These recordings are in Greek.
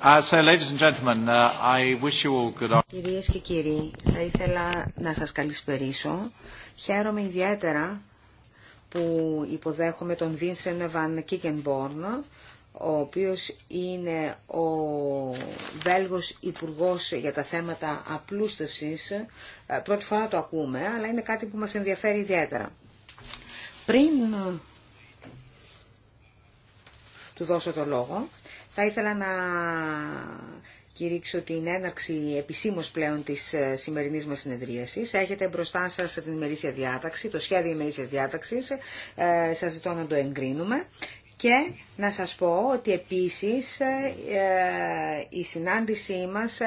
Uh, uh, Κυρίες και κύριοι, θα ήθελα να σας καλησπερίσω. Χαίρομαι ιδιαίτερα που υποδέχομαι τον Βίνσεν Βαν Κίκενμπόρν, ο οποίος είναι ο Βέλγος Υπουργός για τα θέματα απλούστευσης. Ε, πρώτη φορά το ακούμε, αλλά είναι κάτι που μας ενδιαφέρει ιδιαίτερα. Πριν του δώσω το λόγο. Θα ήθελα να κηρύξω την έναρξη επισήμως πλέον της ε, σημερινής μας συνεδρίασης. Έχετε μπροστά σας την ημερήσια διάταξη, το σχέδιο ημερήσιας διάταξης. Ε, σα ζητώ να το εγκρίνουμε. Και να σας πω ότι επίσης ε, ε, η συνάντησή μας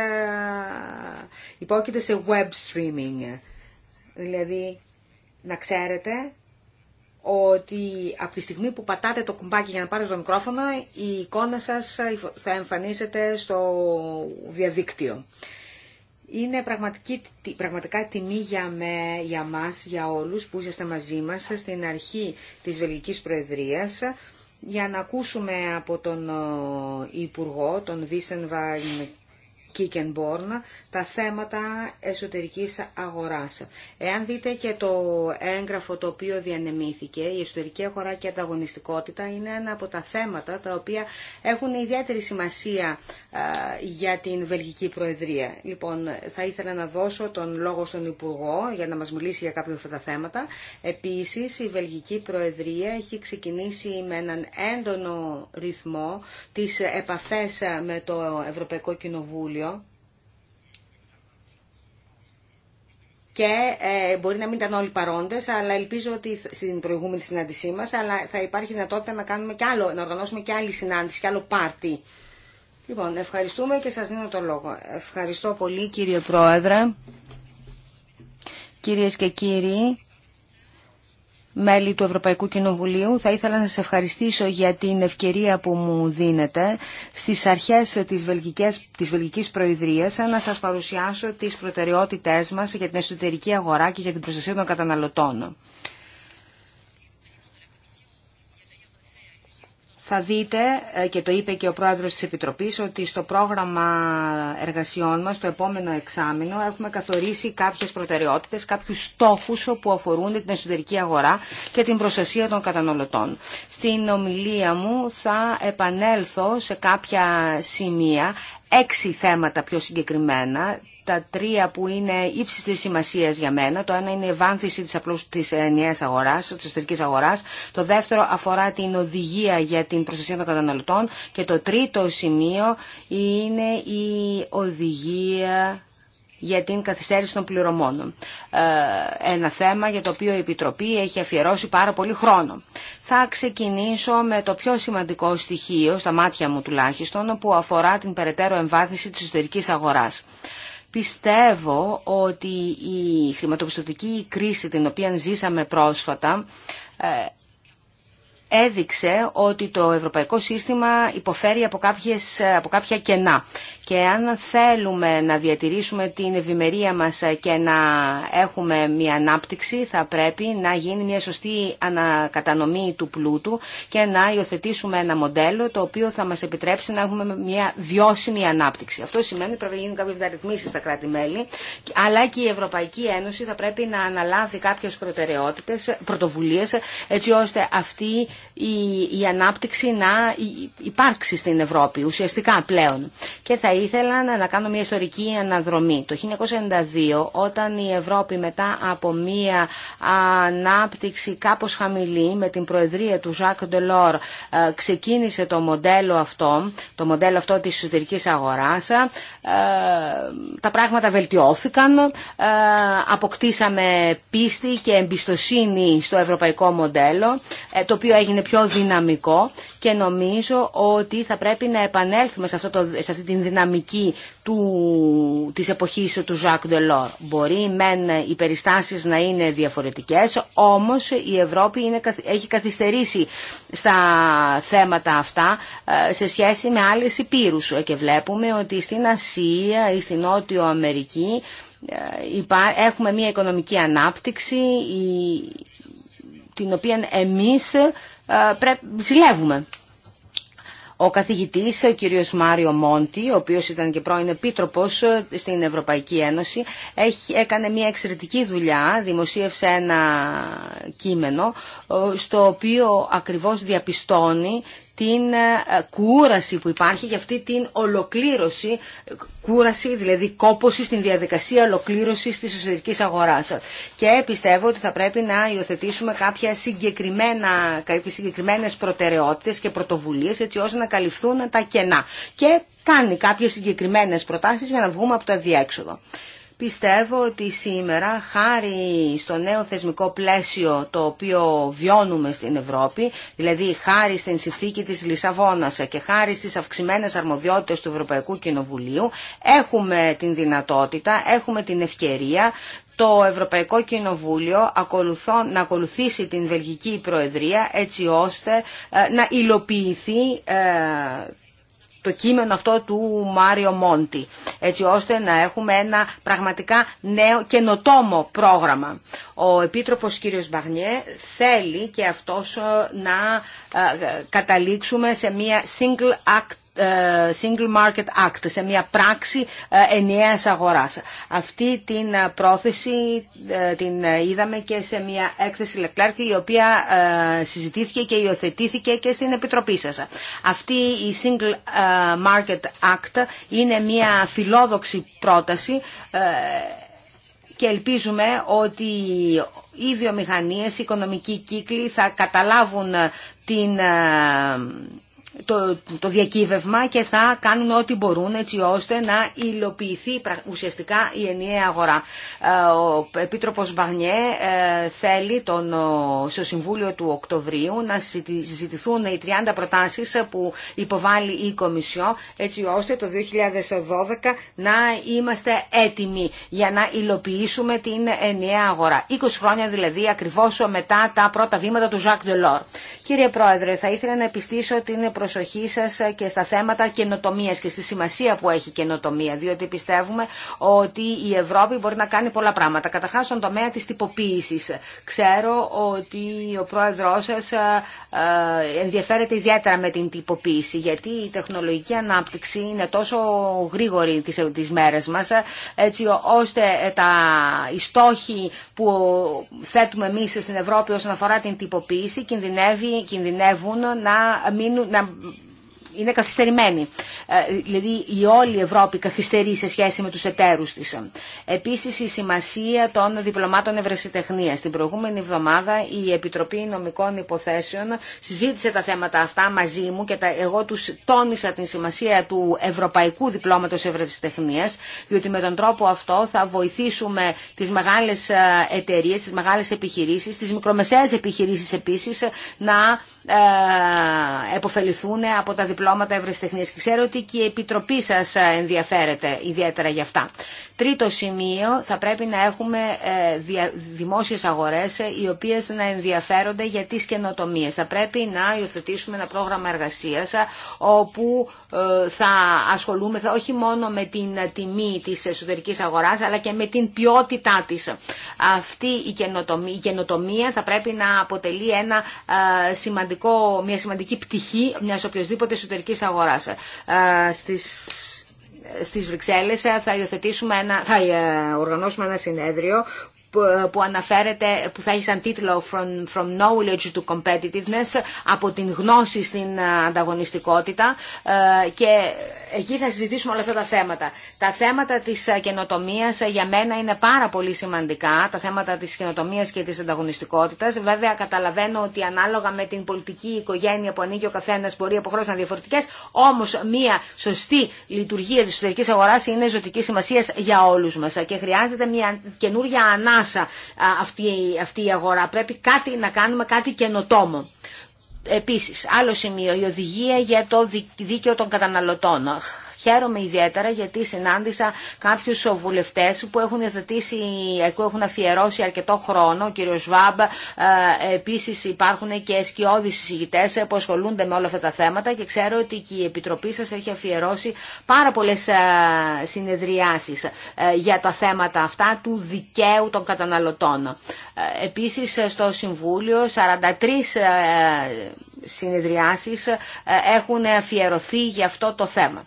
υπόκειται σε web streaming. Δηλαδή, να ξέρετε ότι από τη στιγμή που πατάτε το κουμπάκι για να πάρετε το μικρόφωνο, η εικόνα σας θα εμφανίζεται στο διαδίκτυο. Είναι πραγματική, πραγματικά τιμή για, με, για μας, για όλους που είσαστε μαζί μας στην αρχή της Βελγικής Προεδρίας για να ακούσουμε από τον Υπουργό, τον Βίσεν τα θέματα εσωτερικής αγοράς. Εάν δείτε και το έγγραφο το οποίο διανεμήθηκε, η εσωτερική αγορά και η ανταγωνιστικότητα είναι ένα από τα θέματα τα οποία έχουν ιδιαίτερη σημασία για την Βελγική Προεδρία. Λοιπόν, θα ήθελα να δώσω τον λόγο στον Υπουργό για να μας μιλήσει για κάποια αυτά τα θέματα. Επίσης, η Βελγική Προεδρία έχει ξεκινήσει με έναν έντονο ρυθμό τις επαφές με το Ευρωπαϊκό Κοινοβούλιο και ε, μπορεί να μην ήταν όλοι παρόντες, αλλά ελπίζω ότι στην προηγούμενη συνάντησή μας, αλλά θα υπάρχει δυνατότητα να, κάνουμε και άλλο, να οργανώσουμε και άλλη συνάντηση, και άλλο πάρτι. Λοιπόν, ευχαριστούμε και σας δίνω το λόγο. Ευχαριστώ πολύ κύριε Πρόεδρε, κυρίες και κύριοι μέλη του Ευρωπαϊκού Κοινοβουλίου. Θα ήθελα να σας ευχαριστήσω για την ευκαιρία που μου δίνετε στις αρχές της Βελγικής, της Προεδρίας να σας παρουσιάσω τις προτεραιότητές μας για την εσωτερική αγορά και για την προστασία των καταναλωτών. θα δείτε, ε, και το είπε και ο πρόεδρος της Επιτροπής, ότι στο πρόγραμμα εργασιών μας, το επόμενο εξάμεινο, έχουμε καθορίσει κάποιες προτεραιότητες, κάποιους στόχους που αφορούν την εσωτερική αγορά και την προστασία των καταναλωτών. Στην ομιλία μου θα επανέλθω σε κάποια σημεία, έξι θέματα πιο συγκεκριμένα, τα τρία που είναι ύψιστη της σημασίας για μένα. Το ένα είναι η βάνθηση τη απλώς της τη ε, αγοράς, της εσωτερικής αγοράς. Το δεύτερο αφορά την οδηγία για την προστασία των καταναλωτών. Και το τρίτο σημείο είναι η οδηγία για την καθυστέρηση των πληρωμών. Ε, ένα θέμα για το οποίο η Επιτροπή έχει αφιερώσει πάρα πολύ χρόνο. Θα ξεκινήσω με το πιο σημαντικό στοιχείο, στα μάτια μου τουλάχιστον, που αφορά την περαιτέρω εμβάθυνση της εσωτερικής αγοράς. Πιστεύω ότι η χρηματοπιστωτική κρίση την οποία ζήσαμε πρόσφατα ε, έδειξε ότι το ευρωπαϊκό σύστημα υποφέρει από, κάποιες, από κάποια κενά. Και αν θέλουμε να διατηρήσουμε την ευημερία μας και να έχουμε μια ανάπτυξη, θα πρέπει να γίνει μια σωστή ανακατανομή του πλούτου και να υιοθετήσουμε ένα μοντέλο το οποίο θα μας επιτρέψει να έχουμε μια βιώσιμη ανάπτυξη. Αυτό σημαίνει ότι πρέπει να γίνουν κάποιες μεταρρυθμίσεις στα κράτη-μέλη, αλλά και η Ευρωπαϊκή Ένωση θα πρέπει να αναλάβει κάποιες προτεραιότητες, πρωτοβουλίες, έτσι ώστε αυτή η, ανάπτυξη να υπάρξει στην Ευρώπη ουσιαστικά πλέον. Και θα ήθελα να, κάνω μια ιστορική αναδρομή. Το 1992 όταν η Ευρώπη μετά από μια ανάπτυξη κάπως χαμηλή με την προεδρία του Ζακ Ντελόρ ξεκίνησε το μοντέλο αυτό, το μοντέλο αυτό της εσωτερικής αγοράς. Ε, τα πράγματα βελτιώθηκαν, ε, αποκτήσαμε πίστη και εμπιστοσύνη στο ευρωπαϊκό μοντέλο, ε, το οποίο είναι πιο δυναμικό και νομίζω ότι θα πρέπει να επανέλθουμε σε, αυτό το, σε αυτή την δυναμική του, της εποχής του Ζακ Ντελόρ. Μπορεί μεν οι περιστάσεις να είναι διαφορετικές, όμως η Ευρώπη είναι, έχει καθυστερήσει στα θέματα αυτά ε, σε σχέση με άλλες υπήρους και βλέπουμε ότι στην Ασία ή στην Νότιο Αμερική ε, έχουμε μια οικονομική ανάπτυξη, την οποία εμείς ε, ζηλεύουμε. Ο καθηγητής, ο κύριος Μάριο Μόντι, ο οποίος ήταν και πρώην επίτροπος ε, στην Ευρωπαϊκή Ένωση, έχει, έκανε μια εξαιρετική δουλειά, δημοσίευσε ένα κείμενο, ε, στο οποίο ακριβώς διαπιστώνει την ε, κούραση που υπάρχει για αυτή την ολοκλήρωση, κούραση δηλαδή κόποση στην διαδικασία ολοκλήρωσης της εσωτερικής αγοράς. Και πιστεύω ότι θα πρέπει να υιοθετήσουμε κάποια συγκεκριμένα, κάποιες συγκεκριμένες προτεραιότητες και πρωτοβουλίες έτσι ώστε να καλυφθούν τα κενά. Και κάνει κάποιες συγκεκριμένες προτάσεις για να βγούμε από το αδιέξοδο. Πιστεύω ότι σήμερα, χάρη στο νέο θεσμικό πλαίσιο το οποίο βιώνουμε στην Ευρώπη, δηλαδή χάρη στην συνθήκη της Λισαβόνας και χάρη στις αυξημένες αρμοδιότητες του Ευρωπαϊκού Κοινοβουλίου, έχουμε την δυνατότητα, έχουμε την ευκαιρία το Ευρωπαϊκό Κοινοβούλιο να ακολουθήσει την Βελγική Προεδρία έτσι ώστε ε, να υλοποιηθεί ε, το κείμενο αυτό του Μάριο Μόντι, έτσι ώστε να έχουμε ένα πραγματικά νέο καινοτόμο πρόγραμμα. Ο Επίτροπος κ. Μπαγνιέ θέλει και αυτός ε, να ε, ε, καταλήξουμε σε μια single act ε, Single Market Act, σε μια πράξη ε, ενιαίας αγοράς. Αυτή την ε, πρόθεση την είδαμε και σε μια έκθεση Λεκλάρκη η οποία συζητήθηκε και υιοθετήθηκε και στην Επιτροπή σας. Αυτή η Single Market Act είναι μια φιλόδοξη πρόταση και ελπίζουμε ότι οι βιομηχανίες, οι οικονομικοί κύκλοι θα καταλάβουν την το, το διακύβευμα και θα κάνουν ό,τι μπορούν έτσι ώστε να υλοποιηθεί ουσιαστικά η ενιαία αγορά. Ε, ο Επίτροπος Μπαγνιέ ε, θέλει τον, στο Συμβούλιο του Οκτωβρίου να συζητηθούν οι 30 προτάσεις που υποβάλλει η Κομισιό έτσι ώστε το 2012 να είμαστε έτοιμοι για να υλοποιήσουμε την ενιαία αγορά. 20 χρόνια δηλαδή ακριβώς μετά τα πρώτα βήματα του Ζακ Delors. Κύριε Πρόεδρε, θα ήθελα να επιστήσω την προσοχή προσοχή και στα θέματα καινοτομία και στη σημασία που έχει καινοτομία, διότι πιστεύουμε ότι η Ευρώπη μπορεί να κάνει πολλά πράγματα. Καταρχά, στον τομέα της τυποποίηση. Ξέρω ότι ο πρόεδρο σα ε, ε, ενδιαφέρεται ιδιαίτερα με την τυποποίηση, γιατί η τεχνολογική ανάπτυξη είναι τόσο γρήγορη τις, μέρε μα, ε, έτσι ώστε τα, οι στόχοι που θέτουμε εμεί στην Ευρώπη όσον αφορά την τυποποίηση κινδυνεύουν να, μείνουν, να είναι καθυστερημένη. Ε, δηλαδή η όλη Ευρώπη καθυστερεί σε σχέση με τους εταίρους της. Επίσης η σημασία των διπλωμάτων ευρεσιτεχνίας. Την προηγούμενη εβδομάδα η Επιτροπή Νομικών Υποθέσεων συζήτησε τα θέματα αυτά μαζί μου και τα, εγώ τους τόνισα την σημασία του Ευρωπαϊκού Διπλώματος Ευρεσιτεχνίας διότι με τον τρόπο αυτό θα βοηθήσουμε τις μεγάλες ε, εταιρείες, τις μεγάλες επιχειρήσεις, τις μικρομεσαίες επιχειρήσεις επίσης να ε, εποφεληθούν από τα διπλώματα ευρεσιτεχνίας. Και ξέρω ότι και η Επιτροπή σας ενδιαφέρεται ιδιαίτερα για αυτά. Τρίτο σημείο, θα πρέπει να έχουμε ε, δημόσιες αγορές ε, οι οποίες να ενδιαφέρονται για τις καινοτομίες. Θα πρέπει να υιοθετήσουμε ένα πρόγραμμα εργασίας ε, όπου θα ασχολούμε όχι μόνο με την τιμή της εσωτερικής αγοράς αλλά και με την ποιότητά της. Αυτή η καινοτομία, η θα πρέπει να αποτελεί ένα σημαντικό, μια σημαντική πτυχή μιας οποιοδήποτε εσωτερικής αγοράς. Στις στις Βρυξέλλες θα, υιοθετήσουμε ένα, θα ε, οργανώσουμε ένα συνέδριο που αναφέρεται, που θα έχει σαν τίτλο From, From Knowledge to Competitiveness, από την γνώση στην ε, ανταγωνιστικότητα ε, και εκεί θα συζητήσουμε όλα αυτά τα θέματα. Τα θέματα της ε, καινοτομία για μένα είναι πάρα πολύ σημαντικά, τα θέματα της καινοτομία και της ανταγωνιστικότητας. Βέβαια καταλαβαίνω ότι ανάλογα με την πολιτική οικογένεια που ανοίγει ο καθένας μπορεί από χρόνο να είναι διαφορετικές, όμως μια σωστή λειτουργία της εσωτερικής αγοράς είναι ζωτική σημασία για όλους μας και χρειάζεται μια καινούργια ανάγκη αυτή, αυτή η αγορά. Πρέπει κάτι να κάνουμε, κάτι καινοτόμο. Επίσης, άλλο σημείο, η οδηγία για το δίκαιο των καταναλωτών. Χαίρομαι ιδιαίτερα γιατί συνάντησα κάποιου βουλευτέ που έχουν που έχουν αφιερώσει αρκετό χρόνο, Ο κύριο Βάμπ, επίση υπάρχουν και σκιώδει συζητητέ που ασχολούνται με όλα αυτά τα θέματα και ξέρω ότι και η Επιτροπή σα έχει αφιερώσει πάρα πολλέ ε, συνεδριάσει ε, για τα θέματα αυτά του δικαίου των καταναλωτών. Ε, επίση στο Συμβούλιο 43 συνεδριάσεις έχουν αφιερωθεί για αυτό το θέμα.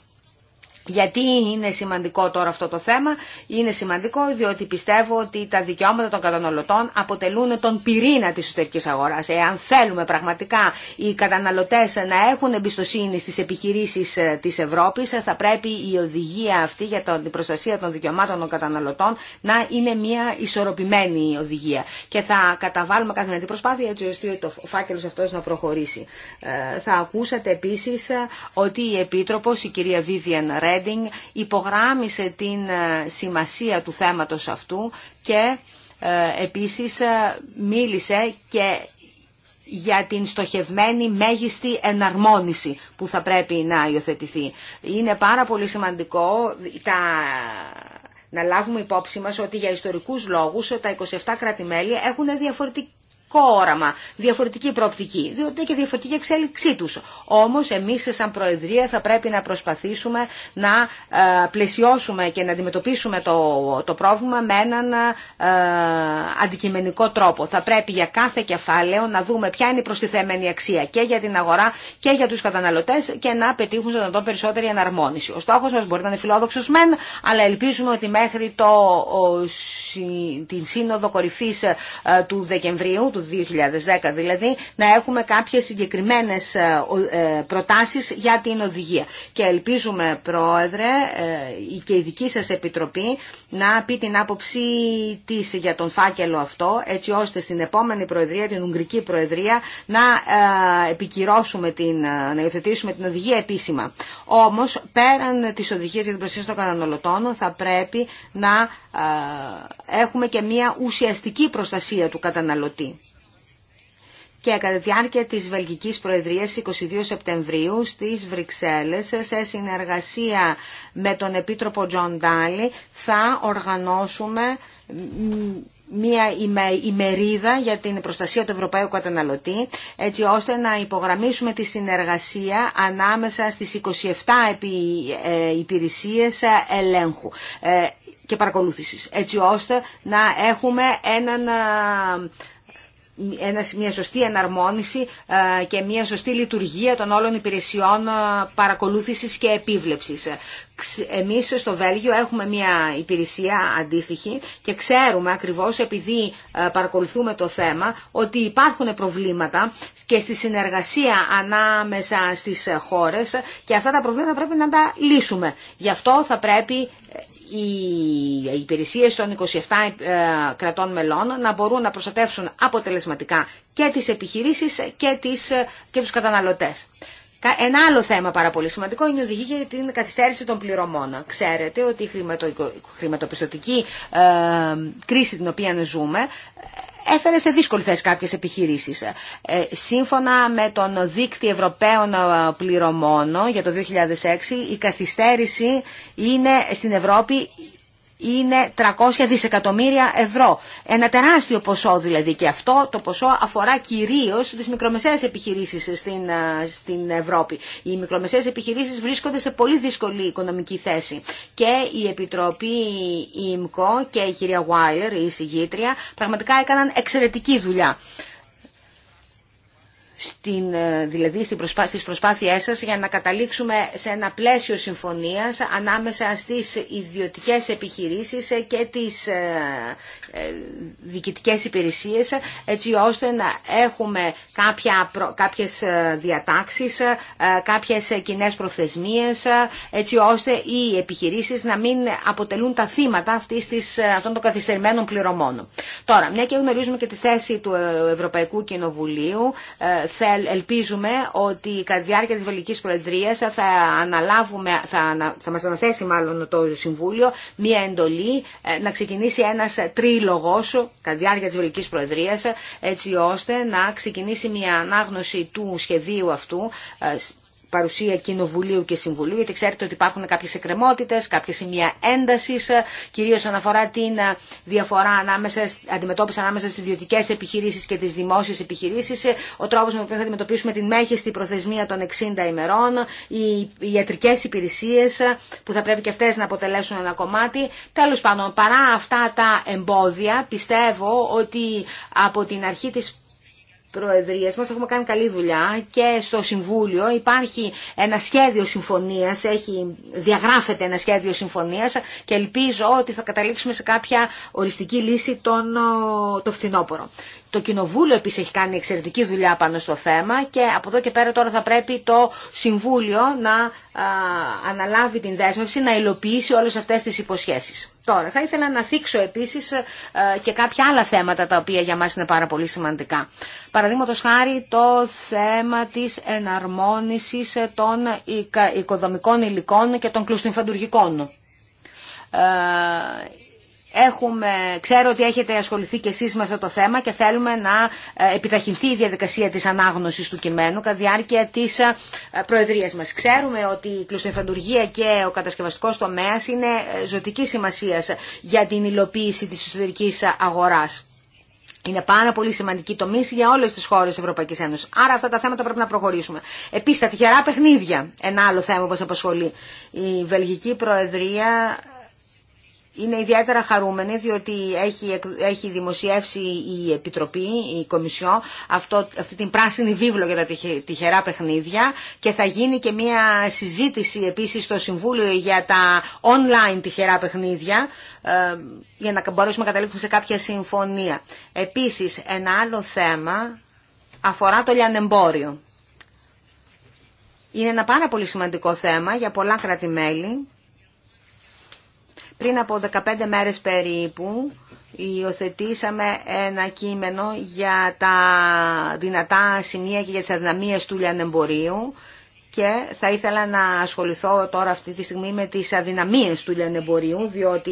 Γιατί είναι σημαντικό τώρα αυτό το θέμα. Είναι σημαντικό διότι πιστεύω ότι τα δικαιώματα των καταναλωτών αποτελούν τον πυρήνα της εσωτερική αγοράς. Εάν θέλουμε πραγματικά οι καταναλωτές να έχουν εμπιστοσύνη στις επιχειρήσεις ε, της Ευρώπης, θα πρέπει η οδηγία αυτή για την προστασία των δικαιωμάτων των καταναλωτών να είναι μια ισορροπημένη οδηγία. Και θα καταβάλουμε κάθε δυνατή προσπάθεια έτσι ώστε ο φάκελος αυτό να προχωρήσει. Ε, θα ακούσατε επίσης ε, ότι η Επίτροπος, η κυρία Βίβιαν Ρέ, Ρέντινγκ υπογράμμισε την ε, σημασία του θέματος αυτού και ε, επίσης ε, μίλησε και για την στοχευμένη μέγιστη εναρμόνιση που θα πρέπει να υιοθετηθεί. Είναι πάρα πολύ σημαντικό τα... να λάβουμε υπόψη μας ότι για ιστορικούς λόγους τα 27 κράτη-μέλη έχουν διαφορετική όραμα, διαφορετική προοπτική, διότι και διαφορετική εξέλιξή τους. Όμως εμείς σαν Προεδρία θα πρέπει να προσπαθήσουμε να ε, πλαισιώσουμε και να αντιμετωπίσουμε το, το πρόβλημα με έναν ε, αντικειμενικό τρόπο. Θα πρέπει για κάθε κεφάλαιο να δούμε ποια είναι η προστιθέμενη αξία και για την αγορά και για τους καταναλωτές και να πετύχουν σε τον περισσότερη εναρμόνιση. Ο στόχος μας μπορεί να είναι φιλόδοξος μεν, αλλά ελπίζουμε ότι μέχρι το, την σύνοδο κορυφής ε, του Δεκεμβρίου, του 2010, δηλαδή να έχουμε κάποιες συγκεκριμένες ε, ε, προτάσεις για την οδηγία. Και ελπίζουμε, Πρόεδρε, ε, και η δική σας Επιτροπή να πει την άποψή της για τον φάκελο αυτό, έτσι ώστε στην επόμενη Προεδρία, την Ουγγρική Προεδρία, να επικυρώσουμε την, να υιοθετήσουμε την οδηγία επίσημα. Όμως, πέραν της οδηγίας για την προστασία των καταναλωτών, θα πρέπει να έχουμε και μια ουσιαστική προστασία του καταναλωτή και κατά τη διάρκεια της Βελγικής Προεδρίας 22 Σεπτεμβρίου στις Βρυξέλλες σε συνεργασία με τον Επίτροπο Τζον Ντάλι θα οργανώσουμε μια ημερίδα για την προστασία του Ευρωπαίου καταναλωτή, έτσι ώστε να υπογραμμίσουμε τη συνεργασία ανάμεσα στις 27 ε, υπηρεσίες ελέγχου ε, και παρακολούθησης, έτσι ώστε να έχουμε έναν μια σωστή εναρμόνιση ε, και μια σωστή λειτουργία των όλων υπηρεσιών ε, παρακολούθησης και επίβλεψης. Εμείς στο Βέλγιο έχουμε μια υπηρεσία αντίστοιχη και ξέρουμε ακριβώς επειδή ε, παρακολουθούμε το θέμα ότι υπάρχουν προβλήματα και στη συνεργασία ανάμεσα στις χώρες και αυτά τα προβλήματα πρέπει να τα λύσουμε. Γι' αυτό θα πρέπει οι υπηρεσίες των 27 ε, κρατών μελών να μπορούν να προστατεύσουν αποτελεσματικά και τις επιχειρήσεις και, τις, ε, και τους καταναλωτές. Ένα άλλο θέμα πάρα πολύ σημαντικό είναι η οδηγία για την καθυστέρηση των πληρωμών. Ξέρετε ότι η χρηματοπιστωτική ε, κρίση την οποία ζούμε έφερε σε δύσκολη θέση κάποιες επιχειρήσεις. Ε, σύμφωνα με τον δίκτυο Ευρωπαίων ε, Πληρωμών για το 2006, η καθυστέρηση είναι στην Ευρώπη είναι 300 δισεκατομμύρια ευρώ. Ένα τεράστιο ποσό δηλαδή και αυτό το ποσό αφορά κυρίως τις μικρομεσαίες επιχειρήσεις στην, ε, στην Ευρώπη. Οι μικρομεσαίες επιχειρήσεις βρίσκονται σε πολύ δύσκολη οικονομική θέση και η Επιτροπή ΙΜΚΟ και η κυρία Βάιλερ, η συγγήτρια, πραγματικά έκαναν εξαιρετική δουλειά στην, ε, δηλαδή στην προσπά, στις σας για να καταλήξουμε σε ένα πλαίσιο συμφωνίας ανάμεσα στις ιδιωτικές επιχειρήσεις και τις ε, ε διοικητικές υπηρεσίες έτσι ώστε να έχουμε κάποια, κάποιες ε, διατάξεις, κάποιες κοινέ προθεσμίες έτσι ώστε οι επιχειρήσεις να μην αποτελούν τα θύματα αυτής της, αυτών των καθυστερημένων πληρωμών. Τώρα, μια και γνωρίζουμε και τη θέση του Ευρωπαϊκού Κοινοβουλίου ελπίζουμε ότι κατά τη διάρκεια της Βελικής Προεδρίας θα, αναλάβουμε, θα, θα μας αναθέσει μάλλον το Συμβούλιο μία εντολή ε, να ξεκινήσει ένας τρίλογος κατά τη διάρκεια της Βελικής Προεδρίας έτσι ώστε να ξεκινήσει μία ανάγνωση του σχεδίου αυτού ε, παρουσία Κοινοβουλίου και Συμβουλίου, γιατί ξέρετε ότι υπάρχουν κάποιες εκκρεμότητες, κάποια σημεία έντασης, ε, κυρίως αναφορά την ε, διαφορά ανάμεσα, αντιμετώπιση ανάμεσα στις ιδιωτικές επιχειρήσεις και τις δημόσιες επιχειρήσεις, ε, ο τρόπος με τον οποίο θα αντιμετωπίσουμε την μέγιστη προθεσμία των 60 ημερών, οι ιατρικές υπηρεσίες που θα πρέπει και αυτές να αποτελέσουν ένα κομμάτι. Τέλος πάντων, παρά αυτά τα εμπόδια, πιστεύω ότι από την αρχή της προεδρίες μας έχουμε κάνει καλή δουλειά και στο Συμβούλιο υπάρχει ένα σχέδιο συμφωνίας, έχει, διαγράφεται ένα σχέδιο συμφωνίας και ελπίζω ότι θα καταλήξουμε σε κάποια οριστική λύση τον, το φθινόπωρο. Το Κοινοβούλιο επίσης έχει κάνει εξαιρετική δουλειά πάνω στο θέμα και από εδώ και πέρα τώρα θα πρέπει το Συμβούλιο να αναλάβει την δέσμευση, να υλοποιήσει όλες αυτές τις υποσχέσεις θα ήθελα να θίξω επίσης ε, και κάποια άλλα θέματα τα οποία για μα είναι πάρα πολύ σημαντικά. Παραδείγματο χάρη το θέμα της εναρμόνισης των οικοδομικών υλικών και των κλωστοφαντουργικών ε, Έχουμε, ξέρω ότι έχετε ασχοληθεί και εσείς με αυτό το θέμα και θέλουμε να ε, επιταχυνθεί η διαδικασία της ανάγνωσης του κειμένου κατά διάρκεια της ε, Προεδρίας μας. Ξέρουμε ότι η κλωστοϊφαντουργία και ο κατασκευαστικός τομέας είναι ε, ζωτική σημασία για την υλοποίηση της εσωτερικής αγοράς. Είναι πάρα πολύ σημαντική τομή για όλε τι χώρε τη Ευρωπαϊκή Ένωση. Άρα αυτά τα θέματα πρέπει να προχωρήσουμε. Επίση, τα τυχερά παιχνίδια. Ένα άλλο θέμα που μα απασχολεί. Η Βελγική Προεδρία είναι ιδιαίτερα χαρούμενη διότι έχει, έχει δημοσιεύσει η Επιτροπή, η Κομισιό, αυτό, αυτή την πράσινη βίβλο για τα τυχερά παιχνίδια και θα γίνει και μια συζήτηση επίσης στο Συμβούλιο για τα online τυχερά παιχνίδια ε, για να μπορέσουμε να καταλήξουμε σε κάποια συμφωνία. Επίσης, ένα άλλο θέμα αφορά το λιανεμπόριο. Είναι ένα πάρα πολύ σημαντικό θέμα για πολλά κράτη-μέλη πριν από 15 μέρες περίπου υιοθετήσαμε ένα κείμενο για τα δυνατά σημεία και για τις αδυναμίες του λιανεμπορίου και θα ήθελα να ασχοληθώ τώρα αυτή τη στιγμή με τις αδυναμίες του λιανεμπορίου διότι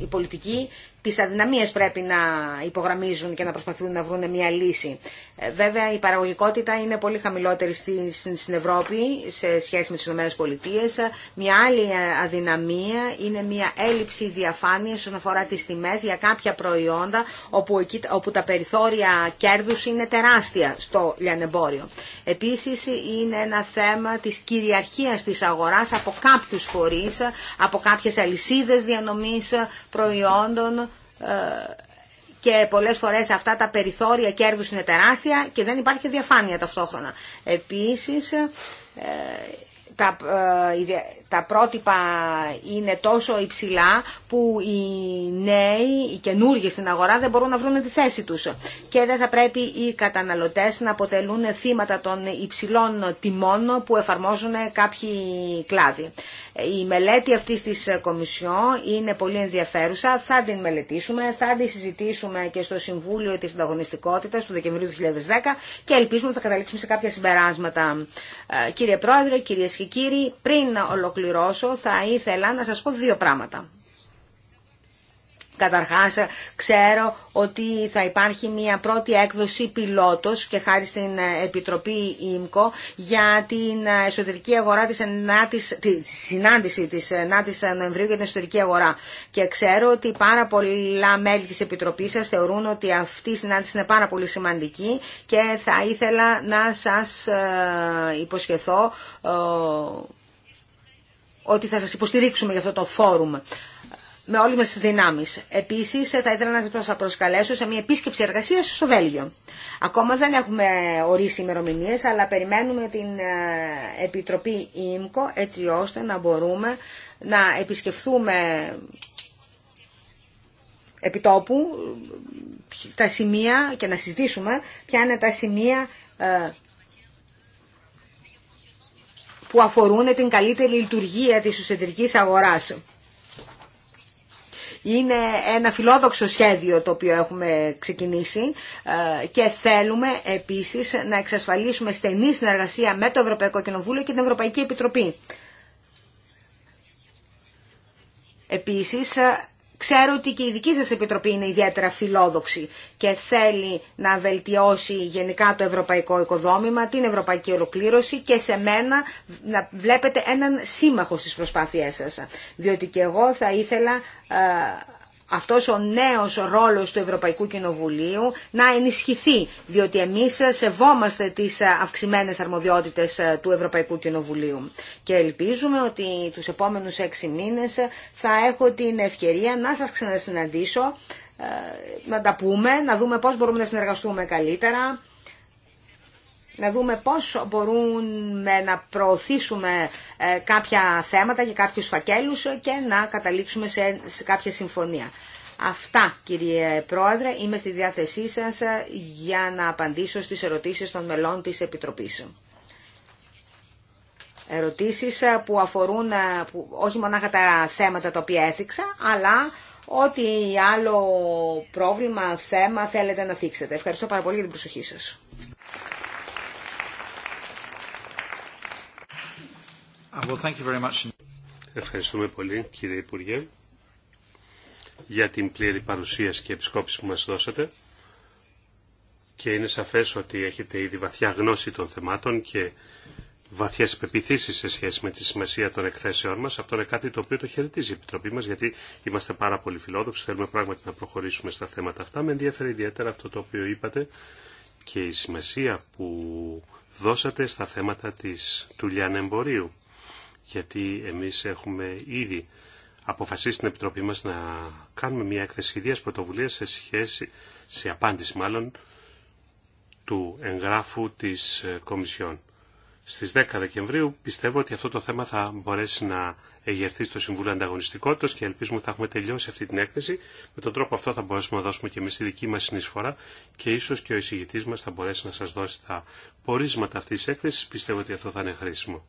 η πολιτική τις αδυναμίες πρέπει να υπογραμμίζουν και να προσπαθούν να βρουν μια λύση. Ε, βέβαια η παραγωγικότητα είναι πολύ χαμηλότερη στην Ευρώπη σε σχέση με τις ΗΠΑ. Μια άλλη ε, αδυναμία είναι μια έλλειψη διαφάνειας όσον αφορά τις τιμές για κάποια προϊόντα όπου, εκεί, όπου τα περιθώρια κέρδους είναι τεράστια στο λιανεμπόριο. Επίσης είναι ένα θέμα της κυριαρχίας της αγοράς από κάποιους φορείς, από κάποιες αλυσίδες διανομής προϊόντων ε, και πολλές φορές αυτά τα περιθώρια κέρδους είναι τεράστια και δεν υπάρχει διαφάνεια ταυτόχρονα. Επίσης, ε, τα, ε, τα πρότυπα είναι τόσο υψηλά που οι νέοι, οι καινούργοι στην αγορά δεν μπορούν να βρουν τη θέση τους και δεν θα πρέπει οι καταναλωτές να αποτελούν θύματα των υψηλών τιμών που εφαρμόζουν κάποιοι κλάδοι. Η μελέτη αυτή της ε, Κομισιόν είναι πολύ ενδιαφέρουσα, θα την μελετήσουμε, θα τη συζητήσουμε και στο Συμβούλιο της Ανταγωνιστικότητα του Δεκεμβρίου 2010 και ελπίζουμε ότι θα καταλήξουμε σε κάποια συμπεράσματα. Ε, κύριε Πρόεδρε, κύριε και κύριοι, πριν ολοκληρώσω θα ήθελα να σας πω δύο πράγματα. Καταρχάς ξέρω ότι θα υπάρχει μια πρώτη έκδοση πιλότος και χάρη στην ε, Επιτροπή ΙΜΚΟ για την ε, εσωτερική αγορά της τη συνάντηση της 9ης Νοεμβρίου για την εσωτερική αγορά. Και ξέρω ότι πάρα πολλά μέλη της Επιτροπής σας θεωρούν ότι αυτή η συνάντηση είναι πάρα πολύ σημαντική και θα ήθελα να σας ε, υποσχεθώ ότι θα σας υποστηρίξουμε για αυτό το φόρουμ με όλες μας τις δυνάμεις. Επίσης θα ήθελα να σας προσκαλέσω σε μια επίσκεψη εργασίας στο Βέλγιο. Ακόμα δεν έχουμε ορίσει ημερομηνίε, αλλά περιμένουμε την ε, Επιτροπή ΙΜΚΟ έτσι ώστε να μπορούμε να επισκεφθούμε επιτόπου τα σημεία και να συζητήσουμε ποια είναι τα σημεία ε, που αφορούν την καλύτερη λειτουργία της ουσιαστικής αγοράς. Είναι ένα φιλόδοξο σχέδιο το οποίο έχουμε ξεκινήσει ε, και θέλουμε επίσης να εξασφαλίσουμε στενή συνεργασία με το Ευρωπαϊκό Κοινοβούλιο και την Ευρωπαϊκή Επιτροπή. Επίσης, Ξέρω ότι και η δική σας Επιτροπή είναι ιδιαίτερα φιλόδοξη και θέλει να βελτιώσει γενικά το ευρωπαϊκό οικοδόμημα, την ευρωπαϊκή ολοκλήρωση και σε μένα να βλέπετε έναν σύμμαχο στις προσπάθειές σας. Διότι και εγώ θα ήθελα ε, αυτός ο νέος ρόλος του Ευρωπαϊκού Κοινοβουλίου να ενισχυθεί, διότι εμείς σεβόμαστε τις αυξημένες αρμοδιότητες ε, του Ευρωπαϊκού Κοινοβουλίου. Και ελπίζουμε ότι τους επόμενους έξι μήνες ε, θα έχω την ευκαιρία να σας ξανασυναντήσω, ε, να τα πούμε, να δούμε πώς μπορούμε να συνεργαστούμε καλύτερα να δούμε πώς μπορούμε να προωθήσουμε ε, κάποια θέματα και κάποιους φακέλους και να καταλήξουμε σε, κάποια συμφωνία. Αυτά κύριε Πρόεδρε, είμαι στη διάθεσή σας ε, για να απαντήσω στις ερωτήσεις των μελών της Επιτροπής. Ερωτήσεις ε, που αφορούν που, όχι μονάχα τα θέματα τα οποία έθιξα, αλλά ό,τι άλλο πρόβλημα, θέμα θέλετε να θίξετε. Ευχαριστώ πάρα πολύ για την προσοχή σας. Uh, Ευχαριστούμε πολύ κύριε Υπουργέ για την πλήρη παρουσίαση και επισκόπηση που μας δώσατε και είναι σαφές ότι έχετε ήδη βαθιά γνώση των θεμάτων και βαθιές πεπιθήσεις σε σχέση με τη σημασία των εκθέσεών μας. Αυτό είναι κάτι το οποίο το χαιρετίζει η Επιτροπή μας γιατί είμαστε πάρα πολύ φιλόδοξοι, θέλουμε πράγματι να προχωρήσουμε στα θέματα αυτά. Με ενδιαφέρει ιδιαίτερα αυτό το οποίο είπατε και η σημασία που δώσατε στα θέματα της, του λιανεμπορίου γιατί εμείς έχουμε ήδη αποφασίσει στην Επιτροπή μας να κάνουμε μια έκθεση ιδίας πρωτοβουλίας σε σχέση, σε απάντηση μάλλον, του εγγράφου της ε, Κομισιόν. Στις 10 Δεκεμβρίου πιστεύω ότι αυτό το θέμα θα μπορέσει να εγερθεί στο Συμβούλιο Ανταγωνιστικότητας και ελπίζουμε ότι θα έχουμε τελειώσει αυτή την έκθεση. Με τον τρόπο αυτό θα μπορέσουμε να δώσουμε και εμείς τη δική μας συνεισφορά και ίσως και ο εισηγητής μας θα μπορέσει να σας δώσει τα πορίσματα αυτής της έκθεσης. Πιστεύω ότι αυτό θα είναι χρήσιμο.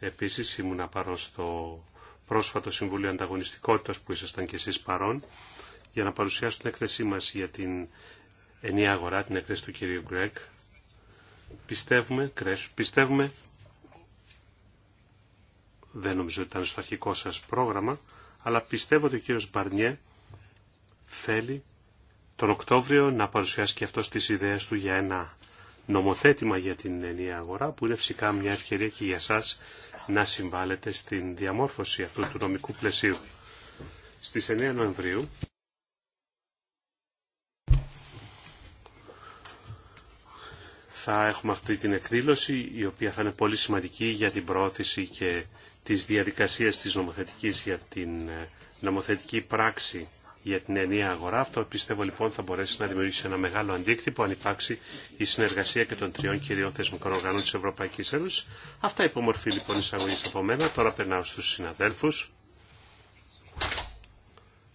Επίσης ήμουν παρόν στο πρόσφατο Συμβουλίο Ανταγωνιστικότητας που ήσασταν και εσείς παρόν για να παρουσιάσω την έκθεσή μας για την ενιαία αγορά, την έκθεση του κυρίου Γκρέκ. Πιστεύουμε, κρέσου, πιστεύουμε, δεν νομίζω ότι ήταν στο αρχικό σας πρόγραμμα, αλλά πιστεύω ότι ο κύριος Μπαρνιέ θέλει τον Οκτώβριο να παρουσιάσει και αυτό τις ιδέες του για ένα νομοθέτημα για την ενιαία αγορά, που είναι φυσικά μια ευκαιρία και για σας να συμβάλλεται στην διαμόρφωση αυτού του νομικού πλαισίου. Στις 9 Νοεμβρίου θα έχουμε αυτή την εκδήλωση η οποία θα είναι πολύ σημαντική για την πρόθεση και τις διαδικασίες της νομοθετικής για την ε, νομοθετική πράξη για την ενιαία αγορά. Αυτό πιστεύω λοιπόν θα μπορέσει να δημιουργήσει ένα μεγάλο αντίκτυπο αν υπάρξει η συνεργασία και των τριών κυρίων θεσμικών οργάνων τη Ευρωπαϊκή Ένωση. Αυτά υπομορφή λοιπόν εισαγωγή από μένα. Τώρα περνάω στου συναδέλφου.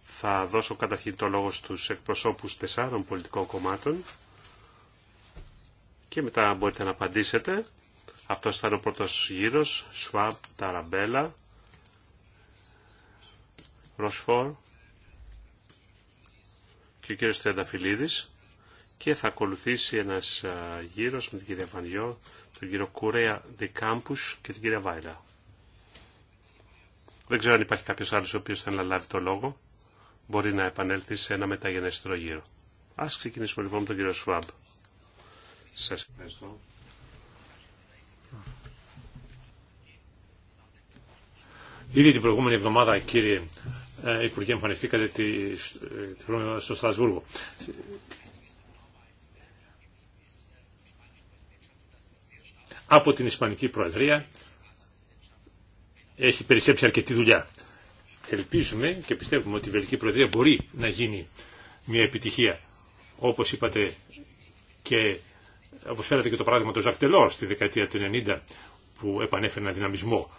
Θα δώσω καταρχήν το λόγο στου εκπροσώπου τεσσάρων πολιτικών κομμάτων και μετά μπορείτε να απαντήσετε. Αυτός είναι ο πρώτο γύρος, Σουάμπ, Ταραμπέλα, Ροσφόρ, και ο κύριος Τρενταφυλλίδης και θα ακολουθήσει ένας γύρος με την κυρία Βανιό, τον κύριο Κουρέα Δικάμπους και την κυρία Βάιλα. Δεν ξέρω αν υπάρχει κάποιος άλλος ο οποίος θέλει να λάβει το λόγο. Μπορεί να επανέλθει σε ένα μεταγενέστερο γύρο. Ας ξεκινήσουμε λοιπόν με τον κύριο Σουάμπ. Σας ευχαριστώ. Ήδη την προηγούμενη εβδομάδα, κύριε ε, Υπουργέ, εμφανιστήκατε στο Στρασβούργο. Από την Ισπανική Προεδρία έχει περισσέψει αρκετή δουλειά. Ελπίζουμε και πιστεύουμε ότι η Βελική Προεδρία μπορεί να γίνει μια επιτυχία. Όπως είπατε και όπως φέρατε και το παράδειγμα του Ζακτελόρ στη δεκαετία του 90 που επανέφερε ένα δυναμισμό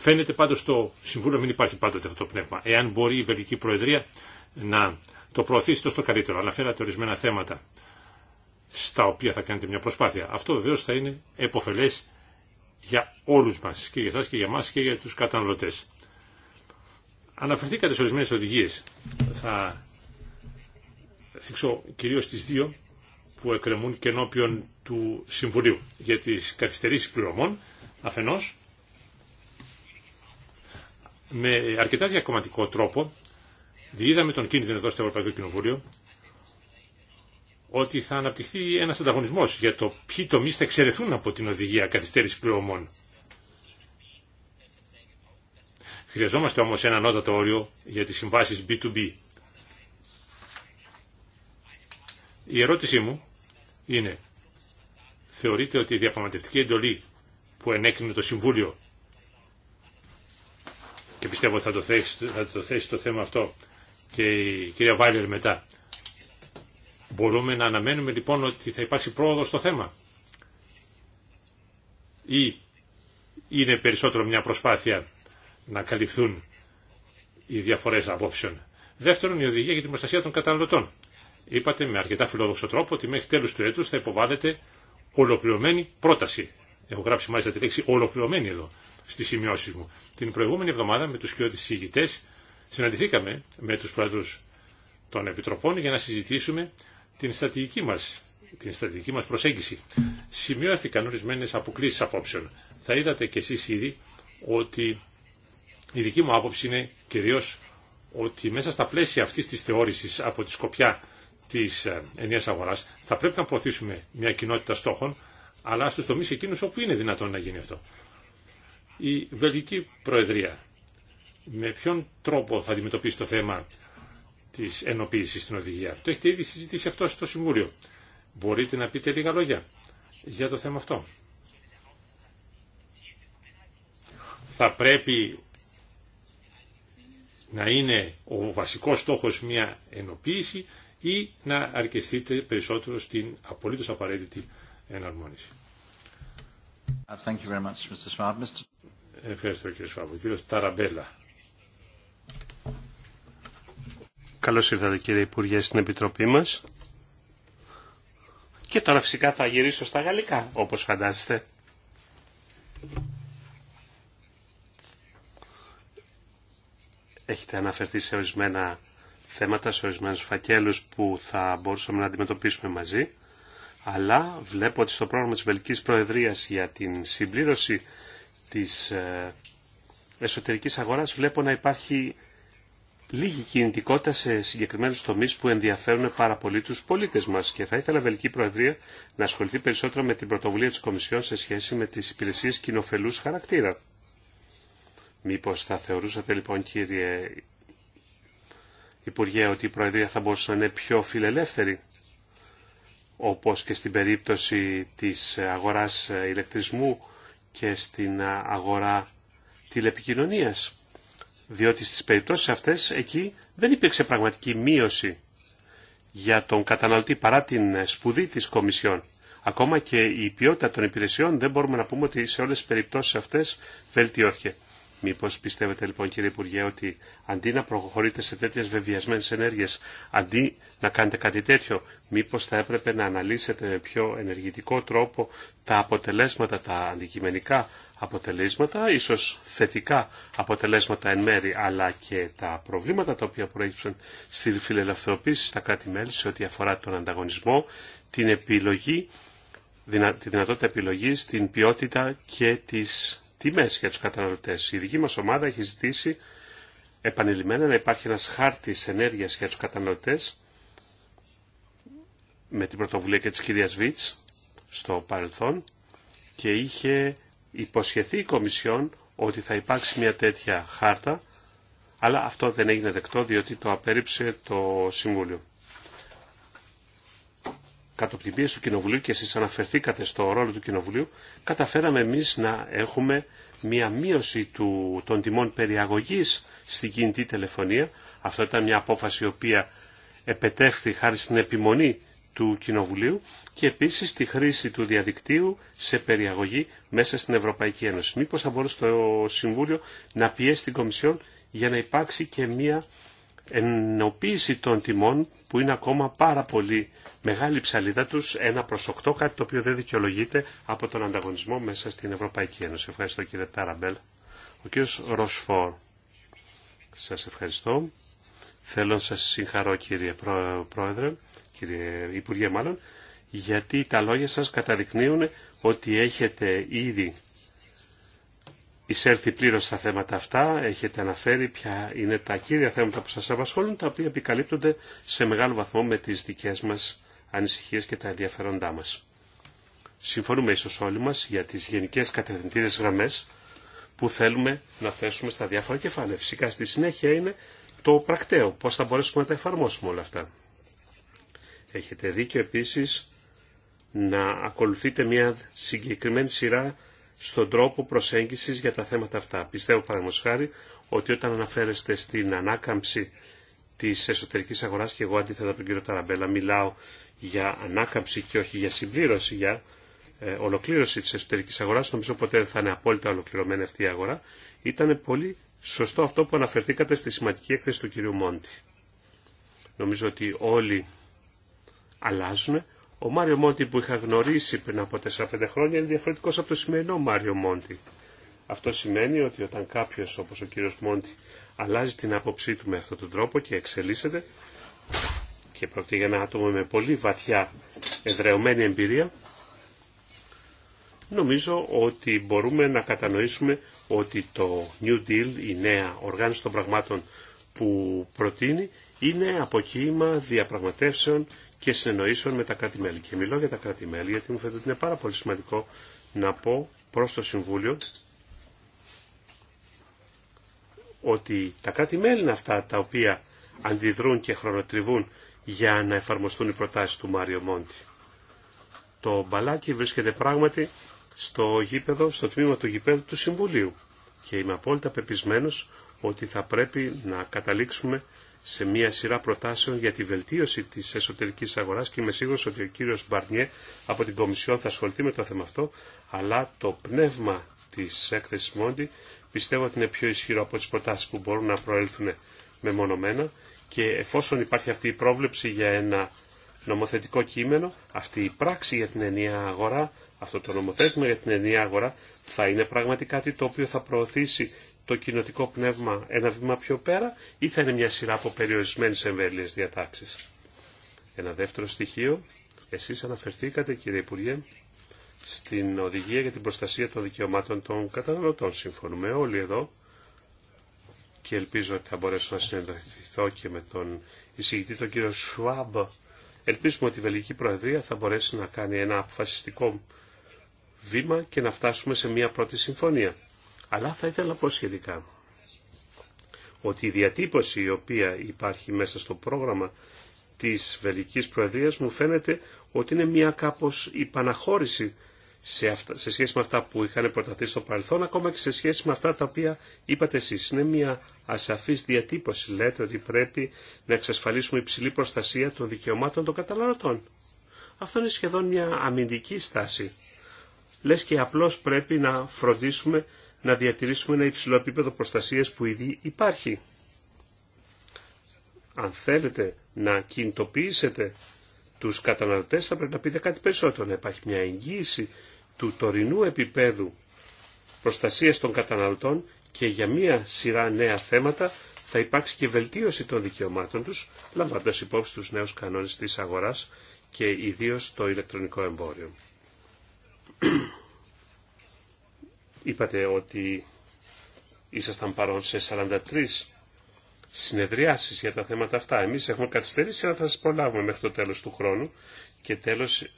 Φαίνεται πάντω στο Συμβούλιο μην υπάρχει πάντοτε αυτό το πνεύμα. Εάν μπορεί η Βελγική Προεδρία να το προωθήσει τόσο το καλύτερο. Αναφέρατε ορισμένα θέματα στα οποία θα κάνετε μια προσπάθεια. Αυτό βεβαίω θα είναι επωφελέ για όλου μα, και για εσά και για εμά και για του καταναλωτέ. Αναφερθήκατε σε ορισμένε οδηγίε. Θα θίξω κυρίω τι δύο που εκκρεμούν και ενώπιον του Συμβουλίου για τι καθυστερήσει πληρωμών αφενός με αρκετά διακομματικό τρόπο διείδαμε τον κίνδυνο εδώ στο Ευρωπαϊκό Κοινοβούλιο ότι θα αναπτυχθεί ένας ανταγωνισμό για το ποιοι τομεί θα εξαιρεθούν από την οδηγία καθυστέρηση πληρωμών. Χρειαζόμαστε όμω ένα ανώτατο όριο για τις συμβάσεις B2B. Η ερώτησή μου είναι, θεωρείτε ότι η διαπραγματευτική εντολή που ενέκρινε το Συμβούλιο και πιστεύω θα το θα το, θέσει το θέμα αυτό και η κυρία Βάιλερ μετά. Μπορούμε να αναμένουμε λοιπόν ότι θα υπάρξει πρόοδο στο θέμα. Ή είναι περισσότερο μια προσπάθεια να καλυφθούν οι διαφορές απόψεων. Δεύτερον, η οδηγία για την προστασία των καταναλωτών. Είπατε με αρκετά φιλόδοξο τρόπο ότι μέχρι τέλους του έτους θα υποβάλλεται ολοκληρωμένη πρόταση Έχω γράψει μάλιστα τη λέξη ολοκληρωμένη εδώ στι σημειώσει μου. Την προηγούμενη εβδομάδα με τους κοιότητε συγητέ, συναντηθήκαμε με του πρόεδρου των Επιτροπών για να συζητήσουμε την στρατηγική μα την στρατηγική μας προσέγγιση. Σημειώθηκαν ορισμένε αποκλήσεις απόψεων. Θα είδατε κι εσείς ήδη ότι η δική μου άποψη είναι κυρίως ότι μέσα στα πλαίσια αυτής της θεώρησης από τη σκοπιά της ε, ενίας αγοράς θα πρέπει να προωθήσουμε μια κοινότητα στόχων αλλά στους τομείς εκείνους όπου είναι δυνατόν να γίνει αυτό. Η Βελγική Προεδρία με ποιον τρόπο θα αντιμετωπίσει το θέμα της ενοποίησης στην οδηγία. Το έχετε ήδη συζητήσει αυτό στο Συμβούλιο. Μπορείτε να πείτε λίγα λόγια για το θέμα αυτό. Θα πρέπει να είναι ο βασικός στόχος μια ενοποίηση ή να αρκεστείτε περισσότερο στην απολύτως απαραίτητη εναρμόνιση. Ευχαριστώ κύριε Σφάβο. Κύριο Ταραμπέλα. Καλώς ήρθατε κύριε Υπουργέ στην Επιτροπή μας. Και τώρα φυσικά θα γυρίσω στα γαλλικά, όπως φαντάζεστε. Έχετε αναφερθεί σε ορισμένα θέματα, σε ορισμένους φακέλους που θα μπορούσαμε να αντιμετωπίσουμε μαζί αλλά βλέπω ότι στο πρόγραμμα της Βελικής Προεδρίας για την συμπλήρωση της ε, εσωτερικής αγοράς βλέπω να υπάρχει λίγη κινητικότητα σε συγκεκριμένους τομείς που ενδιαφέρουν πάρα πολύ τους πολίτες μας και θα ήθελα η Βελική Προεδρία να ασχοληθεί περισσότερο με την πρωτοβουλία της Κομισιόν σε σχέση με τις υπηρεσίες κοινοφελούς χαρακτήρα. Μήπως θα θεωρούσατε λοιπόν κύριε Υπουργέ ότι η Προεδρία θα μπορούσε να είναι πιο φιλελεύθερη όπως και στην περίπτωση της αγοράς ηλεκτρισμού και στην αγορά τηλεπικοινωνίας. Διότι στις περιπτώσεις αυτές εκεί δεν υπήρξε πραγματική μείωση για τον καταναλωτή παρά την σπουδή της Κομισιόν. Ακόμα και η ποιότητα των υπηρεσιών δεν μπορούμε να πούμε ότι σε όλες τις περιπτώσεις αυτές βελτιώθηκε. Μήπω πιστεύετε λοιπόν κύριε Υπουργέ ότι αντί να προχωρείτε σε τέτοιες βεβαιασμένε ενέργειες, αντί να κάνετε κάτι τέτοιο, μήπως θα έπρεπε να αναλύσετε με πιο ενεργητικό τρόπο τα αποτελέσματα, τα αντικειμενικά αποτελέσματα, ίσως θετικά αποτελέσματα εν μέρη, αλλά και τα προβλήματα τα οποία προέκυψαν στη φιλελευθερωποίηση στα κράτη-μέλη σε ό,τι αφορά τον ανταγωνισμό, την επιλογή, τη δυνατότητα επιλογής, την ποιότητα και τις τιμέ για του καταναλωτές. Η δική μα ομάδα έχει ζητήσει επανειλημμένα να υπάρχει ένα χάρτης ενέργειας για τους καταναλωτές με την πρωτοβουλία και τη κυρία Βίτς στο παρελθόν και είχε υποσχεθεί η Κομισιόν ότι θα υπάρξει μια τέτοια χάρτα αλλά αυτό δεν έγινε δεκτό διότι το απέρριψε το Συμβούλιο κατ' πίεση του Κοινοβουλίου και εσείς αναφερθήκατε στο ρόλο του Κοινοβουλίου, καταφέραμε εμείς να έχουμε μια μείωση του, των τιμών περιαγωγής στην κινητή τηλεφωνία. Αυτό ήταν μια απόφαση η οποία επετεύχθη χάρη στην επιμονή του Κοινοβουλίου και επίσης τη χρήση του διαδικτύου σε περιαγωγή μέσα στην Ευρωπαϊκή Ένωση. Μήπως θα μπορούσε το Συμβούλιο να πιέσει την Κομισιόν για να υπάρξει και μια ενοποίηση των τιμών που είναι ακόμα πάρα πολύ μεγάλη ψαλίδα τους, ένα προς οκτώ κάτι το οποίο δεν δικαιολογείται από τον ανταγωνισμό μέσα στην Ευρωπαϊκή Ένωση. Ευχαριστώ κύριε Τάραμπελ. Ο κύριος Ροσφόρ. Σας ευχαριστώ. Θέλω να σας συγχαρώ κύριε Πρόεδρε, κύριε Υπουργέ μάλλον, γιατί τα λόγια σας καταδεικνύουν ότι έχετε ήδη εισέλθει πλήρως στα θέματα αυτά. Έχετε αναφέρει ποια είναι τα κύρια θέματα που σας απασχολούν, τα οποία επικαλύπτονται σε μεγάλο βαθμό με τις δικές μας ανησυχίες και τα ενδιαφέροντά μας. Συμφωνούμε ίσως όλοι μας για τις γενικές κατευθυντήρες γραμμές που θέλουμε να θέσουμε στα διάφορα κεφάλαια. Φυσικά στη συνέχεια είναι το πρακτέο, πώς θα μπορέσουμε να τα εφαρμόσουμε όλα αυτά. Έχετε δίκιο επίσης να ακολουθείτε μια συγκεκριμένη σειρά στον τρόπο προσέγγισης για τα θέματα αυτά. Πιστεύω παραδείγματος χάρη ότι όταν αναφέρεστε στην ανάκαμψη της εσωτερικής αγοράς και εγώ αντίθετα τον κύριο Ταραμπέλα μιλάω για ανάκαμψη και όχι για συμπλήρωση, για ε, ολοκλήρωση της εσωτερικής αγοράς, νομίζω ποτέ δεν θα είναι απόλυτα ολοκληρωμένη αυτή η αγορά, ήταν πολύ σωστό αυτό που αναφερθήκατε στη σημαντική έκθεση του κυρίου Μόντι. Νομίζω ότι όλοι αλλάζουν, ο Μάριο Μόντι που είχα γνωρίσει πριν από 4-5 χρόνια είναι διαφορετικός από το σημερινό Μάριο Μόντι. Αυτό σημαίνει ότι όταν κάποιος όπως ο κύριος Μόντι αλλάζει την άποψή του με αυτόν τον τρόπο και εξελίσσεται και πρόκειται για ένα άτομο με πολύ βαθιά εδρεωμένη εμπειρία, νομίζω ότι μπορούμε να κατανοήσουμε ότι το New Deal, η νέα οργάνωση των πραγμάτων που προτείνει, είναι αποκύημα διαπραγματεύσεων και συνεννοήσεων με τα κράτη-μέλη. Και μιλώ για τα κράτη-μέλη γιατί μου φαίνεται ότι είναι πάρα πολύ σημαντικό να πω προς το Συμβούλιο ότι τα κράτη-μέλη είναι αυτά τα οποία αντιδρούν και χρονοτριβούν για να εφαρμοστούν οι προτάσεις του Μάριο Μόντι. Το μπαλάκι βρίσκεται πράγματι στο, γήπεδο, στο τμήμα του γήπεδου του Συμβουλίου και είμαι απόλυτα πεπισμένος ότι θα πρέπει να καταλήξουμε σε μια σειρά προτάσεων για τη βελτίωση τη εσωτερική αγορά και είμαι σίγουρο ότι ο κύριο Μπαρνιέ από την Κομισιόν θα ασχοληθεί με το θέμα αυτό, αλλά το πνεύμα τη έκθεση Μόντι πιστεύω ότι είναι πιο ισχυρό από τι προτάσει που μπορούν να προέλθουν μεμονωμένα και εφόσον υπάρχει αυτή η πρόβλεψη για ένα νομοθετικό κείμενο, αυτή η πράξη για την ενιαία αγορά, αυτό το νομοθέτημα για την ενιαία αγορά θα είναι πραγματικά κάτι το οποίο θα προωθήσει το κοινοτικό πνεύμα ένα βήμα πιο πέρα ή θα είναι μια σειρά από περιορισμένες εμβέλειες διατάξεις. Ένα δεύτερο στοιχείο, εσείς αναφερθήκατε κύριε Υπουργέ, στην οδηγία για την προστασία των δικαιωμάτων των καταναλωτών. Συμφωνούμε όλοι εδώ και ελπίζω ότι θα μπορέσω να συνεδριθώ και με τον εισηγητή τον κύριο Σουάμπ. Ελπίζουμε ότι η Βελική Προεδρία θα μπορέσει να κάνει ένα αποφασιστικό βήμα και να φτάσουμε σε μια πρώτη συμφωνία. Αλλά θα ήθελα πω σχετικά ότι η διατύπωση η οποία υπάρχει μέσα στο πρόγραμμα της Βελικής Προεδρίας μου φαίνεται ότι είναι μια κάπως υπαναχώρηση σε, αυτά, σε σχέση με αυτά που είχαν προταθεί στο παρελθόν, ακόμα και σε σχέση με αυτά τα οποία είπατε εσείς. Είναι μια ασαφής διατύπωση. Λέτε ότι πρέπει να εξασφαλίσουμε υψηλή προστασία των δικαιωμάτων των καταναλωτών. Αυτό είναι σχεδόν μια αμυντική στάση. Λες και απλώς πρέπει να φροντίσουμε να διατηρήσουμε ένα υψηλό επίπεδο προστασίας που ήδη υπάρχει. Αν θέλετε να κινητοποιήσετε τους καταναλωτές θα πρέπει να πείτε κάτι περισσότερο, να υπάρχει μια εγγύηση του τωρινού επίπεδου προστασίας των καταναλωτών και για μια σειρά νέα θέματα θα υπάρξει και βελτίωση των δικαιωμάτων τους, λαμβάνοντας υπόψη τους νέους κανόνες της αγοράς και ιδίως το ηλεκτρονικό εμπόριο. Είπατε ότι ήσασταν παρόν σε 43 συνεδριάσεις για τα θέματα αυτά. Εμείς έχουμε καθυστερήσει, αλλά θα σας προλάβουμε μέχρι το τέλος του χρόνου. Και τέλος,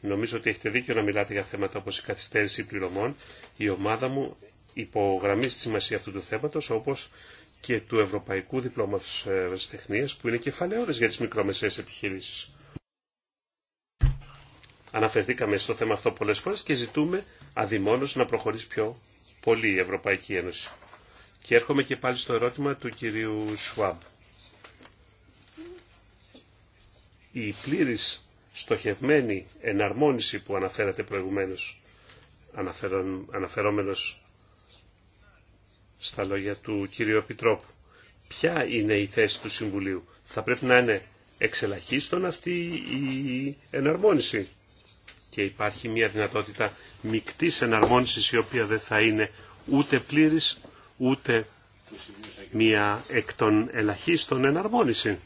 νομίζω ότι έχετε δίκιο να μιλάτε για θέματα όπως η καθυστέρηση πληρωμών. Η ομάδα μου υπογραμμίζει τη σημασία αυτού του θέματος, όπως και του Ευρωπαϊκού Διπλώματος ε, Τεχνίας, που είναι κεφαλαίωρες για τις μικρομεσαίες επιχειρήσεις. Αναφερθήκαμε στο θέμα αυτό πολλές φορές και ζητούμε αδειμόνως να προχωρήσει πιο πολύ η Ευρωπαϊκή Ένωση. Και έρχομαι και πάλι στο ερώτημα του κυρίου Σουάμπ. Η πλήρης στοχευμένη εναρμόνιση που αναφέρατε προηγουμένως, αναφερόμενος στα λόγια του κυρίου Επιτρόπου, ποια είναι η θέση του Συμβουλίου. Θα πρέπει να είναι εξελαχίστων αυτή η εναρμόνιση και υπάρχει μια δυνατότητα μικτής εναρμόνισης η οποία δεν θα είναι ούτε πλήρης ούτε μια εκ των ελαχίστων εναρμόνιση.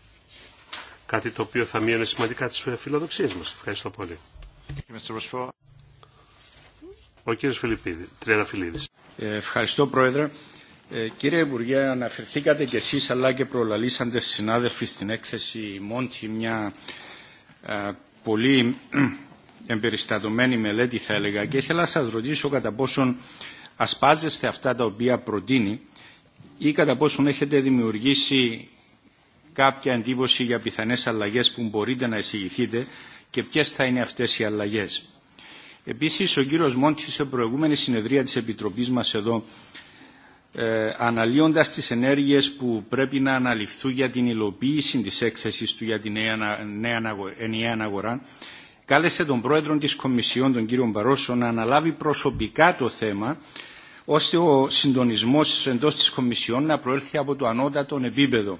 Κάτι το οποίο θα μείωνε σημαντικά τις φιλοδοξίες μας. Ευχαριστώ πολύ. Ο κύριος Φιλιππίδη, Φιλίδης. Ε, ευχαριστώ Πρόεδρε. Ε, κύριε Υπουργέ, αναφερθήκατε και εσείς αλλά και προλαλήσαντε συνάδελφοι στην έκθεση Μόντι μια ε, πολύ εμπεριστατωμένη μελέτη θα έλεγα και ήθελα να σας ρωτήσω κατά πόσον ασπάζεστε αυτά τα οποία προτείνει ή κατά πόσον έχετε δημιουργήσει κάποια εντύπωση για πιθανές αλλαγές που μπορείτε να εισηγηθείτε και ποιες θα είναι αυτές οι αλλαγές. Επίσης, ο κύριος Μόντι σε προηγούμενη συνεδρία της Επιτροπής μας εδώ, ε, αναλύοντας τις ενέργειες που πρέπει να αναλυφθούν για την υλοποίηση της έκθεσης του για την νέα, νέα ενιαία αγορά, κάλεσε τον πρόεδρο της Κομισιόν, τον κύριο Μπαρόσο, να αναλάβει προσωπικά το θέμα, ώστε ο συντονισμός εντός της Κομισιόν να προέλθει από το ανώτατο επίπεδο.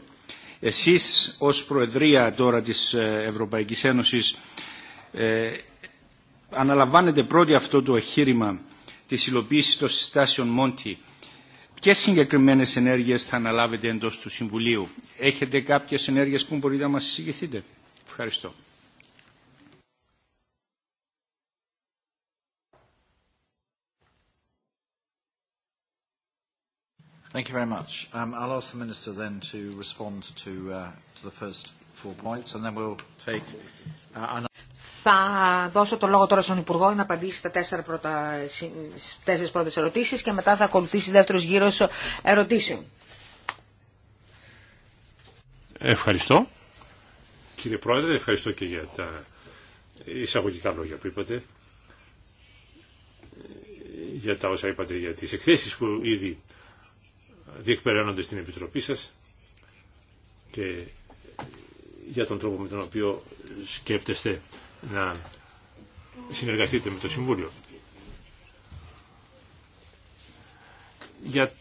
Εσείς ως Προεδρία τώρα της ε, Ευρωπαϊκής Ένωσης ε, αναλαμβάνετε πρώτοι αυτό το εχείρημα της υλοποίησης των συστάσεων Μόντι. Ποιες συγκεκριμένες ενέργειες θα αναλάβετε εντός του Συμβουλίου. Έχετε κάποιες ενέργειες που μπορείτε να μας συζητηθείτε. Ευχαριστώ. Thank you very much. Um, I'll ask the Minister then to respond to, uh, to the first four points and then we'll take... Uh, θα δώσω το λόγο τώρα στον Υπουργό να απαντήσει στα τέσσερα πρώτα, τέσσερις πρώτες ερωτήσεις και μετά θα ακολουθήσει δεύτερος γύρος ερωτήσεων. Ευχαριστώ. Κύριε Πρόεδρε, ευχαριστώ και για τα εισαγωγικά λόγια που είπατε. Ε, για τα όσα είπατε για τις εκθέσεις που ήδη διεκπεραιώνονται στην Επιτροπή σας και για τον τρόπο με τον οποίο σκέπτεστε να συνεργαστείτε με το Συμβούλιο. Για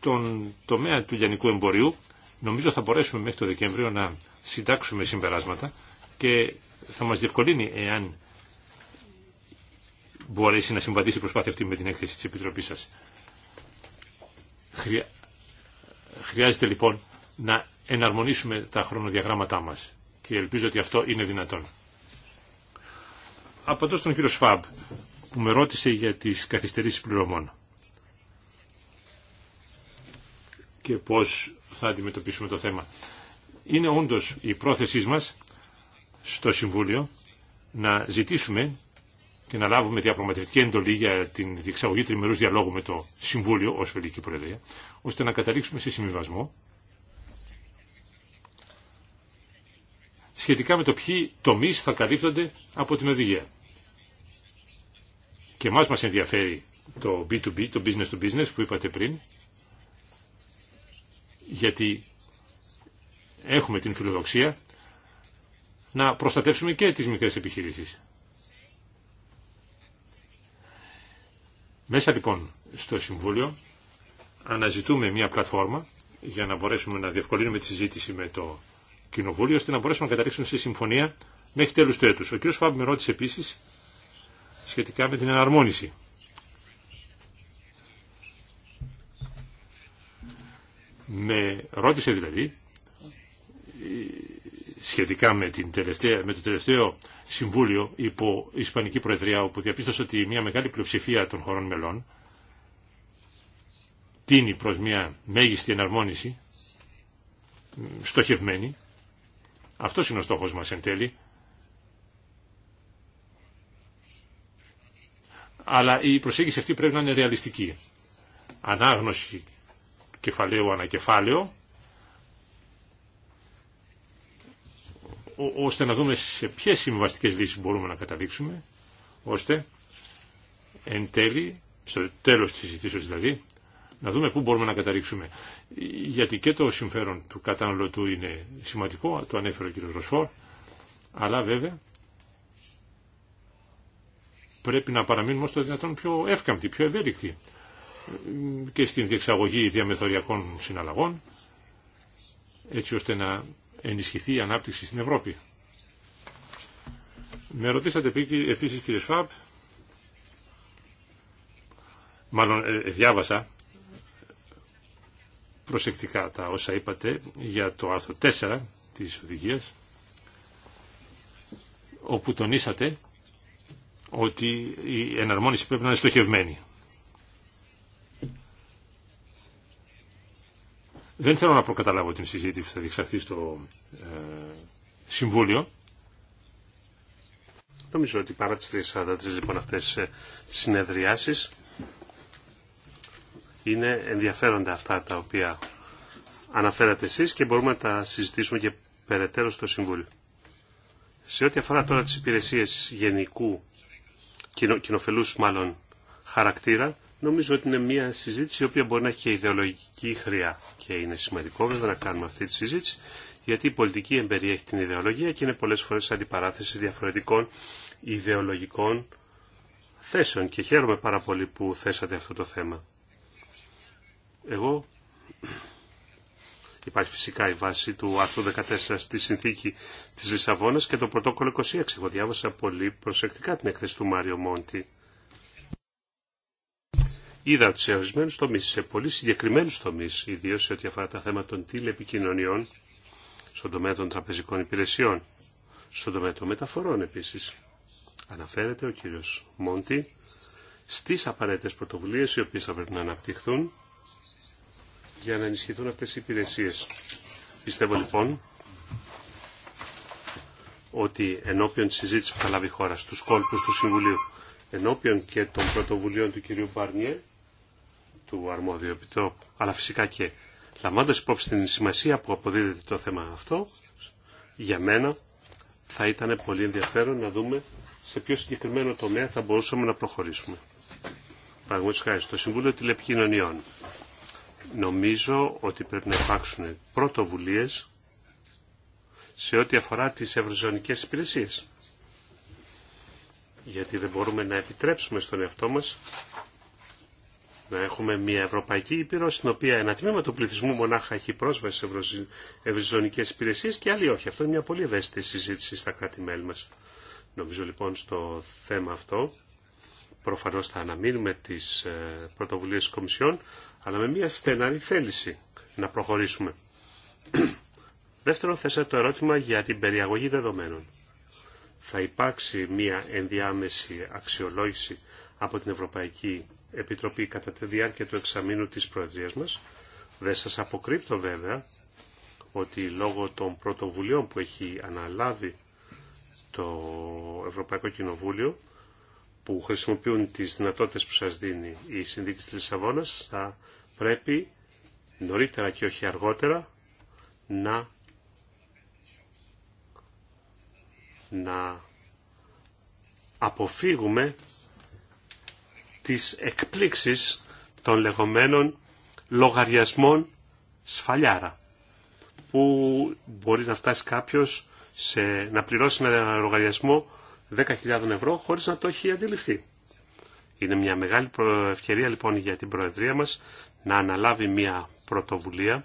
τον τομέα του λιανικού εμπορίου νομίζω θα μπορέσουμε μέχρι το Δεκέμβριο να συντάξουμε συμπεράσματα και θα μας διευκολύνει εάν μπορέσει να συμβαδίσει η προσπάθεια αυτή με την έκθεση της Επιτροπής σας. Χρειάζεται λοιπόν να εναρμονίσουμε τα χρονοδιαγράμματά μας και ελπίζω ότι αυτό είναι δυνατόν. Απαντώ στον κύριο Σφάμπ που με ρώτησε για τις καθυστερήσεις πληρωμών και πώς θα αντιμετωπίσουμε το θέμα. Είναι όντως η πρόθεσή μας στο Συμβούλιο να ζητήσουμε και να λάβουμε διαπραγματευτική εντολή για την διεξαγωγή τριμερούς διαλόγου με το Συμβούλιο ω φελική Προεδρία, ώστε να καταλήξουμε σε συμβιβασμό σχετικά με το ποιοι τομεί θα καλύπτονται από την οδηγία. Και εμά μας ενδιαφέρει το B2B, το business to business που είπατε πριν, γιατί έχουμε την φιλοδοξία να προστατεύσουμε και τις μικρές επιχειρήσεις. Μέσα λοιπόν στο Συμβούλιο αναζητούμε μια πλατφόρμα για να μπορέσουμε να διευκολύνουμε τη συζήτηση με το Κοινοβούλιο ώστε να μπορέσουμε να καταλήξουμε σε συμφωνία μέχρι τέλους του έτους. Ο κ. Φάμπ με ρώτησε επίσης σχετικά με την εναρμόνιση. Με ρώτησε δηλαδή σχετικά με, την με το τελευταίο συμβούλιο υπό Ισπανική Προεδρία, όπου διαπίστωσε ότι μια μεγάλη πλειοψηφία των χωρών μελών τίνει προς μια μέγιστη εναρμόνιση, στοχευμένη. Αυτός είναι ο στόχος μας εν τέλει. Αλλά η προσέγγιση αυτή πρέπει να είναι ρεαλιστική. Ανάγνωση κεφαλαίου ανακεφάλαιο, ώστε να δούμε σε ποιες συμβαστικές λύσεις μπορούμε να καταλήξουμε, ώστε εν τέλει, στο τέλος της συζητήσεως δηλαδή, να δούμε πού μπορούμε να καταλήξουμε. Γιατί και το συμφέρον του του είναι σημαντικό, το ανέφερε ο κ. Ροσφόρ, αλλά βέβαια πρέπει να παραμείνουμε στο δυνατόν πιο εύκαμπτοι, πιο ευέλικτοι και στην διεξαγωγή διαμεθοριακών συναλλαγών, έτσι ώστε να ενισχυθεί η ανάπτυξη στην Ευρώπη. Με ρωτήσατε επίσης κύριε Σφάπ, μάλλον ε, ε, διάβασα προσεκτικά τα όσα είπατε για το άρθρο 4 της οδηγίας, όπου τονίσατε ότι η εναρμόνιση πρέπει να είναι στοχευμένη. Δεν θέλω να προκαταλάβω την συζήτηση που θα διεξαρθεί στο ε, Συμβούλιο. Νομίζω ότι παρά τις 3.43 λοιπόν αυτές ε, συνεδριάσεις είναι ενδιαφέροντα αυτά τα οποία αναφέρατε εσείς και μπορούμε να τα συζητήσουμε και περαιτέρω στο Συμβούλιο. Σε ό,τι αφορά τώρα τις υπηρεσίες γενικού, κοινοφελούς μάλλον χαρακτήρα, Νομίζω ότι είναι μια συζήτηση η οποία μπορεί να έχει και ιδεολογική χρειά και είναι σημαντικό βέβαια να κάνουμε αυτή τη συζήτηση γιατί η πολιτική εμπεριέχει την ιδεολογία και είναι πολλές φορές αντιπαράθεση διαφορετικών ιδεολογικών θέσεων και χαίρομαι πάρα πολύ που θέσατε αυτό το θέμα. Εγώ υπάρχει φυσικά η βάση του άρθρου 14 στη συνθήκη της Λισαβόνας και το πρωτόκολλο 26. Εγώ διάβασα πολύ προσεκτικά την έκθεση του Μάριο Μόντι είδα σε ορισμένου τομεί, σε πολύ συγκεκριμένου τομεί, ιδίω σε ό,τι αφορά τα θέματα των τηλεπικοινωνιών, στον τομέα των τραπεζικών υπηρεσιών, στον τομέα των μεταφορών επίση. Αναφέρεται ο κύριο Μόντι στι απαραίτητε πρωτοβουλίε οι οποίε θα πρέπει να αναπτυχθούν για να ενισχυθούν αυτέ οι υπηρεσίε. Πιστεύω λοιπόν ότι ενώπιον τη συζήτηση που θα λάβει η χώρα στου κόλπου του Συμβουλίου ενώπιον και των πρωτοβουλίων του κυρίου Μπαρνιέ του αρμόδιου επιτό, αλλά φυσικά και λαμβάνοντα υπόψη την σημασία που αποδίδεται το θέμα αυτό, για μένα θα ήταν πολύ ενδιαφέρον να δούμε σε ποιο συγκεκριμένο τομέα θα μπορούσαμε να προχωρήσουμε. Παραδείγματο χάρη στο Συμβούλιο Τηλεπικοινωνιών. Νομίζω ότι πρέπει να υπάρξουν πρωτοβουλίε σε ό,τι αφορά τις ευρωζωνικές υπηρεσίε. Γιατί δεν μπορούμε να επιτρέψουμε στον εαυτό μα να έχουμε μια Ευρωπαϊκή Ήπειρο στην οποία ένα τμήμα του πληθυσμού μονάχα έχει πρόσβαση σε ευρωζωνικές υπηρεσίες και άλλοι όχι. Αυτό είναι μια πολύ ευαίσθητη συζήτηση στα κράτη-μέλη μας. Νομίζω λοιπόν στο θέμα αυτό προφανώς θα αναμείνουμε τις ε, πρωτοβουλίες της Κομισιόν αλλά με μια στεναρή θέληση να προχωρήσουμε. Δεύτερον, θέσατε το ερώτημα για την περιαγωγή δεδομένων. Θα υπάρξει μια ενδιάμεση αξιολόγηση από την Ευρωπαϊκή Επιτροπή κατά τη διάρκεια του εξαμήνου της Προεδρίας μας. Δεν σας αποκρύπτω βέβαια ότι λόγω των πρωτοβουλίων που έχει αναλάβει το Ευρωπαϊκό Κοινοβούλιο που χρησιμοποιούν τις δυνατότητες που σας δίνει η Συνδίκη της Λισαβόνας θα πρέπει νωρίτερα και όχι αργότερα να, να αποφύγουμε τις εκπλήξεις των λεγόμενων λογαριασμών σφαλιάρα που μπορεί να φτάσει κάποιος σε, να πληρώσει ένα λογαριασμό 10.000 ευρώ χωρίς να το έχει αντιληφθεί. Είναι μια μεγάλη ευκαιρία λοιπόν για την Προεδρία μας να αναλάβει μια πρωτοβουλία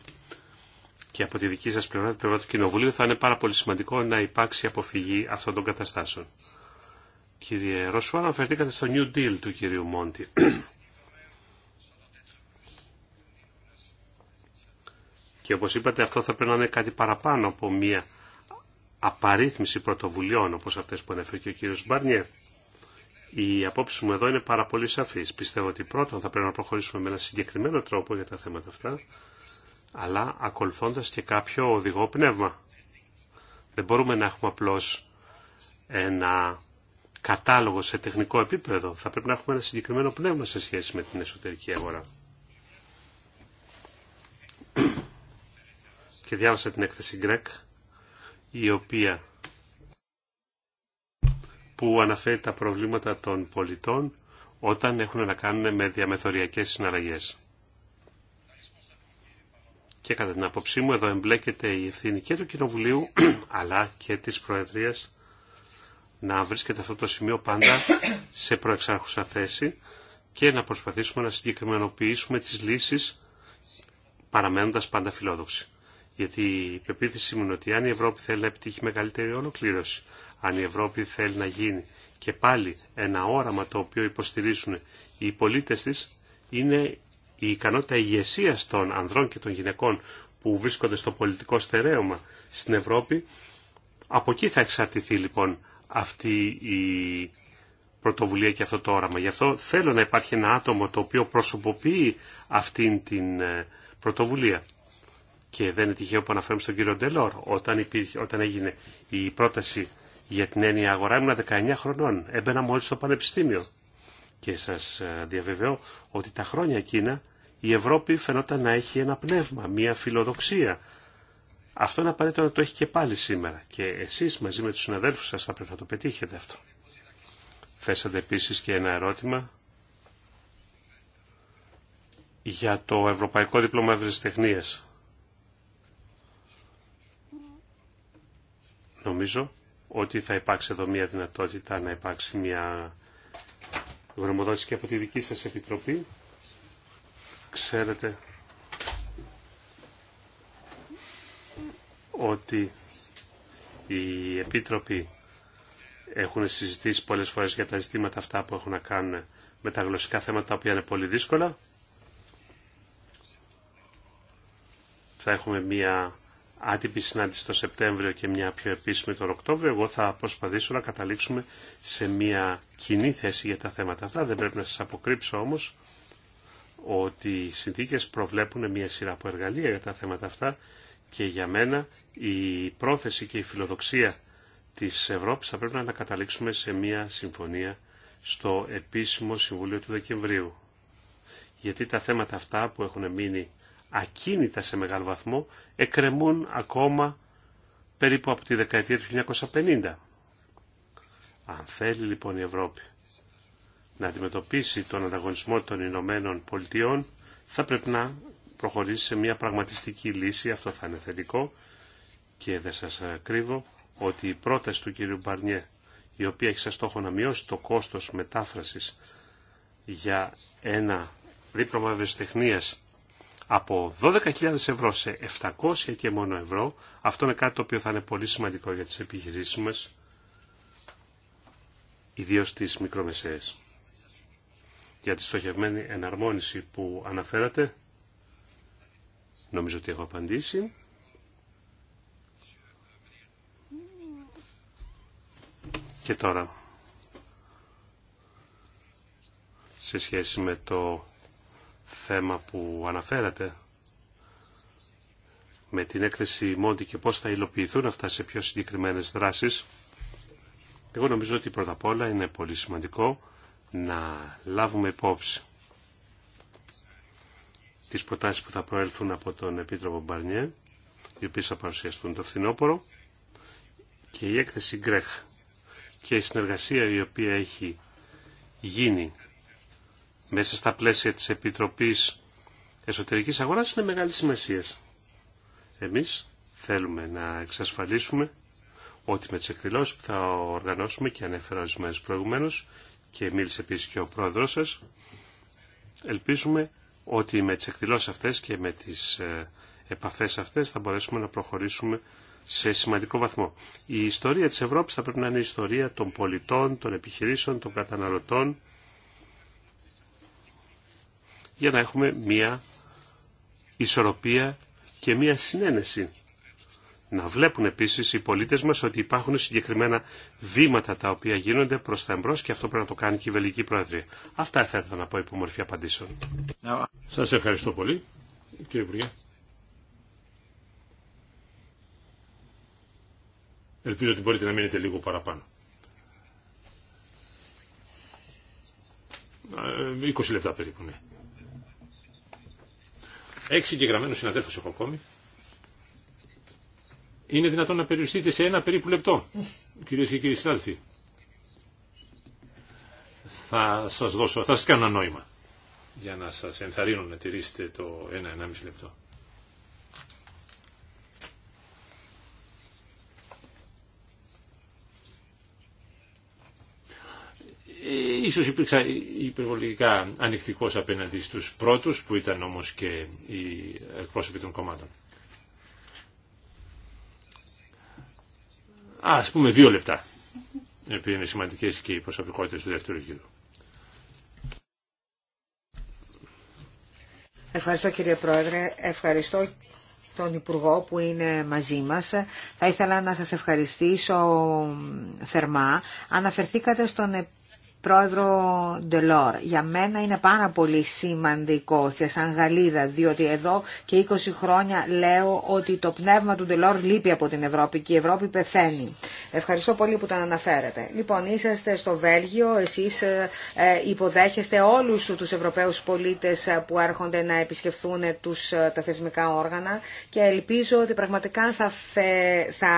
και από τη δική σας πλευρά, την πλευρά του Κοινοβουλίου, θα είναι πάρα πολύ σημαντικό να υπάρξει αποφυγή αυτών των καταστάσεων. Κύριε Ροσουά, αναφερθήκατε στο New Deal του κυρίου Μόντι. Και όπως είπατε αυτό θα πρέπει να είναι κάτι παραπάνω από μια απαρίθμηση πρωτοβουλειών όπως αυτές που ανέφερε και ο κύριος Μπαρνιέ. Η απόψη μου εδώ είναι πάρα πολύ σαφής. Πιστεύω ότι πρώτον θα πρέπει να προχωρήσουμε με ένα συγκεκριμένο τρόπο για τα θέματα αυτά, αλλά ακολουθώντας και κάποιο οδηγό πνεύμα. Δεν μπορούμε να έχουμε απλώς ένα κατάλογο σε τεχνικό επίπεδο. Θα πρέπει να έχουμε ένα συγκεκριμένο πνεύμα σε σχέση με την εσωτερική αγορά. Και διάβασα την έκθεση Γκρέκ, η οποία που αναφέρει τα προβλήματα των πολιτών όταν έχουν να κάνουν με διαμεθοριακές συναλλαγές. Και κατά την άποψή μου εδώ εμπλέκεται η ευθύνη και του Κοινοβουλίου αλλά και της Προεδρίας να βρίσκεται αυτό το σημείο πάντα σε προεξάρχουσα θέση και να προσπαθήσουμε να συγκεκριμενοποιήσουμε τις λύσεις παραμένοντας πάντα φιλόδοξοι. Γιατί η πεποίθησή μου είναι ότι αν η Ευρώπη θέλει να επιτύχει μεγαλύτερη ολοκλήρωση, αν η Ευρώπη θέλει να γίνει και πάλι ένα όραμα το οποίο υποστηρίζουν οι πολίτες της, είναι η ικανότητα ηγεσία των ανδρών και των γυναικών που βρίσκονται στο πολιτικό στερέωμα στην Ευρώπη. Από εκεί θα εξαρτηθεί λοιπόν αυτή η πρωτοβουλία και αυτό το όραμα. Γι' αυτό θέλω να υπάρχει ένα άτομο το οποίο προσωποποιεί αυτήν την ε, πρωτοβουλία. Και δεν είναι τυχαίο που αναφέρουμε στον κύριο Ντελόρ. Όταν, υπήρχε, όταν έγινε η πρόταση για την έννοια αγορά ήμουν 19 χρονών. Έμπαινα μόλι στο πανεπιστήμιο. Και σας ε, διαβεβαιώ ότι τα χρόνια εκείνα η Ευρώπη φαινόταν να έχει ένα πνεύμα, μια φιλοδοξία αυτό είναι απαραίτητο να το έχει και πάλι σήμερα. Και εσείς μαζί με τους συναδέλφους σας θα πρέπει να το πετύχετε αυτό. Θέσατε επίσης και ένα ερώτημα για το Ευρωπαϊκό Δίπλωμα Ευρεσιτεχνίας. Νομίζω ότι θα υπάρξει εδώ μια δυνατότητα να υπάρξει μια γνωμοδότηση και από τη δική σας Επιτροπή. Ξέρετε ότι οι επίτροποι έχουν συζητήσει πολλές φορές για τα ζητήματα αυτά που έχουν να κάνουν με τα γλωσσικά θέματα, τα οποία είναι πολύ δύσκολα. Θα έχουμε μία άτυπη συνάντηση το Σεπτέμβριο και μια πιο επίσημη τον Οκτώβριο. Εγώ θα προσπαθήσω να καταλήξουμε σε μια κοινή θέση για τα θέματα αυτά. Δεν πρέπει να σας αποκρύψω όμως ότι οι συνθήκες προβλέπουν μια σειρά από εργαλεία για τα θέματα αυτά και για μένα η πρόθεση και η φιλοδοξία της Ευρώπης θα πρέπει να καταλήξουμε σε μια συμφωνία στο επίσημο Συμβουλίο του Δεκεμβρίου. Γιατί τα θέματα αυτά που έχουν μείνει ακίνητα σε μεγάλο βαθμό εκκρεμούν ακόμα περίπου από τη δεκαετία του 1950. Αν θέλει λοιπόν η Ευρώπη να αντιμετωπίσει τον ανταγωνισμό των Ηνωμένων Πολιτειών θα πρέπει να προχωρήσει σε μια πραγματιστική λύση, αυτό θα είναι θετικό και δεν σας κρύβω ότι η πρόταση του κύριου Μπαρνιέ η οποία έχει σαν στόχο να μειώσει το κόστος μετάφρασης για ένα δίπλωμα ευαισθητεχνίας από 12.000 ευρώ σε 700 και μόνο ευρώ, αυτό είναι κάτι το οποίο θα είναι πολύ σημαντικό για τις επιχειρήσεις μας, ιδίως τις μικρομεσαίες. Για τη στοχευμένη εναρμόνιση που αναφέρατε, Νομίζω ότι έχω απαντήσει. Και τώρα, σε σχέση με το θέμα που αναφέρατε, με την έκθεση Μόντι και πώς θα υλοποιηθούν αυτά σε πιο συγκεκριμένες δράσεις, εγώ νομίζω ότι πρώτα απ' όλα είναι πολύ σημαντικό να λάβουμε υπόψη τις προτάσεις που θα προέλθουν από τον Επίτροπο Μπαρνιέ, οι οποίες θα παρουσιαστούν το φθινόπωρο, και η έκθεση Γκρέχ και η συνεργασία η οποία έχει γίνει μέσα στα πλαίσια της Επιτροπής Εσωτερικής Αγοράς είναι μεγάλη σημασία. Εμείς θέλουμε να εξασφαλίσουμε ότι με τις εκδηλώσεις που θα οργανώσουμε και ανέφερα ορισμένες προηγουμένως και μίλησε επίσης και ο πρόεδρος σας, ελπίζουμε ότι με τις εκδηλώσεις αυτές και με τις ε, επαφές αυτές θα μπορέσουμε να προχωρήσουμε σε σημαντικό βαθμό. Η ιστορία της Ευρώπης θα πρέπει να είναι η ιστορία των πολιτών, των επιχειρήσεων, των καταναλωτών για να έχουμε μία ισορροπία και μία συνένεση να βλέπουν επίσης οι πολίτες μας ότι υπάρχουν συγκεκριμένα βήματα τα οποία γίνονται προς τα εμπρός και αυτό πρέπει να το κάνει και η Βελική Προεδρία. Αυτά θα ήθελα να πω υπό μορφή απαντήσεων. Σας ευχαριστώ πολύ κύριε Υπουργέ. Ελπίζω ότι μπορείτε να μείνετε λίγο παραπάνω. 20 ε, λεπτά περίπου, ναι. Έξι συναδέλφους έχω ακόμη είναι δυνατόν να περιοριστείτε σε ένα περίπου λεπτό, κύριε και κύριοι συνάδελφοι. Θα σας δώσω, θα σας κάνω ένα νόημα για να σας ενθαρρύνω να τηρήσετε το ενα 15 λεπτό. Ε, ίσως υπήρξα υπερβολικά ανοιχτικός απέναντι στους πρώτους που ήταν όμως και οι εκπρόσωποι των κομμάτων. ας πούμε δύο λεπτά, επειδή είναι σημαντικές και οι προσωπικότητες του δεύτερου γύρου. Ευχαριστώ κύριε Πρόεδρε, ευχαριστώ τον Υπουργό που είναι μαζί μας. Θα ήθελα να σας ευχαριστήσω θερμά. Αναφερθήκατε στον πρόεδρο Ντελόρ. Για μένα είναι πάρα πολύ σημαντικό και σαν Γαλλίδα, διότι εδώ και 20 χρόνια λέω ότι το πνεύμα του Ντελόρ λείπει από την Ευρώπη και η Ευρώπη πεθαίνει. Ευχαριστώ πολύ που τον αναφέρετε. Λοιπόν, είσαστε στο Βέλγιο, εσείς ε, ε, υποδέχεστε όλους τους Ευρωπαίους πολίτες που έρχονται να επισκεφθούν τους, ε, τα θεσμικά όργανα και ελπίζω ότι πραγματικά θα, θα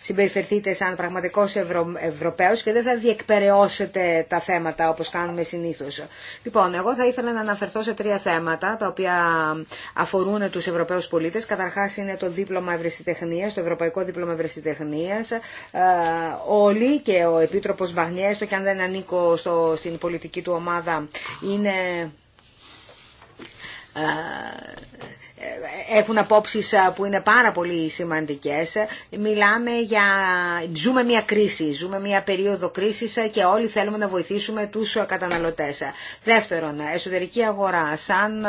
συμπεριφερθείτε σαν πραγματικός Ευρω, και δεν θα διεκπαιρεώσετε τα θέματα όπως κάνουμε συνήθως. Λοιπόν, εγώ θα ήθελα να αναφερθώ σε τρία θέματα τα οποία αφορούν τους Ευρωπαίους πολίτες. Καταρχάς είναι το δίπλωμα ευρεσιτεχνίας, το Ευρωπαϊκό Δίπλωμα Ευρεσιτεχνίας. Ε, όλοι και ο Επίτροπος Βαγνιέστο το και αν δεν ανήκω στο, στην πολιτική του ομάδα, είναι... Ε, έχουν απόψεις ε, που είναι πάρα πολύ σημαντικές. Μιλάμε για... Ζούμε μια κρίση, ζούμε μια περίοδο κρίσης και όλοι θέλουμε να βοηθήσουμε τους καταναλωτές. Δεύτερον, εσωτερική αγορά σαν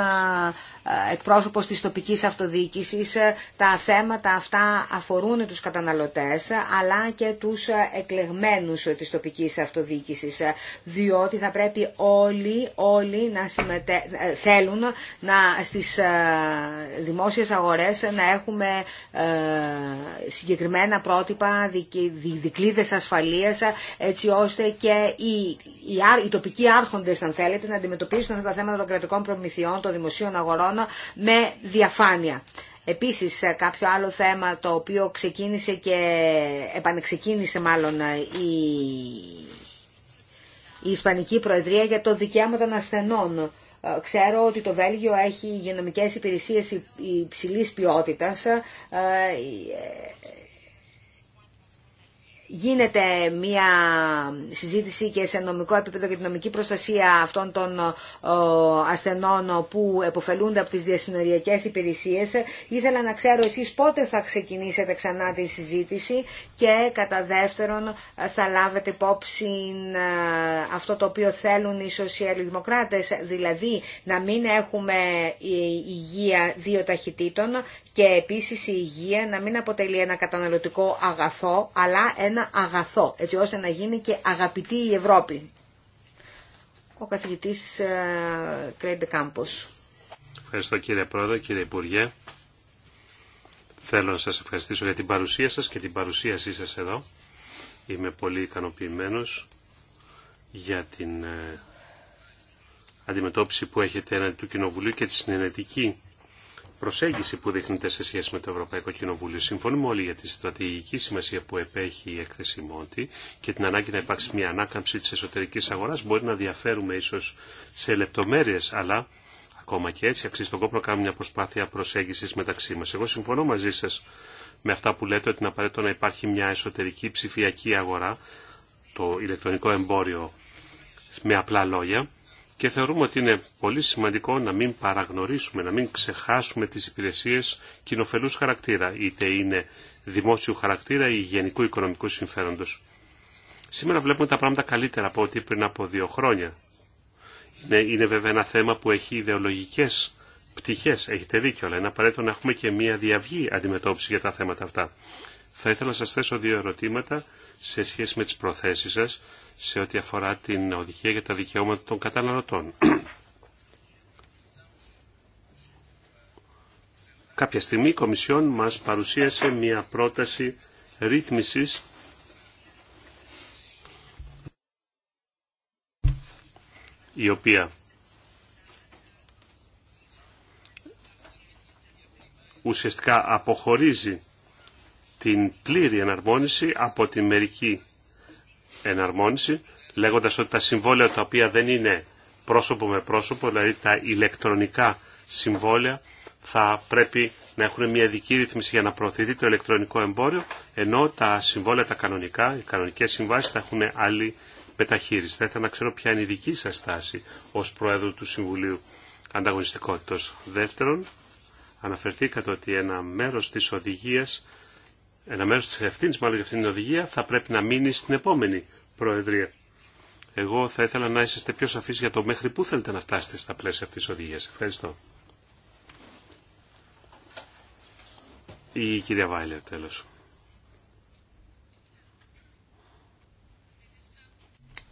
ε, εκπρόσωπος της τοπικής αυτοδιοίκησης ε, τα θέματα αυτά αφορούν τους καταναλωτές ε, αλλά και τους εκλεγμένους της τοπικής αυτοδιοίκησης διότι θα πρέπει όλοι, όλοι να συμμετέ... θέλουν να, στις δημόσιες αγορές να έχουμε συγκεκριμένα πρότυπα, δικλείδες ασφαλείας έτσι ώστε και οι, οι τοπικοί άρχοντες αν θέλετε να αντιμετωπίσουν αυτά τα θέματα των κρατικών προμηθειών, των δημοσίων αγορών με διαφάνεια. Επίσης κάποιο άλλο θέμα το οποίο ξεκίνησε και επανεξεκίνησε μάλλον ε, η, Ισπανική Προεδρία για το δικαίωμα των ασθενών. Ε, ξέρω ότι το Βέλγιο έχει υγειονομικές υπηρεσίες υψηλής ποιότητας ε, γίνεται μια συζήτηση και σε νομικό επίπεδο για την νομική προστασία αυτών των ασθενών που εποφελούνται από τις διασυνοριακές υπηρεσίες. Ήθελα να ξέρω εσείς πότε θα ξεκινήσετε ξανά τη συζήτηση και κατά δεύτερον θα λάβετε υπόψη ε, αυτό το οποίο θέλουν οι σοσιαλδημοκράτες, δηλαδή να μην έχουμε υγεία δύο ταχυτήτων και επίσης η υγεία να μην αποτελεί ένα καταναλωτικό αγαθό αλλά ένα αγαθό, έτσι ώστε να γίνει και αγαπητή η Ευρώπη. Ο καθηγητής Κρέντε Κάμπος. Ευχαριστώ κύριε Πρόεδρε, κύριε Υπουργέ. Θέλω να σας ευχαριστήσω για την παρουσία σας και την παρουσίασή σας εδώ. Είμαι πολύ ικανοποιημένο για την ε, αντιμετώπιση που έχετε έναντι του Κοινοβουλίου και τη συνενετική προσέγγιση που δείχνεται σε σχέση με το Ευρωπαϊκό Κοινοβούλιο. Συμφωνούμε όλοι για τη στρατηγική σημασία που επέχει η έκθεση Μόντι και την ανάγκη να υπάρξει μια ανάκαμψη της εσωτερικής αγοράς. Μπορεί να διαφέρουμε ίσως σε λεπτομέρειες, αλλά ακόμα και έτσι αξίζει τον κόπο να κάνουμε μια προσπάθεια προσέγγισης μεταξύ μας. Εγώ συμφωνώ μαζί σας με αυτά που λέτε ότι είναι απαραίτητο να υπάρχει μια εσωτερική ψηφιακή αγορά, το ηλεκτρονικό εμπόριο με απλά λόγια, και θεωρούμε ότι είναι πολύ σημαντικό να μην παραγνωρίσουμε, να μην ξεχάσουμε τις υπηρεσίες κοινοφελούς χαρακτήρα, είτε είναι δημόσιου χαρακτήρα ή γενικού οικονομικού συμφέροντος. Σήμερα βλέπουμε τα πράγματα καλύτερα από ό,τι πριν από δύο χρόνια. Είναι, είναι βέβαια ένα θέμα που έχει ιδεολογικές πτυχές, έχετε δίκιο, αλλά είναι απαραίτητο να έχουμε και μια διαυγή αντιμετώπιση για τα θέματα αυτά. Θα ήθελα να σας θέσω δύο ερωτήματα σε σχέση με τις προθέσεις σας σε ό,τι αφορά την οδηγία για τα δικαιώματα των καταναλωτών. Κάποια στιγμή η Κομισιόν μας παρουσίασε μια πρόταση ρύθμισης η οποία ουσιαστικά αποχωρίζει την πλήρη εναρμόνιση από την μερική εναρμόνιση, λέγοντας ότι τα συμβόλαια τα οποία δεν είναι πρόσωπο με πρόσωπο, δηλαδή τα ηλεκτρονικά συμβόλαια, θα πρέπει να έχουν μια ειδική ρύθμιση για να προωθηθεί το ηλεκτρονικό εμπόριο, ενώ τα συμβόλαια τα κανονικά, οι κανονικές συμβάσεις θα έχουν άλλη μεταχείριση. Θα ήθελα να ξέρω ποια είναι η δική σας στάση ως Πρόεδρο του Συμβουλίου Ανταγωνιστικότητος. Δεύτερον, αναφερθήκατε ότι ένα μέρος της οδηγίας ένα μέρος τη ευθύνη μάλλον για αυτήν την οδηγία θα πρέπει να μείνει στην επόμενη Προεδρία. Εγώ θα ήθελα να είστε πιο σαφεί για το μέχρι πού θέλετε να φτάσετε στα πλαίσια αυτής της οδηγίας. Ευχαριστώ. Η κυρία Βάιλερ τέλος.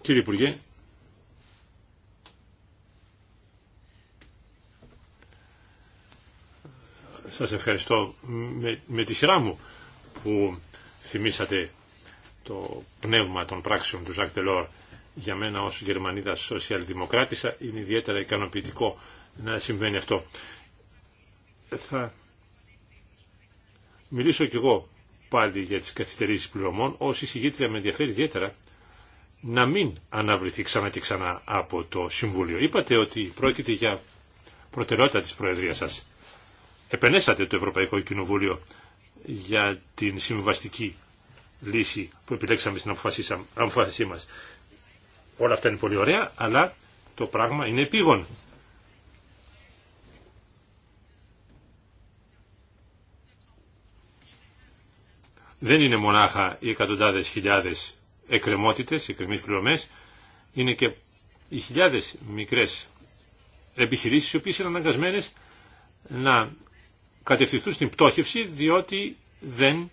Κύριε Υπουργέ, σας ευχαριστώ με, με τη σειρά μου που θυμήσατε το πνεύμα των πράξεων του Ζακ Τελόρ για μένα ως Γερμανίδα σοσιαλδημοκράτησα είναι ιδιαίτερα ικανοποιητικό να συμβαίνει αυτό. Θα μιλήσω κι εγώ πάλι για τις καθυστερήσεις πληρωμών ως εισηγήτρια με ενδιαφέρει ιδιαίτερα να μην αναβληθεί ξανά και ξανά από το Συμβούλιο. Είπατε ότι πρόκειται για προτεραιότητα της Προεδρίας σας. Επενέσατε το Ευρωπαϊκό Κοινοβούλιο για την συμβαστική λύση που επιλέξαμε στην αποφάσισή μας. Όλα αυτά είναι πολύ ωραία, αλλά το πράγμα είναι επίγον. Δεν είναι μονάχα οι εκατοντάδες χιλιάδες εκκρεμότητες, εκκρεμείς πληρωμές, είναι και οι χιλιάδες μικρές επιχειρήσεις οι οποίες είναι αναγκασμένες να κατευθυνθούν στην πτώχευση διότι δεν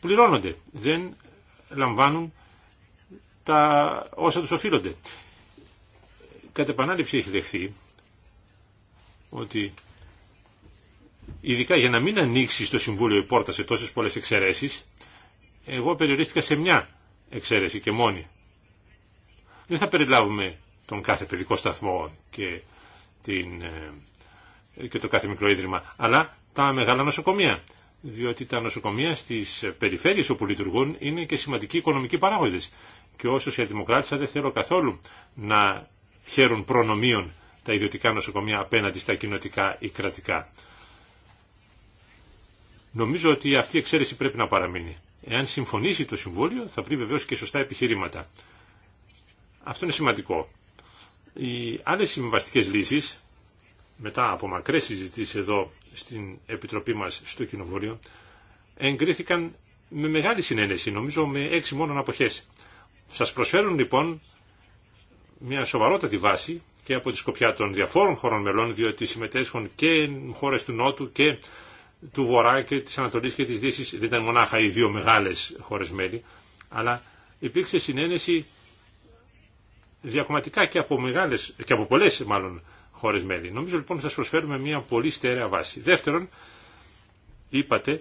πληρώνονται, δεν λαμβάνουν τα όσα τους οφείλονται. Κατ' επανάληψη έχει δεχθεί ότι ειδικά για να μην ανοίξει στο Συμβούλιο η πόρτα σε τόσες πολλές εξαιρέσεις, εγώ περιορίστηκα σε μια εξαίρεση και μόνη. Δεν θα περιλάβουμε τον κάθε παιδικό σταθμό και την ε, και το κάθε μικρό ίδρυμα, αλλά τα μεγάλα νοσοκομεία. Διότι τα νοσοκομεία στι περιφέρειες όπου λειτουργούν είναι και σημαντικοί οικονομικοί παράγοντε. Και όσο δημοκράτησα δεν θέλω καθόλου να χαίρουν προνομίων τα ιδιωτικά νοσοκομεία απέναντι στα κοινοτικά ή κρατικά. Νομίζω ότι αυτή η εξαίρεση πρέπει να παραμείνει. Εάν συμφωνήσει το Συμβούλιο θα βρει βεβαίω και σωστά επιχειρήματα. Αυτό είναι σημαντικό. Οι άλλε συμβαστικέ λύσει μετά από μακρές συζητήσεις εδώ στην Επιτροπή μας στο Κοινοβούλιο, εγκρίθηκαν με μεγάλη συνένεση, νομίζω με έξι μόνον αποχές. Σας προσφέρουν λοιπόν μια σοβαρότατη βάση και από τη σκοπιά των διαφόρων χωρών μελών, διότι συμμετέσχουν και χώρες του Νότου και του Βορρά και της Ανατολής και της Δύσης. Δεν ήταν μονάχα οι δύο μεγάλες χώρες μέλη, αλλά υπήρξε συνένεση διακομματικά και από, μεγάλες, και πολλές μάλλον χώρες Νομίζω λοιπόν θα σας προσφέρουμε μια πολύ στέρεα βάση. Δεύτερον, είπατε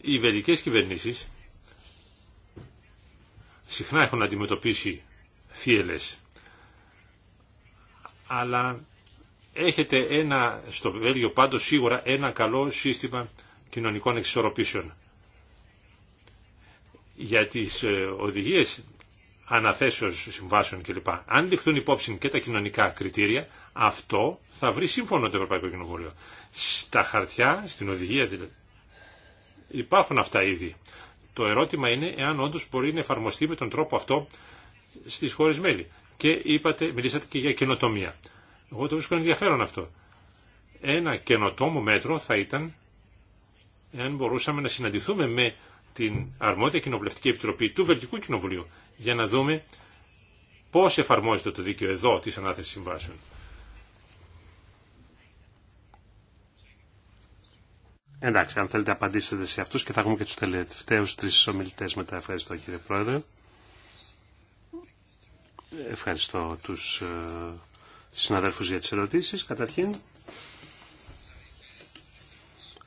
οι βελικές κυβερνήσεις συχνά έχουν αντιμετωπίσει θύελες αλλά έχετε ένα, στο Βέλγιο πάντως σίγουρα ένα καλό σύστημα κοινωνικών εξισορροπήσεων για τις ε, οδηγίες αναθέσεως συμβάσεων κλπ. Αν ληφθούν υπόψη και τα κοινωνικά κριτήρια, αυτό θα βρει σύμφωνο το Ευρωπαϊκό Κοινοβούλιο. Στα χαρτιά, στην οδηγία δηλαδή, υπάρχουν αυτά ήδη. Το ερώτημα είναι εάν όντως μπορεί να εφαρμοστεί με τον τρόπο αυτό στις χώρες μέλη. Και είπατε, μιλήσατε και για καινοτομία. Εγώ το βρίσκω ενδιαφέρον αυτό. Ένα καινοτόμο μέτρο θα ήταν εάν μπορούσαμε να συναντηθούμε με την αρμόδια κοινοβουλευτική επιτροπή του Βελγικού Κοινοβουλίου για να δούμε πώς εφαρμόζεται το δίκαιο εδώ της ανάθεσης συμβάσεων. Εντάξει, αν θέλετε απαντήσετε σε αυτούς και θα έχουμε και τους τελευταίους τρεις ομιλητές μετά. Ευχαριστώ κύριε Πρόεδρε. Ευχαριστώ τους ε, συναδέλφους για τις ερωτήσεις. Καταρχήν,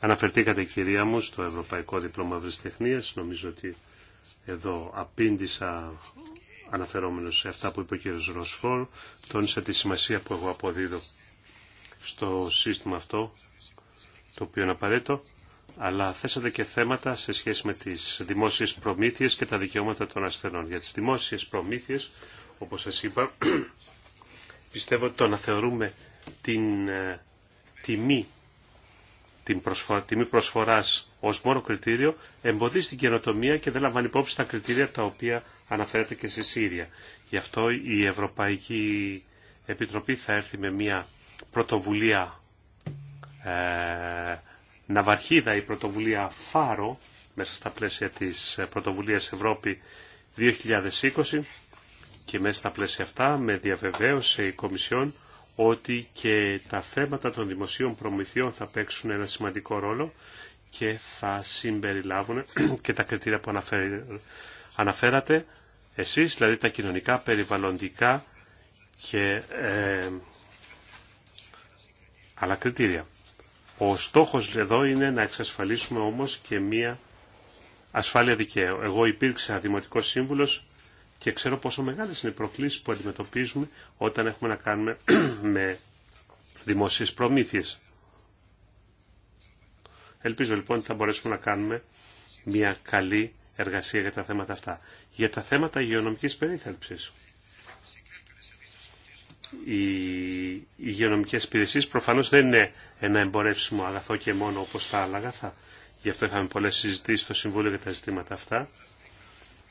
Αναφερθήκατε κυρία μου στο Ευρωπαϊκό Δίπλωμα Τεχνίας. Νομίζω ότι εδώ απήντησα αναφερόμενος σε αυτά που είπε ο κύριος Ροσφόρ. Τόνισα τη σημασία που εγώ αποδίδω στο σύστημα αυτό, το οποίο είναι απαραίτητο. Αλλά θέσατε και θέματα σε σχέση με τις δημόσιες προμήθειες και τα δικαιώματα των ασθενών. Για τις δημόσιες προμήθειες, όπως σας είπα, πιστεύω ότι το να θεωρούμε την ε, τιμή την προσφορά, τιμή προσφοράς ως μόνο κριτήριο εμποδίζει την καινοτομία και δεν λαμβάνει υπόψη τα κριτήρια τα οποία αναφέρεται και στη Σύρια. Γι' αυτό η Ευρωπαϊκή Επιτροπή θα έρθει με μια πρωτοβουλία ε, ναυαρχίδα, η πρωτοβουλία Φάρο, μέσα στα πλαίσια της πρωτοβουλίας Ευρώπη 2020 και μέσα στα πλαίσια αυτά με διαβεβαίωση η Κομισιόν ότι και τα θέματα των δημοσίων προμηθειών θα παίξουν ένα σημαντικό ρόλο και θα συμπεριλάβουν και τα κριτήρια που αναφέρατε εσείς, δηλαδή τα κοινωνικά, περιβαλλοντικά και ε, άλλα κριτήρια. Ο στόχος εδώ είναι να εξασφαλίσουμε όμως και μία ασφάλεια δικαίου. Εγώ υπήρξα δημοτικός σύμβουλος και ξέρω πόσο μεγάλε είναι οι προκλήσεις που αντιμετωπίζουμε όταν έχουμε να κάνουμε με δημόσιες προμήθειε. Ελπίζω λοιπόν ότι θα μπορέσουμε να κάνουμε μια καλή εργασία για τα θέματα αυτά. Για τα θέματα υγειονομικής περίθαλψης. Οι υγειονομικές υπηρεσίε προφανώς δεν είναι ένα εμπορεύσιμο αγαθό και μόνο όπως τα άλλα αγαθά. Γι' αυτό είχαμε πολλές συζητήσεις στο Συμβούλιο για τα ζητήματα αυτά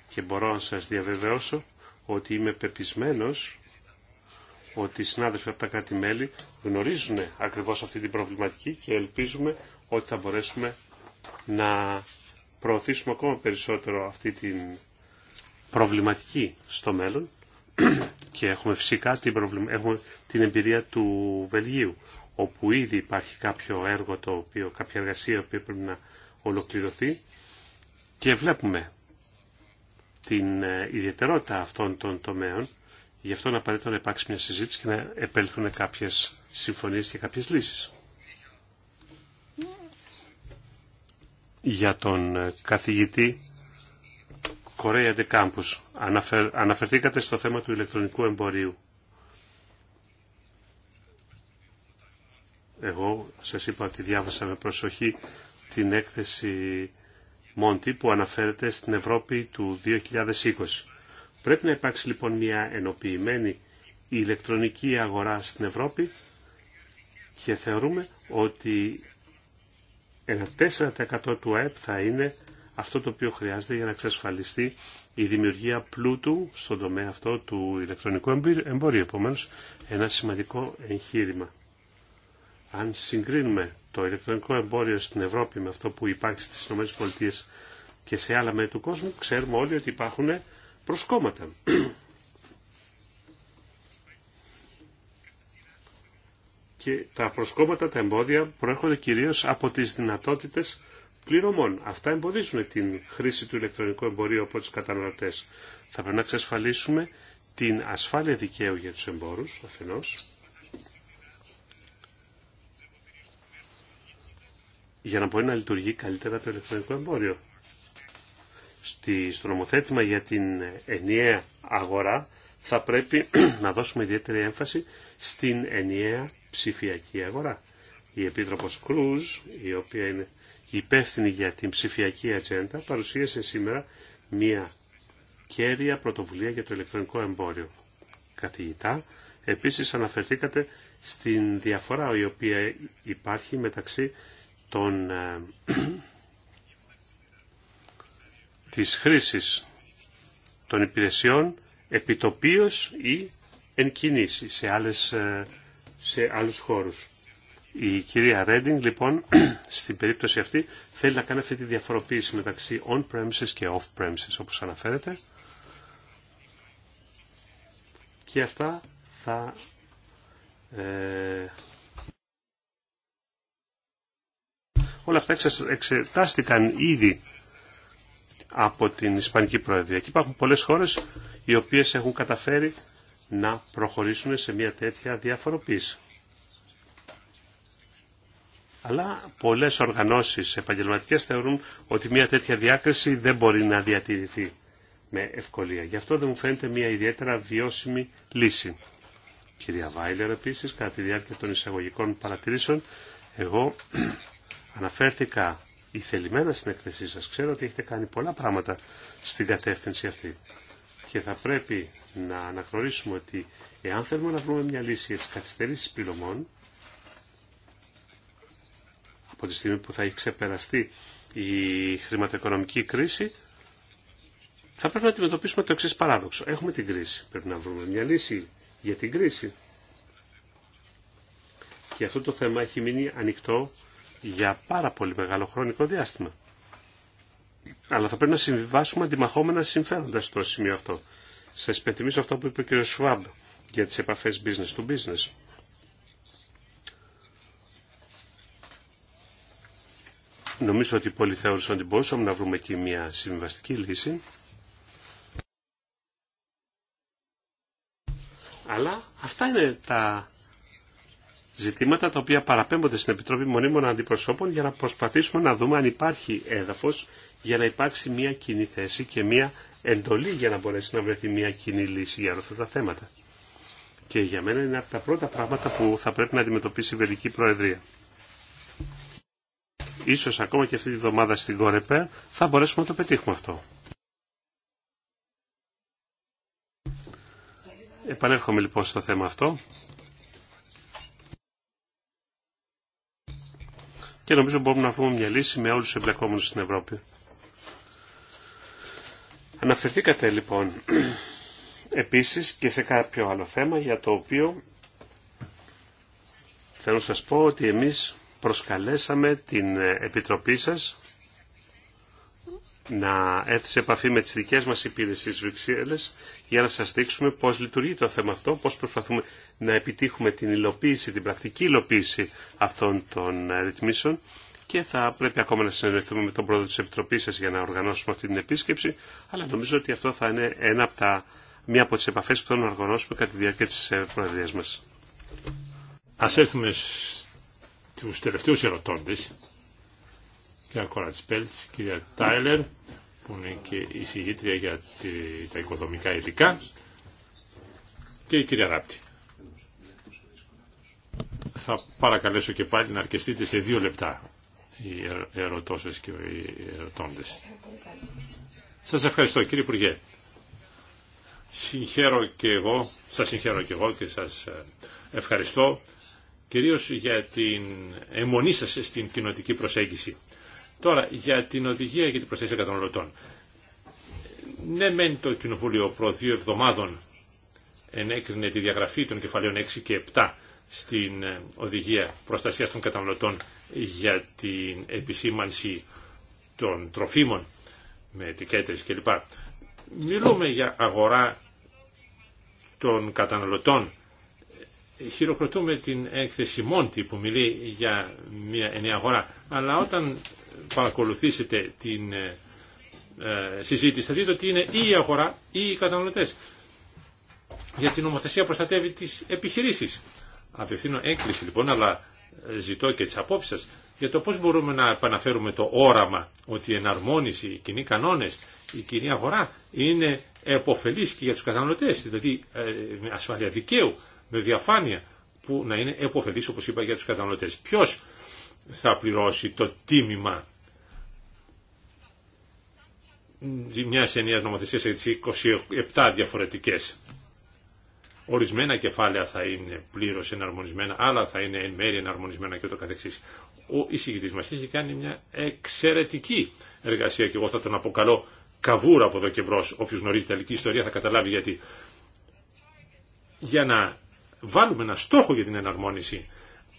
και μπορώ να σας διαβεβαιώσω ότι είμαι πεπισμένος ότι οι συνάδελφοι από τα κράτη-μέλη γνωρίζουν ακριβώς αυτή την προβληματική και ελπίζουμε ότι θα μπορέσουμε να προωθήσουμε ακόμα περισσότερο αυτή την προβληματική στο μέλλον και έχουμε φυσικά την, την εμπειρία του Βελγίου όπου ήδη υπάρχει κάποιο έργο το οποίο, κάποια εργασία που πρέπει να ολοκληρωθεί και βλέπουμε την ε, ιδιαιτερότητα αυτών των τομέων. Γι' αυτό είναι απαραίτητο να υπάρξει μια συζήτηση και να επέλθουν κάποιες συμφωνίες και κάποιες λύσεις. Για τον ε, καθηγητή Κορέα Κάμπους, αναφερθήκατε στο θέμα του ηλεκτρονικού εμπορίου. Εγώ σας είπα ότι διάβασα με προσοχή την έκθεση Μόντι που αναφέρεται στην Ευρώπη του 2020. Πρέπει να υπάρξει λοιπόν μια ενοποιημένη ηλεκτρονική αγορά στην Ευρώπη και θεωρούμε ότι ένα 4% του ΑΕΠ θα είναι αυτό το οποίο χρειάζεται για να εξασφαλιστεί η δημιουργία πλούτου στον τομέα αυτό του ηλεκτρονικού εμπορίου. Επομένως, ένα σημαντικό εγχείρημα. Αν συγκρίνουμε το ηλεκτρονικό εμπόριο στην Ευρώπη με αυτό που υπάρχει στις ΗΠΑ και σε άλλα μέρη του κόσμου, ξέρουμε όλοι ότι υπάρχουν προσκόμματα. και τα προσκόμματα, τα εμπόδια προέρχονται κυρίως από τις δυνατότητες πληρωμών. Αυτά εμποδίζουν την χρήση του ηλεκτρονικού εμπορίου από τους καταναλωτές. Θα πρέπει να εξασφαλίσουμε την ασφάλεια δικαίου για τους εμπόρους, αφενός, για να μπορεί να λειτουργεί καλύτερα το ηλεκτρονικό εμπόριο. Στη, στο νομοθέτημα για την ενιαία αγορά θα πρέπει να δώσουμε ιδιαίτερη έμφαση στην ενιαία ψηφιακή αγορά. Η Επίτροπος Κρούζ, η οποία είναι υπεύθυνη για την ψηφιακή ατζέντα, παρουσίασε σήμερα μία κέρια πρωτοβουλία για το ηλεκτρονικό εμπόριο. Καθηγητά, επίσης αναφερθήκατε στην διαφορά η οποία υπάρχει μεταξύ των, ε, της χρήσης των υπηρεσιών επιτοπίως ή εν κινήσει σε, άλλες, ε, σε άλλους χώρους. Η κυρία Ρέντινγκ λοιπόν στην περίπτωση αυτή θέλει να κάνει αυτή τη διαφοροποίηση μεταξύ on-premises και off-premises όπως αναφέρεται και αυτά θα ε, Όλα αυτά εξετάστηκαν ήδη από την Ισπανική Προεδρία. Και υπάρχουν πολλές χώρες οι οποίες έχουν καταφέρει να προχωρήσουν σε μια τέτοια διαφοροποίηση. Αλλά πολλές οργανώσεις επαγγελματικές θεωρούν ότι μια τέτοια διάκριση δεν μπορεί να διατηρηθεί με ευκολία. Γι' αυτό δεν μου φαίνεται μια ιδιαίτερα βιώσιμη λύση. Κυρία Βάιλερ, επίσης, κατά τη διάρκεια των εισαγωγικών παρατηρήσεων, εγώ Αναφέρθηκα ηθελημένα στην εκθεσή σας. Ξέρω ότι έχετε κάνει πολλά πράγματα στην κατεύθυνση αυτή. Και θα πρέπει να αναγνωρίσουμε ότι εάν θέλουμε να βρούμε μια λύση για τις καθυστερήσεις πληρωμών, από τη στιγμή που θα έχει ξεπεραστεί η χρηματοοικονομική κρίση, θα πρέπει να αντιμετωπίσουμε το εξή παράδοξο. Έχουμε την κρίση. Πρέπει να βρούμε μια λύση για την κρίση. Και αυτό το θέμα έχει μείνει ανοιχτό για πάρα πολύ μεγάλο χρονικό διάστημα. Αλλά θα πρέπει να συμβιβάσουμε αντιμαχόμενα συμφέροντα στο σημείο αυτό. Σα υπενθυμίσω αυτό που είπε ο κ. Σουάμπ για τι επαφέ business to business. Νομίζω ότι πολλοί θεώρησαν ότι μπορούσαμε να βρούμε εκεί μια συμβαστική λύση. Αλλά αυτά είναι τα ζητήματα τα οποία παραπέμπονται στην Επιτροπή Μονίμων Αντιπροσώπων για να προσπαθήσουμε να δούμε αν υπάρχει έδαφος για να υπάρξει μια κοινή θέση και μια εντολή για να μπορέσει να βρεθεί μια κοινή λύση για όλα αυτά τα θέματα. Και για μένα είναι από τα πρώτα πράγματα που θα πρέπει να αντιμετωπίσει η Βελική Προεδρία. Ίσως ακόμα και αυτή τη βδομάδα στην Κορεπέ θα μπορέσουμε να το πετύχουμε αυτό. Επανέρχομαι λοιπόν στο θέμα αυτό. και νομίζω μπορούμε να βρούμε μια λύση με όλους τους εμπλεκόμενους στην Ευρώπη. Αναφερθήκατε λοιπόν επίσης και σε κάποιο άλλο θέμα για το οποίο θέλω να σας πω ότι εμείς προσκαλέσαμε την Επιτροπή σας να έρθει σε επαφή με τις δικές μας υπηρεσίες Βρυξέλλες για να σας δείξουμε πώς λειτουργεί το θέμα αυτό, πώς προσπαθούμε να επιτύχουμε την υλοποίηση, την πρακτική υλοποίηση αυτών των ε, ρυθμίσεων και θα πρέπει ακόμα να συνεργαστούμε με τον πρόεδρο της Επιτροπής σας για να οργανώσουμε αυτή την επίσκεψη, αλλά νομίζω ότι αυτό θα είναι ένα από μία από τις επαφές που θα οργανώσουμε κατά τη διάρκεια της ε, προεδρίας μας. Ας έρθουμε στους τελευταίους ερωτώντες κυρία Κορατσπέλτς, κυρία Τάιλερ, που είναι και η συγγήτρια για τα οικοδομικά ειδικά, και η κυρία Ράπτη. Θα παρακαλέσω και πάλι να αρκεστείτε σε δύο λεπτά οι ερωτώσεις και οι ερωτώντες. Σας ευχαριστώ κύριε Υπουργέ. Συγχαίρω και εγώ, σας συγχαίρω και εγώ και σας ε, ευχαριστώ κυρίως για την αιμονή σας στην κοινωτική προσέγγιση. Τώρα, για την οδηγία για την προστασία καταναλωτών. Ναι, μεν το Κοινοβούλιο προ δύο εβδομάδων ενέκρινε τη διαγραφή των κεφαλαίων 6 και 7 στην ε, οδηγία προστασία των καταναλωτών για την επισήμανση των τροφίμων με ετικέτες κλπ. Μιλούμε για αγορά των καταναλωτών. Χειροκροτούμε την έκθεση Μόντι που μιλεί για μια ενιαία αγορά. Αλλά όταν παρακολουθήσετε την ε, ε, συζήτηση θα δείτε ότι είναι ή η αγορά ή οι καταναλωτές. Γιατί η νομοθεσία γιατι την νομοθεσια προστατευει τις επιχειρήσεις. Απευθύνω έκκληση λοιπόν, αλλά ε, ζητώ και τις απόψεις σας για το πώς μπορούμε να επαναφέρουμε το όραμα ότι η εναρμόνιση, οι κοινοί κανόνες, η κοινή αγορά είναι εποφελής και για τους καταναλωτές, δηλαδή με ασφάλεια δικαίου, με διαφάνεια που να είναι εποφελής όπως είπα για τους καταναλωτές. Ποιο, θα πληρώσει το τίμημα μια ενιαία νομοθεσία έτσι 27 διαφορετικέ. Ορισμένα κεφάλαια θα είναι πλήρω εναρμονισμένα, άλλα θα είναι εν μέρη εναρμονισμένα και ούτω καθεξής. Ο εισηγητή μα έχει κάνει μια εξαιρετική εργασία και εγώ θα τον αποκαλώ καβούρα από εδώ και μπρο. Όποιο γνωρίζει τελική ιστορία θα καταλάβει γιατί. Για να βάλουμε ένα στόχο για την εναρμόνιση,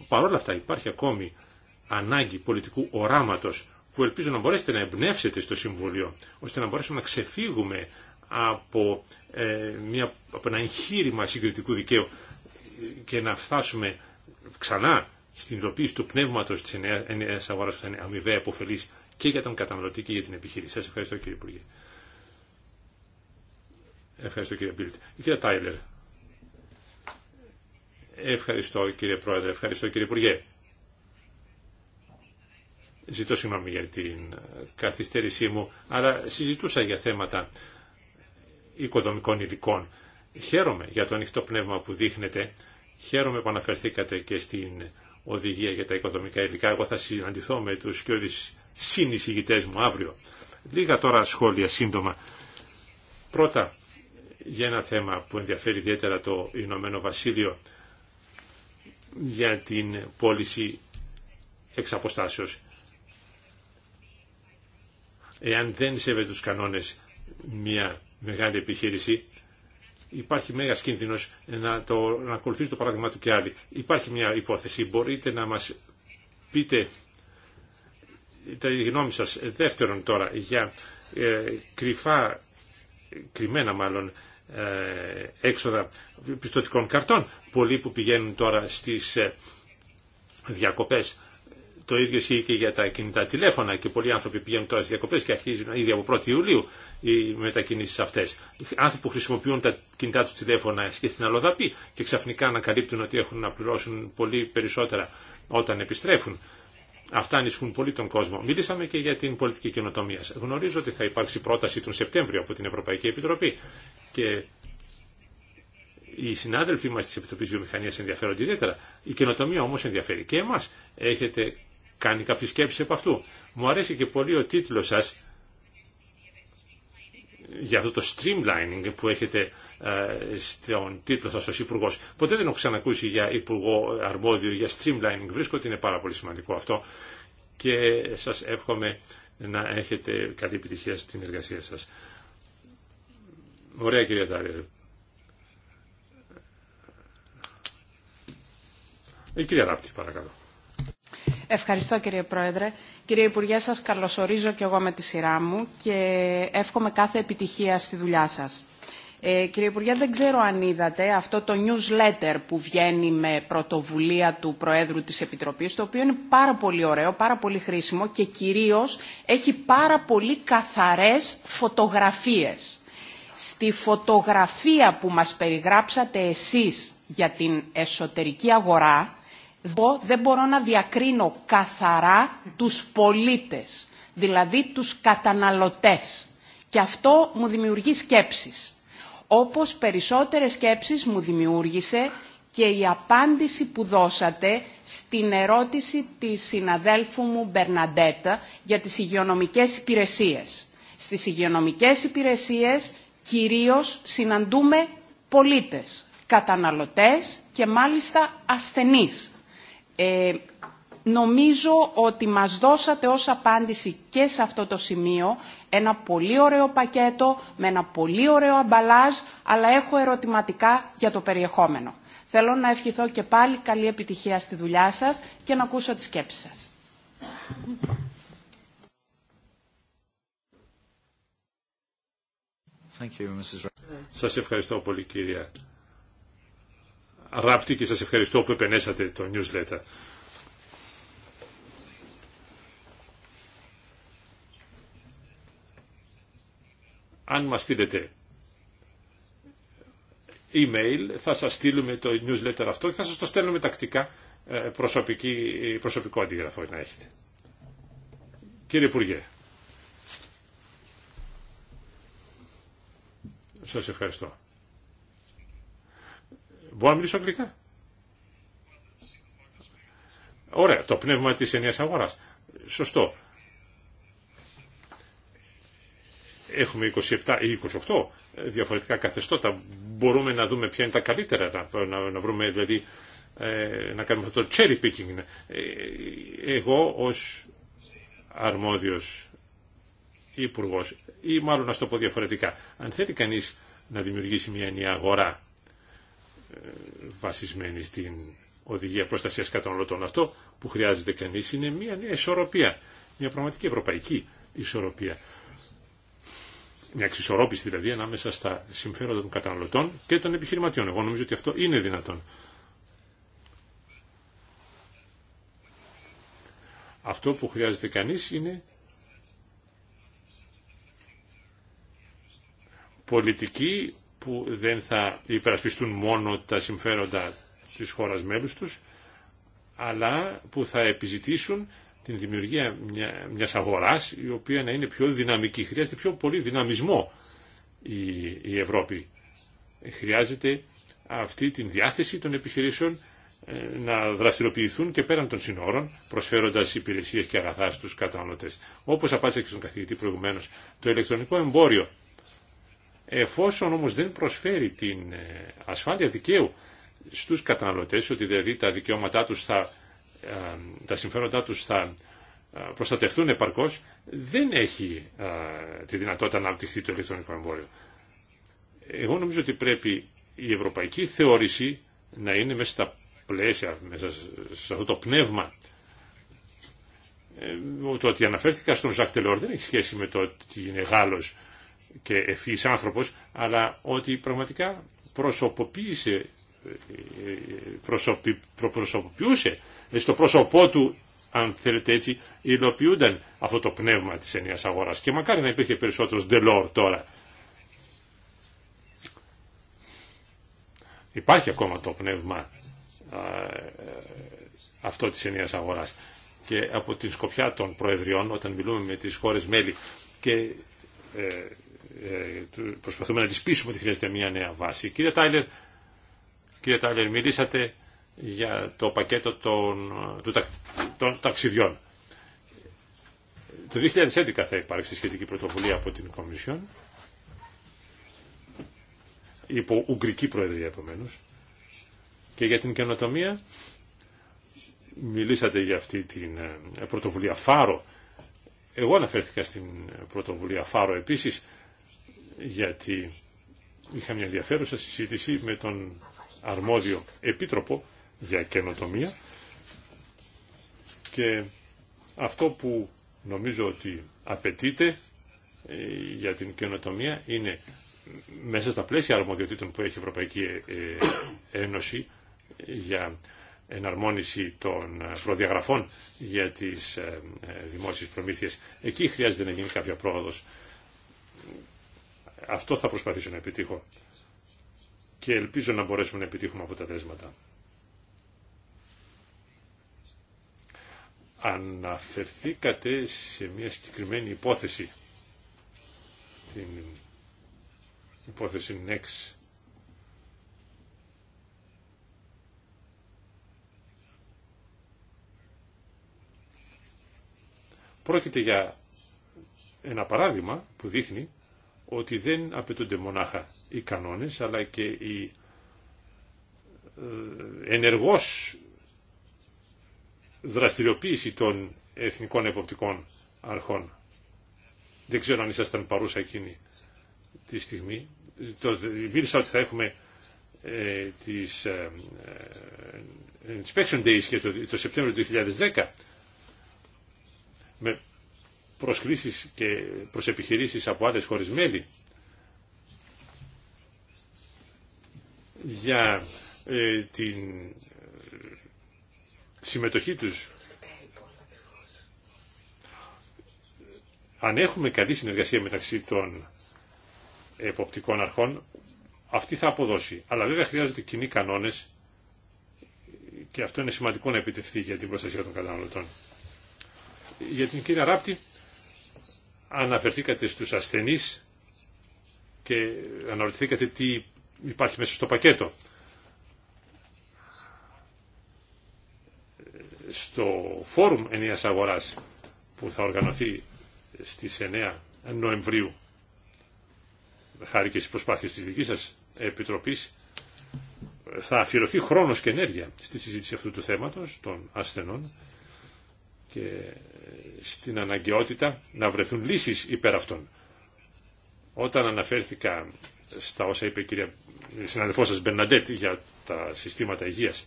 παρόλα αυτά υπάρχει ακόμη ανάγκη πολιτικού οράματος που ελπίζω να μπορέσετε να εμπνεύσετε στο Συμβουλίο, ώστε να μπορέσουμε να ξεφύγουμε από, ε, μια, από ένα εγχείρημα συγκριτικού δικαίου και να φτάσουμε ξανά στην υλοποίηση του πνεύματος της ενέας αγοράς που θα είναι αμοιβαία υποφελής και για τον καταναλωτή και για την επιχείρηση. Σας ευχαριστώ κύριε Υπουργέ. Ευχαριστώ κύριε Μπίλτ. Κύριε Τάιλερ. Ευχαριστώ κύριε Πρόεδρε, ευχαριστώ κύριε Υπουργέ. Ζητώ συγγνώμη για την ε, καθυστέρησή μου, αλλά συζητούσα για θέματα οικοδομικών υλικών. Χαίρομαι για το ανοιχτό πνεύμα που δείχνετε. Χαίρομαι που αναφερθήκατε και στην οδηγία για τα οικοδομικά υλικά. Εγώ θα συναντηθώ με τους και συνεισηγητές μου αύριο. Λίγα τώρα σχόλια σύντομα. Πρώτα, για ένα θέμα που ενδιαφέρει ιδιαίτερα το Ηνωμένο Βασίλειο για την πώληση εξ Εάν δεν σέβεται τους κανόνες μια μεγάλη επιχείρηση, υπάρχει μέγα κίνδυνο να, το, να ακολουθήσει το παράδειγμα του και άλλοι. Υπάρχει μια υπόθεση. Μπορείτε να μας πείτε τα γνώμη σας δεύτερον τώρα για ε, κρυφά, κρυμμένα μάλλον, ε, έξοδα πιστοτικών καρτών. Πολλοί που πηγαίνουν τώρα στις ε, διακοπές το ίδιο ισχύει και για τα κινητά τηλέφωνα και πολλοί άνθρωποι πηγαίνουν τώρα στι διακοπέ και αρχίζουν ήδη από 1η Ιουλίου οι μετακινήσει αυτέ. Άνθρωποι που χρησιμοποιούν τα κινητά του τηλέφωνα και στην Αλοδαπή και ξαφνικά ανακαλύπτουν ότι έχουν να πληρώσουν πολύ περισσότερα όταν επιστρέφουν. Αυτά ανισχύουν πολύ τον κόσμο. Μίλησαμε και για την πολιτική καινοτομία. Γνωρίζω ότι θα υπάρξει πρόταση τον Σεπτέμβριο από την Ευρωπαϊκή Επιτροπή και οι συνάδελφοί μα τη Επιτροπή Βιομηχανία ενδιαφέρονται ιδιαίτερα. Η καινοτομία όμω ενδιαφέρει και εμά. Έχετε κάνει κάποιες σκέψεις από αυτού. Μου αρέσει και πολύ ο τίτλος σας για αυτό το streamlining που έχετε ε, στον τίτλο σας ως υπουργό. Ποτέ δεν έχω ξανακούσει για υπουργό αρμόδιο για streamlining. Βρίσκω ότι είναι πάρα πολύ σημαντικό αυτό και σας εύχομαι να έχετε καλή επιτυχία στην εργασία σας. Ωραία κυρία Τάριερ. Η ε, κυρία Ράπτη παρακαλώ. Ευχαριστώ κύριε Πρόεδρε. Κύριε Υπουργέ, σας καλωσορίζω και εγώ με τη σειρά μου και εύχομαι κάθε επιτυχία στη δουλειά σας. Ε, κύριε Υπουργέ, δεν ξέρω αν είδατε αυτό το newsletter που βγαίνει με πρωτοβουλία του Προέδρου της Επιτροπής, το οποίο είναι πάρα πολύ ωραίο, πάρα πολύ χρήσιμο και κυρίως έχει πάρα πολύ καθαρές φωτογραφίες. Στη φωτογραφία που μας περιγράψατε εσείς για την εσωτερική αγορά, εγώ δεν μπορώ να διακρίνω καθαρά τους πολίτες, δηλαδή τους καταναλωτές. Και αυτό μου δημιουργεί σκέψεις. Όπως περισσότερες σκέψεις μου δημιούργησε και η απάντηση που δώσατε στην ερώτηση της συναδέλφου μου Μπερναντέτα για τις υγειονομικές υπηρεσίες. Στις υγειονομικές υπηρεσίες κυρίως συναντούμε πολίτες, καταναλωτές και μάλιστα ασθενείς. Ε, νομίζω ότι μας δώσατε ως απάντηση και σε αυτό το σημείο ένα πολύ ωραίο πακέτο με ένα πολύ ωραίο αμπαλάζ, αλλά έχω ερωτηματικά για το περιεχόμενο. Θέλω να ευχηθώ και πάλι καλή επιτυχία στη δουλειά σας και να ακούσω τις σκέψεις σας. Σας ευχαριστώ πολύ κυρία Ράπτη και σας ευχαριστώ που επενέσατε το newsletter. Αν μας στείλετε email θα σας στείλουμε το newsletter αυτό και θα σας το στέλνουμε τακτικά ε, προσωπική, προσωπικό αντίγραφο να έχετε. Κύριε Υπουργέ, σας ευχαριστώ. Μπορώ να μιλήσω αγγλικά. Ωραία, το πνεύμα της ενιαίας αγοράς. Σωστό. Έχουμε 27 ή 28 διαφορετικά καθεστώτα. Μπορούμε να δούμε ποια είναι τα καλύτερα, να, να, βρούμε δηλαδή ε, να κάνουμε αυτό το cherry picking. Ε, εγώ ως αρμόδιος υπουργός ή μάλλον να το πω διαφορετικά, αν θέλει κανείς να δημιουργήσει μια ενιαία αγορά βασισμένη στην οδηγία προστασίας καταναλωτών. Αυτό που χρειάζεται κανείς είναι μια νέα ισορροπία, μια πραγματική ευρωπαϊκή ισορροπία. Μια εξισορρόπηση δηλαδή ανάμεσα στα συμφέροντα των καταναλωτών και των επιχειρηματιών. Εγώ νομίζω ότι αυτό είναι δυνατόν. Αυτό που χρειάζεται κανείς είναι πολιτική που δεν θα υπερασπιστούν μόνο τα συμφέροντα της χώρας μέλους τους, αλλά που θα επιζητήσουν την δημιουργία μια, μιας αγοράς η οποία να είναι πιο δυναμική. Χρειάζεται πιο πολύ δυναμισμό η, η Ευρώπη. Χρειάζεται αυτή την διάθεση των επιχειρήσεων ε, να δραστηριοποιηθούν και πέραν των συνόρων, προσφέροντα υπηρεσίε και αγαθά στου καταναλωτέ. Όπω απάντησε και στον καθηγητή προηγουμένω, το ηλεκτρονικό εμπόριο Εφόσον όμως δεν προσφέρει την ε, ασφάλεια δικαίου στους καταναλωτές, ότι δηλαδή τα δικαιώματά τους θα, ε, τα συμφέροντά τους θα ε, προστατευτούν επαρκώς, δεν έχει τη δυνατότητα να αναπτυχθεί το ηλεκτρονικό εμπόριο. Εγώ νομίζω ότι πρέπει η ευρωπαϊκή θεώρηση να είναι μέσα στα πλαίσια, μέσα σε αυτό το πνεύμα. Το ότι αναφέρθηκα στον Ζακ δεν έχει σχέση με το ότι είναι Γάλλος και ευφύ άνθρωπος, αλλά ότι πραγματικά προσωποποίησε, προσωπι, προσωποποιούσε, δηλαδή στο πρόσωπό του, αν θέλετε έτσι, υλοποιούνταν αυτό το πνεύμα της ενιαίας αγοράς. Και μακάρι να υπήρχε περισσότερος Delors τώρα. Υπάρχει ακόμα το πνεύμα αυτό της ενιαίας αγοράς. Και από την σκοπιά των προεδριών, όταν μιλούμε με τις χώρες μέλη και ε, ε, προσπαθούμε να τις πείσουμε ότι χρειάζεται μια νέα βάση. Κύριε Τάιλερ, κύριε Τάιλερ μιλήσατε για το πακέτο των, ταξιδιών. Το 2011 θα υπάρξει σχετική πρωτοβουλία από την Κομισιόν, υπό Ουγγρική Προεδρία επομένω. Και για την καινοτομία, μιλήσατε για αυτή την ε, πρωτοβουλία Φάρο. Εγώ αναφέρθηκα στην πρωτοβουλία Φάρο επίσης, γιατί είχα μια ενδιαφέρουσα συζήτηση με τον αρμόδιο επίτροπο για καινοτομία και αυτό που νομίζω ότι απαιτείται ε, για την καινοτομία είναι μέσα στα πλαίσια αρμοδιοτήτων που έχει η Ευρωπαϊκή ε, ε, Ένωση για εναρμόνιση των προδιαγραφών για τις δημόσιες προμήθειες. Εκεί χρειάζεται να γίνει κάποια πρόοδος αυτό θα προσπαθήσω να επιτύχω και ελπίζω να μπορέσουμε να επιτύχουμε αποτελέσματα. Αναφερθήκατε σε μια συγκεκριμένη υπόθεση, την υπόθεση NEX. Πρόκειται για ένα παράδειγμα που δείχνει ότι δεν απαιτούνται μονάχα οι κανόνες, αλλά και η ε, ενεργός δραστηριοποίηση των εθνικών εποπτικών αρχών. Δεν ξέρω αν ήσασταν παρούσα εκείνη τη στιγμή. Το, μίλησα ότι θα έχουμε ε, τις ε, ε, inspection days και το, Σεπτέμβριο του 2010 με προσκλήσεις και προς επιχειρήσεις από άλλες χώρες μέλη για ε, την ε, συμμετοχή τους. Αν έχουμε καλή συνεργασία μεταξύ των εποπτικών αρχών, αυτή θα αποδώσει. Αλλά βέβαια χρειάζονται κοινοί κανόνες και αυτό είναι σημαντικό να επιτευχθεί για την προστασία των καταναλωτών. Για την κυρία Ράπτη, αναφερθήκατε στους ασθενείς και αναρωτηθήκατε τι υπάρχει μέσα στο πακέτο. Στο φόρουμ ενίας αγοράς που θα οργανωθεί στις 9 Νοεμβρίου χάρη και στις προσπάθειες της δικής σας Επιτροπής θα αφιερωθεί χρόνος και ενέργεια στη συζήτηση αυτού του θέματος των ασθενών και στην αναγκαιότητα να βρεθούν λύσεις υπέρ αυτών. Όταν αναφέρθηκα στα όσα είπε η κυρία σας Μπερναντέτ για τα συστήματα υγείας,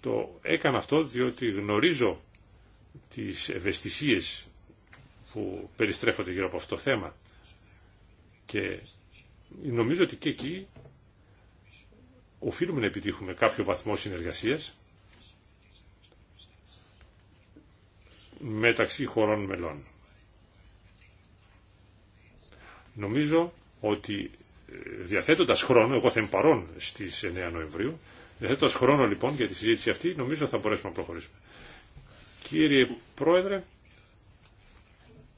το έκανα αυτό διότι γνωρίζω τις ευαισθησίες που περιστρέφονται γύρω από αυτό το θέμα και νομίζω ότι και εκεί οφείλουμε να επιτύχουμε κάποιο βαθμό συνεργασίας μεταξύ χωρών μελών. Νομίζω ότι ε, διαθέτοντας χρόνο, εγώ θα είμαι παρόν στις 9 Νοεμβρίου, διαθέτοντας χρόνο λοιπόν για τη συζήτηση αυτή, νομίζω θα μπορέσουμε να προχωρήσουμε. Κύριε Πρόεδρε,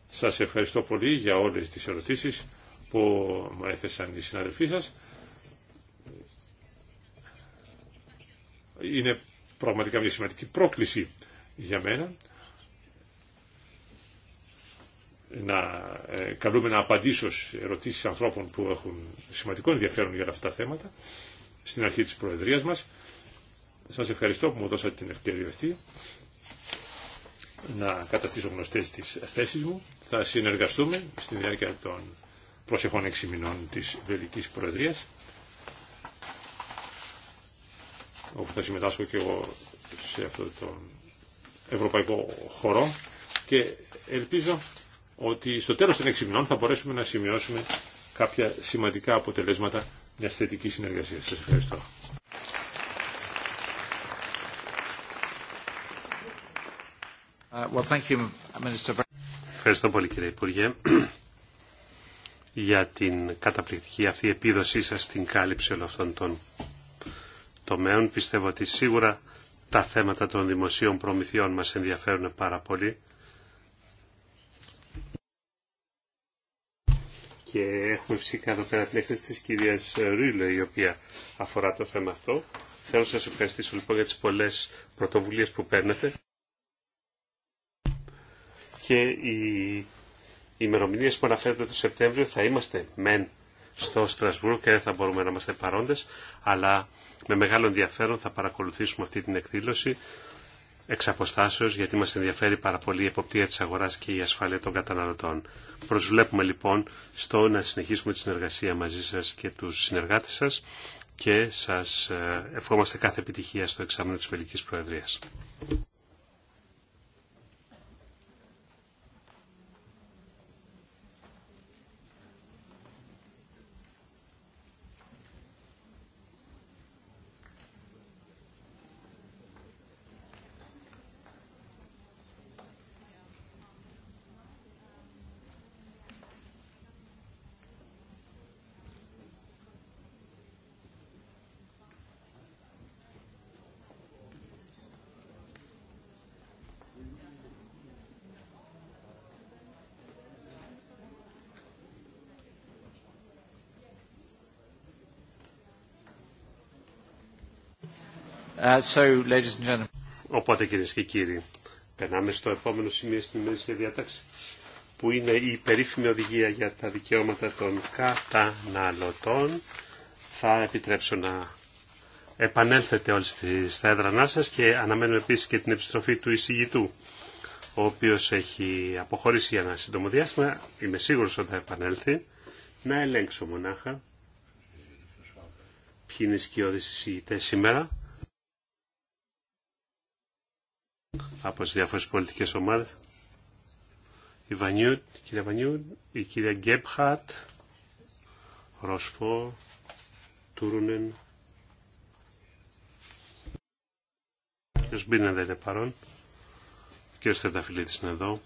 σας ευχαριστώ πολύ για όλες τις ερωτήσεις που μου έθεσαν οι συναδελφοί σας. Είναι πραγματικά μια σημαντική πρόκληση για μένα να ε, καλούμε να απαντήσω σε ερωτήσεις ανθρώπων που έχουν σημαντικό ενδιαφέρον για αυτά τα θέματα στην αρχή της Προεδρίας μας. Σας ευχαριστώ που μου δώσατε την ευκαιρία αυτή να καταστήσω γνωστές τις θέσεις μου. Θα συνεργαστούμε στη διάρκεια των προσεχών εξημινών της Βελικής Προεδρίας όπου θα συμμετάσχω και εγώ σε αυτό τον ευρωπαϊκό χώρο και ελπίζω ότι στο τέλος των 6 θα μπορέσουμε να σημειώσουμε κάποια σημαντικά αποτελέσματα μια θετική συνεργασία. Σας ευχαριστώ. Uh, ευχαριστώ πολύ κύριε Υπουργέ για την καταπληκτική αυτή επίδοσή σας στην κάλυψη όλων αυτών των τομέων. Πιστεύω ότι σίγουρα τα θέματα των δημοσίων προμηθειών μας ενδιαφέρουν πάρα πολύ και έχουμε φυσικά εδώ πέρα την έκθεση της κυρίας Ρίλε η οποία αφορά το θέμα αυτό. Θέλω να σας ευχαριστήσω λοιπόν για τις πολλές πρωτοβουλίες που παίρνετε και οι ημερομηνίες που αναφέρετε το Σεπτέμβριο θα είμαστε μεν στο Στρασβούργο και δεν θα μπορούμε να είμαστε παρόντες αλλά με μεγάλο ενδιαφέρον θα παρακολουθήσουμε αυτή την εκδήλωση εξ αποστάσεως, γιατί μας ενδιαφέρει πάρα πολύ η εποπτεία της αγοράς και η ασφάλεια των καταναλωτών. Προσβλέπουμε λοιπόν στο να συνεχίσουμε τη συνεργασία μαζί σας και τους συνεργάτες σας και σας ε, ευχόμαστε κάθε επιτυχία στο εξάμεινο της Βελικής Προεδρίας. Uh, Οπότε κυρίε και κύριοι, περνάμε στο επόμενο σημείο στην ημερήσια διάταξη που είναι η περίφημη οδηγία για τα δικαιώματα των καταναλωτών. Θα επιτρέψω να επανέλθετε όλοι στα έδρανά σας και αναμένουμε επίσης και την επιστροφή του εισηγητού ο οποίος έχει αποχωρήσει για ένα σύντομο διάστημα, είμαι σίγουρος ότι θα επανέλθει, να ελέγξω μονάχα ποιοι είναι οι σκιώδεις σήμερα. από τις διάφορες πολιτικές ομάδες. Η, Βανιούτ, η κυρία Βανιούτ, η κυρία Γκέπχατ, Ροσφό, Τούρουνεν. Ο κ. Μπίνεν δεν είναι παρόν. Ο κ. είναι εδώ.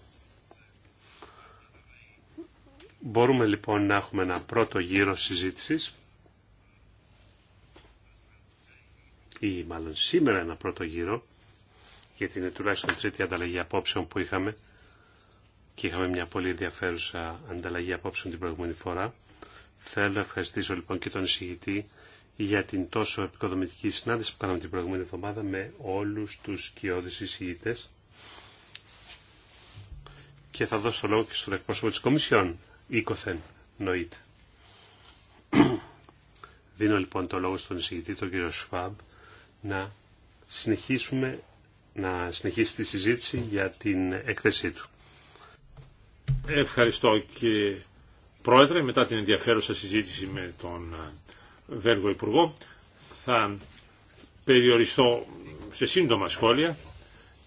Μπορούμε λοιπόν να έχουμε ένα πρώτο γύρο συζήτησης ή μάλλον σήμερα ένα πρώτο γύρο γιατί είναι τουλάχιστον τρίτη ανταλλαγή απόψεων που είχαμε και είχαμε μια πολύ ενδιαφέρουσα ανταλλαγή απόψεων την προηγούμενη φορά. Θέλω να ευχαριστήσω λοιπόν και τον εισηγητή για την τόσο επικοδομητική συνάντηση που κάναμε την προηγούμενη εβδομάδα με όλους τους σκιώδεις εισηγητές και θα δώσω το λόγο και στον εκπρόσωπο της Κομισιόν, Ίκοθεν Νοήτ. Δίνω λοιπόν το λόγο στον εισηγητή, τον κύριο Σουάμπ, να συνεχίσουμε να συνεχίσει τη συζήτηση για την έκθεσή του. Ευχαριστώ και Πρόεδρε. Μετά την ενδιαφέρουσα συζήτηση με τον ε, Βέργο Υπουργό θα περιοριστώ σε σύντομα σχόλια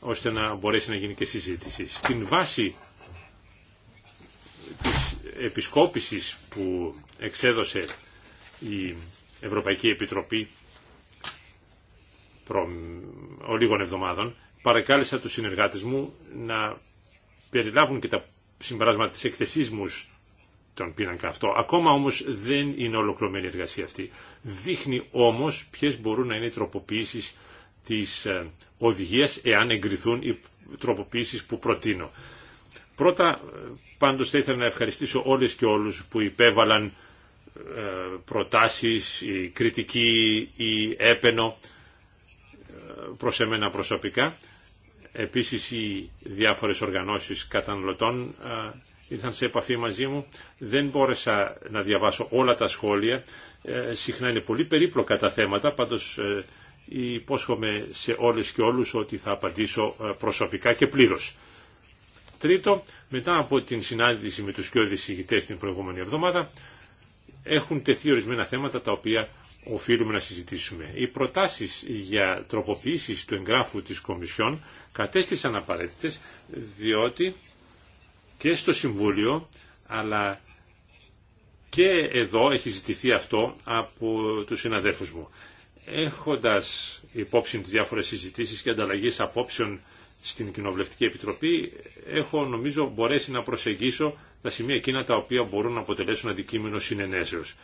ώστε να μπορέσει να γίνει και συζήτηση. Στην βάση της επισκόπησης που εξέδωσε η Ευρωπαϊκή Επιτροπή προ... λίγων εβδομάδων παρακάλεσα τους συνεργάτες μου να περιλάβουν και τα συμπεράσματα της εκθεσής μου τον πίνακα αυτό. Ακόμα όμως δεν είναι ολοκληρωμένη η εργασία αυτή. Δείχνει όμως ποιες μπορούν να είναι οι τροποποιήσεις της ε, οδηγίας εάν εγκριθούν οι τροποποιήσεις που προτείνω. Πρώτα ε, πάντως θα ήθελα να ευχαριστήσω όλες και όλους που υπέβαλαν ε, προτάσεις, η κριτική, η έπαινο προς εμένα προσωπικά. Επίσης οι διάφορες οργανώσεις καταναλωτών ε, ήρθαν σε επαφή μαζί μου. Δεν μπόρεσα να διαβάσω όλα τα σχόλια. Ε, συχνά είναι πολύ περίπλοκα τα θέματα, πάντως ε, υπόσχομαι σε όλες και όλους ότι θα απαντήσω προσωπικά και πλήρως. Τρίτο, μετά από την συνάντηση με τους πιο δυσηγητές την προηγούμενη εβδομάδα, έχουν τεθεί ορισμένα θέματα τα οποία οφείλουμε να συζητήσουμε. Οι προτάσεις για τροποποίηση του εγγράφου της Κομισιόν κατέστησαν απαραίτητες διότι και στο Συμβούλιο αλλά και εδώ έχει ζητηθεί αυτό από τους συναδέλφους μου. Έχοντας υπόψη τις διάφορες συζητήσεις και ανταλλαγής απόψεων στην Κοινοβουλευτική Επιτροπή, έχω νομίζω μπορέσει να προσεγγίσω τα σημεία εκείνα τα οποία μπορούν να αποτελέσουν αντικείμενο συνενέσεως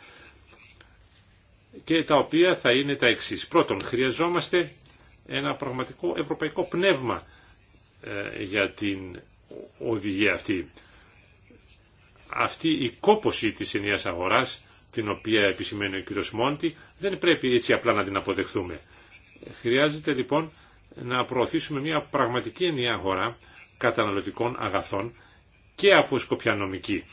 και τα οποία θα είναι τα εξής. Πρώτον, χρειαζόμαστε ένα πραγματικό ευρωπαϊκό πνεύμα ε, για την οδηγία αυτή. Αυτή η κόποση της ενιαίας αγοράς, την οποία επισημαίνει ο κ. Μόντι, δεν πρέπει έτσι απλά να την αποδεχθούμε. Χρειάζεται λοιπόν να προωθήσουμε μια πραγματική ενιαία αγορά καταναλωτικών αγαθών και από σκοπιανομική.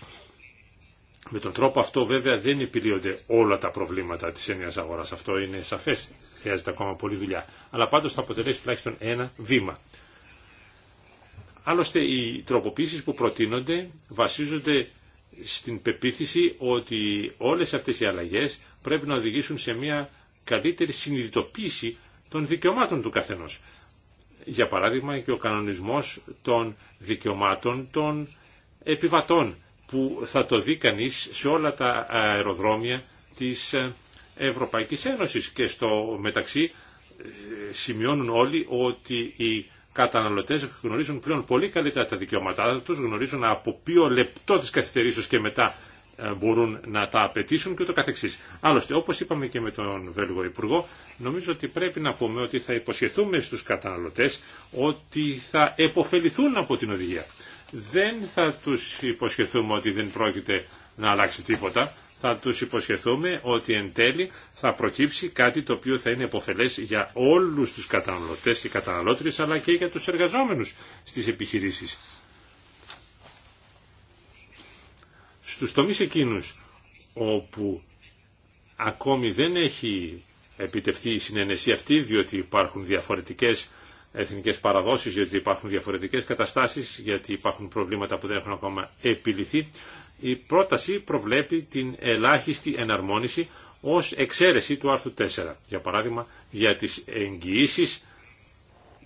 Με τον τρόπο αυτό βέβαια δεν επιλύονται όλα τα προβλήματα της έννοιας αγοράς. Αυτό είναι σαφές, χρειάζεται ακόμα πολλή δουλειά. Αλλά πάντως θα αποτελέσει τουλάχιστον ένα βήμα. Άλλωστε οι τροποποίησεις που προτείνονται βασίζονται στην πεποίθηση ότι όλες αυτές οι αλλαγές πρέπει να οδηγήσουν σε μια καλύτερη συνειδητοποίηση των δικαιωμάτων του καθενός. Για παράδειγμα και ο κανονισμός των δικαιωμάτων των επιβατών που θα το δει κανεί σε όλα τα αεροδρόμια της Ευρωπαϊκής Ένωσης και στο μεταξύ ε, σημειώνουν όλοι ότι οι καταναλωτές γνωρίζουν πλέον πολύ καλύτερα τα δικαιώματά τους, γνωρίζουν από ποιο λεπτό της καθυστερήσεως και μετά ε, μπορούν να τα απαιτήσουν και το καθεξής. Άλλωστε, όπως είπαμε και με τον Βέλγο Υπουργό, νομίζω ότι πρέπει να πούμε ότι θα υποσχεθούμε στους καταναλωτές ότι θα επωφεληθούν από την οδηγία δεν θα τους υποσχεθούμε ότι δεν πρόκειται να αλλάξει τίποτα. Θα τους υποσχεθούμε ότι εν τέλει θα προκύψει κάτι το οποίο θα είναι εποφελές για όλους τους καταναλωτές και καταναλώτριες αλλά και για τους εργαζόμενους στις επιχειρήσεις. Στους τομείς εκείνους όπου ακόμη δεν έχει επιτευχθεί η συνενεσία αυτή διότι υπάρχουν διαφορετικές εθνικές παραδόσεις, γιατί υπάρχουν διαφορετικές καταστάσεις, γιατί υπάρχουν προβλήματα που δεν έχουν ακόμα επιληθεί. Η πρόταση προβλέπει την ελάχιστη εναρμόνιση ως εξαίρεση του άρθρου 4. Για παράδειγμα, για τις εγγυήσει,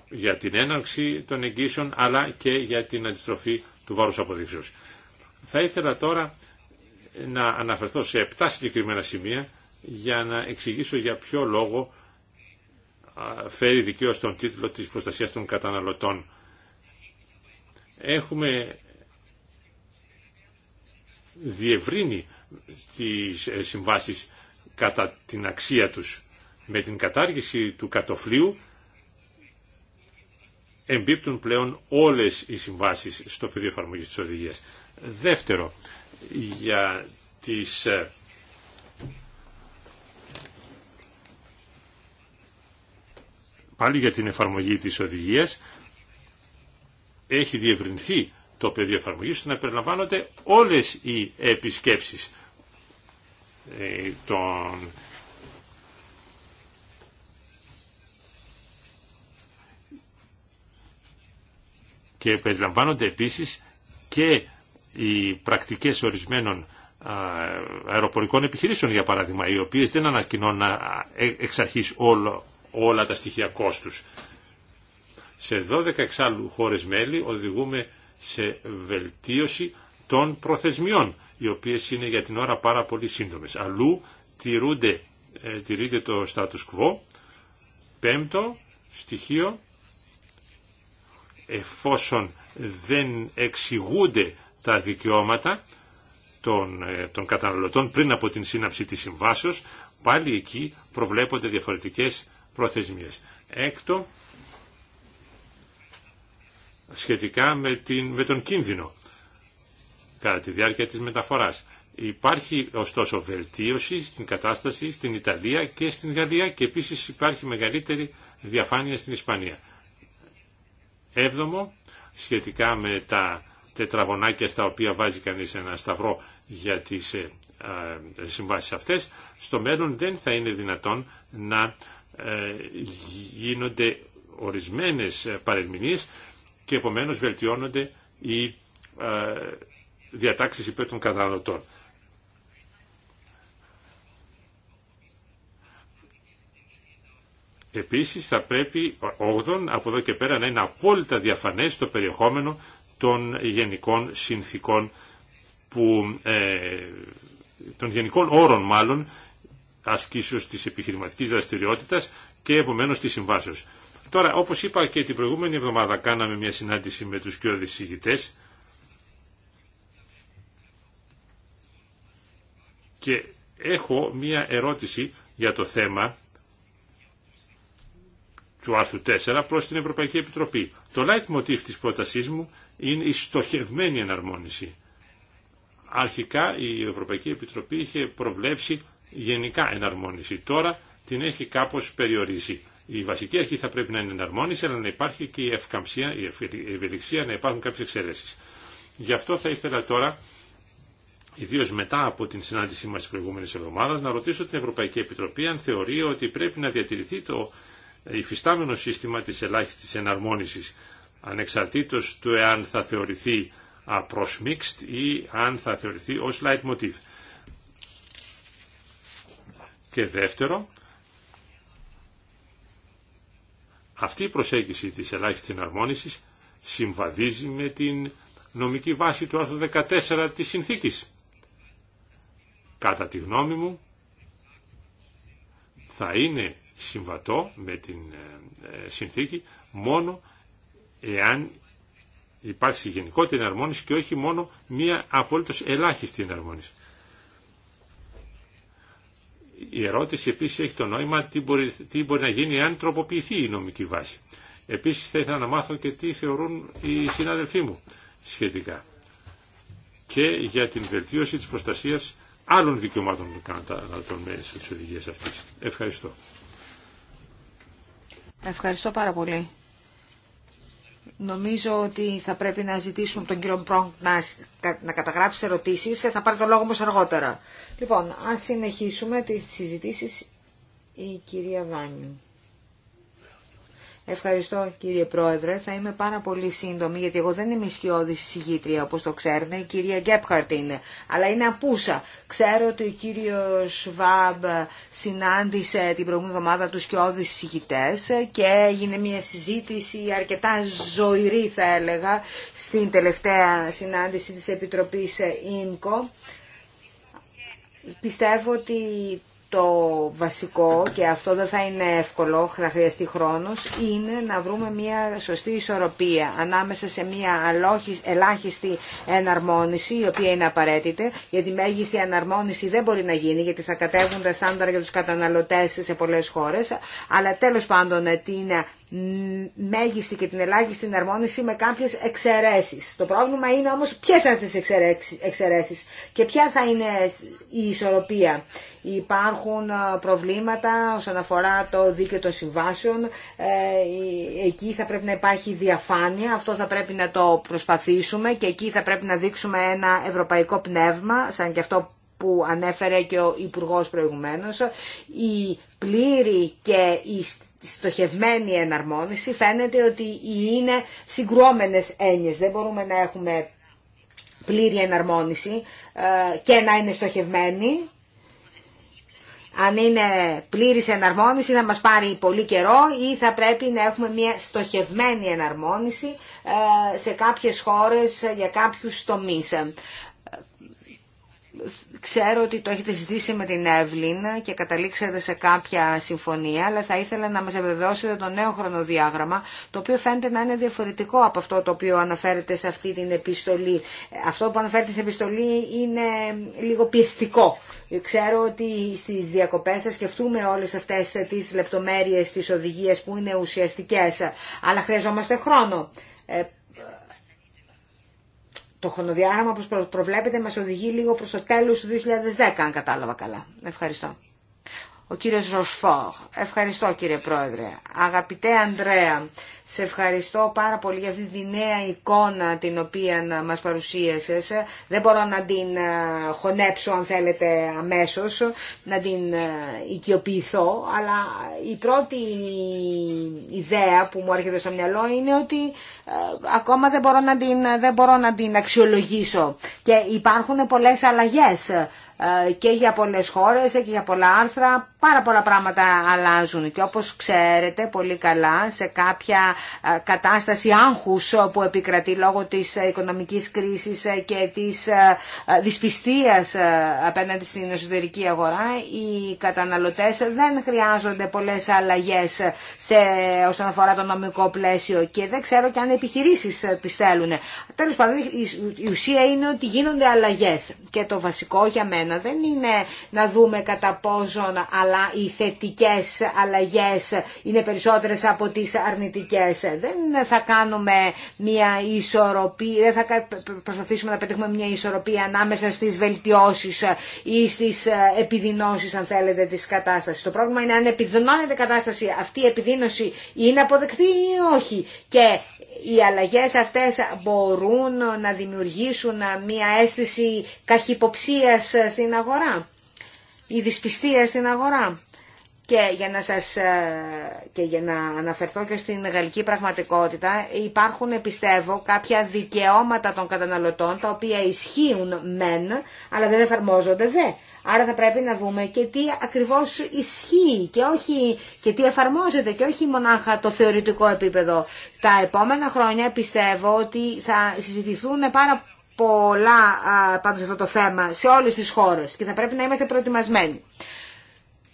για την έναρξη των εγγύσεων, αλλά και για την αντιστροφή του βάρους αποδείξεως. Θα ήθελα τώρα να αναφερθώ σε 7 συγκεκριμένα σημεία για να εξηγήσω για ποιο λόγο φέρει δικαίως τον τίτλο της προστασίας των καταναλωτών. Έχουμε διευρύνει τις ε, συμβάσεις κατά την αξία τους. Με την κατάργηση του κατοφλίου εμπίπτουν πλέον όλες οι συμβάσεις στο πεδίο εφαρμογής της οδηγίας. Δεύτερο, για τις ε, πάλι για την εφαρμογή της οδηγίας έχει διευρυνθεί το πεδίο εφαρμογή ώστε να περιλαμβάνονται όλες οι επισκέψεις ε, των και περιλαμβάνονται επίσης και οι πρακτικές ορισμένων αεροπορικών επιχειρήσεων για παράδειγμα οι οποίες δεν ανακοινώνουν ε, εξ αρχής όλο όλα τα στοιχεία κόστους. Σε 12 εξάλλου χώρες μέλη οδηγούμε σε βελτίωση των προθεσμιών, οι οποίες είναι για την ώρα πάρα πολύ σύντομες. Αλλού τηρούνται, ε, τηρείται το status quo. Πέμπτο στοιχείο, εφόσον δεν εξηγούνται τα δικαιώματα των, ε, των καταναλωτών πριν από την σύναψη της συμβάσεως, πάλι εκεί προβλέπονται διαφορετικές προθεσμίες. Έκτο, σχετικά με, την, με τον κίνδυνο κατά τη διάρκεια της μεταφοράς. Υπάρχει ωστόσο βελτίωση στην κατάσταση στην Ιταλία και στην Γαλλία και επίσης υπάρχει μεγαλύτερη διαφάνεια στην Ισπανία. Έβδομο, σχετικά με τα τετραγωνάκια στα οποία βάζει κανείς ένα σταυρό για τις ε, ε, συμβάσεις αυτές, στο μέλλον δεν θα είναι δυνατόν να ε, γίνονται ορισμένες παρερμηνίες και επομένως βελτιώνονται οι ε, διατάξεις υπέρ των καταναλωτών. Επίσης θα πρέπει ογδόν από εδώ και πέρα να είναι απόλυτα διαφανές το περιεχόμενο των γενικών συνθήκων που, ε, των γενικών όρων μάλλον ασκήσεως της επιχειρηματικής δραστηριότητας και επομένως της συμβάσεως. Τώρα, όπως είπα και την προηγούμενη εβδομάδα κάναμε μια συνάντηση με τους πιο δυσηγητές και έχω μια ερώτηση για το θέμα του άρθρου 4 προς την Ευρωπαϊκή Επιτροπή. Το light motif της πρότασής μου είναι η στοχευμένη εναρμόνιση. Αρχικά η Ευρωπαϊκή Επιτροπή είχε προβλέψει γενικά εναρμόνιση. Τώρα την έχει κάπως περιορίσει. Η βασική αρχή θα πρέπει να είναι εναρμόνιση, αλλά να υπάρχει και η ευκαμψία, η ευελιξία, να υπάρχουν κάποιες εξαιρέσεις. Γι' αυτό θα ήθελα τώρα, ιδίω μετά από την συνάντησή μας της προηγούμενης εβδομάδας, να ρωτήσω την Ευρωπαϊκή Επιτροπή αν θεωρεί ότι πρέπει να διατηρηθεί το υφιστάμενο σύστημα της ελάχιστης εναρμόνισης, ανεξαρτήτως του εάν θα θεωρηθεί απροσμίξτ ή αν θα θεωρηθεί ως leitmotiv. Και δεύτερο, αυτή η προσέγγιση της ελάχιστης εναρμόνισης συμβαδίζει με την νομική βάση του άρθρου 14 της συνθήκης. Κατά τη γνώμη μου, θα είναι συμβατό με την ε, ε, συνθήκη μόνο εάν υπάρξει γενικότερη εναρμόνιση και όχι μόνο μία απολύτως ελάχιστη εναρμόνιση. Η ερώτηση επίσης έχει το νόημα τι μπορεί, τι μπορεί να γίνει αν τροποποιηθεί η νομική βάση. Επίσης θα ήθελα να μάθω και τι θεωρούν οι συνάδελφοί μου σχετικά και για την βελτίωση της προστασίας άλλων δικαιωμάτων των καταναλωτών μέσω της αυτής. Ευχαριστώ. Ευχαριστώ πάρα πολύ. Νομίζω ότι θα πρέπει να ζητήσουμε τον κύριο Μπρόγκ να, καταγράψει ερωτήσεις. Ε, θα πάρει το λόγο όμω αργότερα. Λοιπόν, α συνεχίσουμε τις συζητήσει, η κυρία Βάνιου. Ευχαριστώ κύριε Πρόεδρε. Θα είμαι πάρα πολύ σύντομη γιατί εγώ δεν είμαι σκιώδη συγγήτρια όπως το ξέρουμε. Η κυρία Γκέπχαρτ είναι. Αλλά είναι απούσα. Ξέρω ότι ο κύριος Σβάμπ συνάντησε την προηγούμενη εβδομάδα τους σκιώδη συγγητέ και έγινε μια συζήτηση αρκετά ζωηρή θα έλεγα στην τελευταία συνάντηση της Επιτροπής ΙΝΚΟ. Πιστεύω ότι το βασικό, και αυτό δεν θα είναι εύκολο, θα χρειαστεί χρόνος, είναι να βρούμε μια σωστή ισορροπία ανάμεσα σε μια ελάχιστη εναρμόνιση, η οποία είναι απαραίτητη, γιατί μέγιστη εναρμόνιση δεν μπορεί να γίνει, γιατί θα κατέβουν τα στάνταρ για τους καταναλωτές σε πολλές χώρες, αλλά τέλος πάντων ε, είναι μέγιστη και την ελάχιστη εναρμόνιση με κάποιες εξαιρέσεις. Το πρόβλημα είναι όμως ποιες θα τις εξαιρέσεις και ποια θα είναι η ισορροπία. Υπάρχουν προβλήματα όσον αφορά το δίκαιο των συμβάσεων. Ε, εκεί θα πρέπει να υπάρχει διαφάνεια. Αυτό θα πρέπει να το προσπαθήσουμε και εκεί θα πρέπει να δείξουμε ένα ευρωπαϊκό πνεύμα, σαν και αυτό που ανέφερε και ο Υπουργός προηγουμένως. Η πλήρη και η στοχευμένη εναρμόνιση φαίνεται ότι είναι συγκρουόμενες έννοιες. Δεν μπορούμε να έχουμε πλήρη εναρμόνιση ε, και να είναι στοχευμένη. Αν είναι πλήρης εναρμόνιση θα μας πάρει πολύ καιρό ή θα πρέπει να έχουμε μια στοχευμένη εναρμόνιση ε, σε κάποιες χώρες για κάποιους τομείς ξέρω ότι το έχετε ζητήσει με την Εύλην και καταλήξατε σε κάποια συμφωνία, αλλά θα ήθελα να μας επιβεβαιώσετε το νέο χρονοδιάγραμμα, το οποίο φαίνεται να είναι διαφορετικό από αυτό το οποίο αναφέρεται σε αυτή την επιστολή. Αυτό που αναφέρεται σε επιστολή είναι λίγο πιεστικό. Ξέρω ότι στις διακοπές θα σκεφτούμε όλες αυτές τις λεπτομέρειες, τις οδηγίες που είναι ουσιαστικές, αλλά χρειαζόμαστε χρόνο. Ε, το χρονοδιάγραμμα που προβλέπετε μας οδηγεί λίγο προς το τέλος του 2010, αν κατάλαβα καλά. Ευχαριστώ. Ο κύριος Ροσφόρ. Ευχαριστώ κύριε Πρόεδρε. Αγαπητέ Ανδρέα, σε ευχαριστώ πάρα πολύ για αυτή τη νέα εικόνα την οποία μας παρουσίασες. Δεν μπορώ να την ε, χωνέψω αν θέλετε αμέσως, να την ε, οικειοποιηθώ, αλλά η πρώτη ιδέα που μου έρχεται στο μυαλό είναι ότι ε, ακόμα δεν μπορώ να την, δεν μπορώ να την αξιολογήσω. Και υπάρχουν πολλές αλλαγές ε, και για πολλές χώρες και για πολλά άρθρα πάρα πολλά πράγματα αλλάζουν και όπως ξέρετε πολύ καλά σε κάποια ε, κατάσταση άγχους που επικρατεί λόγω της οικονομικής κρίσης ε, και της δυσπιστίας απέναντι στην εσωτερική αγορά οι καταναλωτές δεν χρειάζονται πολλές αλλαγές σε, όσον αφορά το νομικό πλαίσιο και δεν ξέρω και αν οι επιχειρήσεις πιστέλουν. Τέλος πάντων η ουσία είναι ότι γίνονται αλλαγές και το βασικό για μένα δεν είναι να δούμε κατά πόσον αλλά οι θετικές αλλαγές είναι περισσότερες από τις αρνητικές. Δεν θα κάνουμε μια ισορροπία, δεν θα προσπαθήσουμε να πετύχουμε μια ισορροπία ανάμεσα στις βελτιώσεις ή στις ε, επιδεινώσεις αν θέλετε της κατάστασης. Το πρόβλημα είναι αν επιδεινώνεται η κατάσταση αυτή η επιδείνωση είναι αποδεκτή ή όχι. Και οι αλλαγές αυτές μπορούν να δημιουργήσουν μια αίσθηση καχυποψίας στην αγορά ή δυσπιστία στην αγορά. Και για, να σας, ε, και για να αναφερθώ και στην γαλλική πραγματικότητα, υπάρχουν, πιστεύω, κάποια δικαιώματα των καταναλωτών, τα οποία ισχύουν μεν, αλλά δεν εφαρμόζονται δε. Άρα θα πρέπει να δούμε και τι ακριβώς ισχύει και, όχι, και τι εφαρμόζεται και όχι μονάχα το θεωρητικό επίπεδο. Τα επόμενα χρόνια πιστεύω ότι θα συζητηθούν πάρα πολλά ε, πάνω σε αυτό το θέμα σε όλες τις χώρες και θα πρέπει να είμαστε προετοιμασμένοι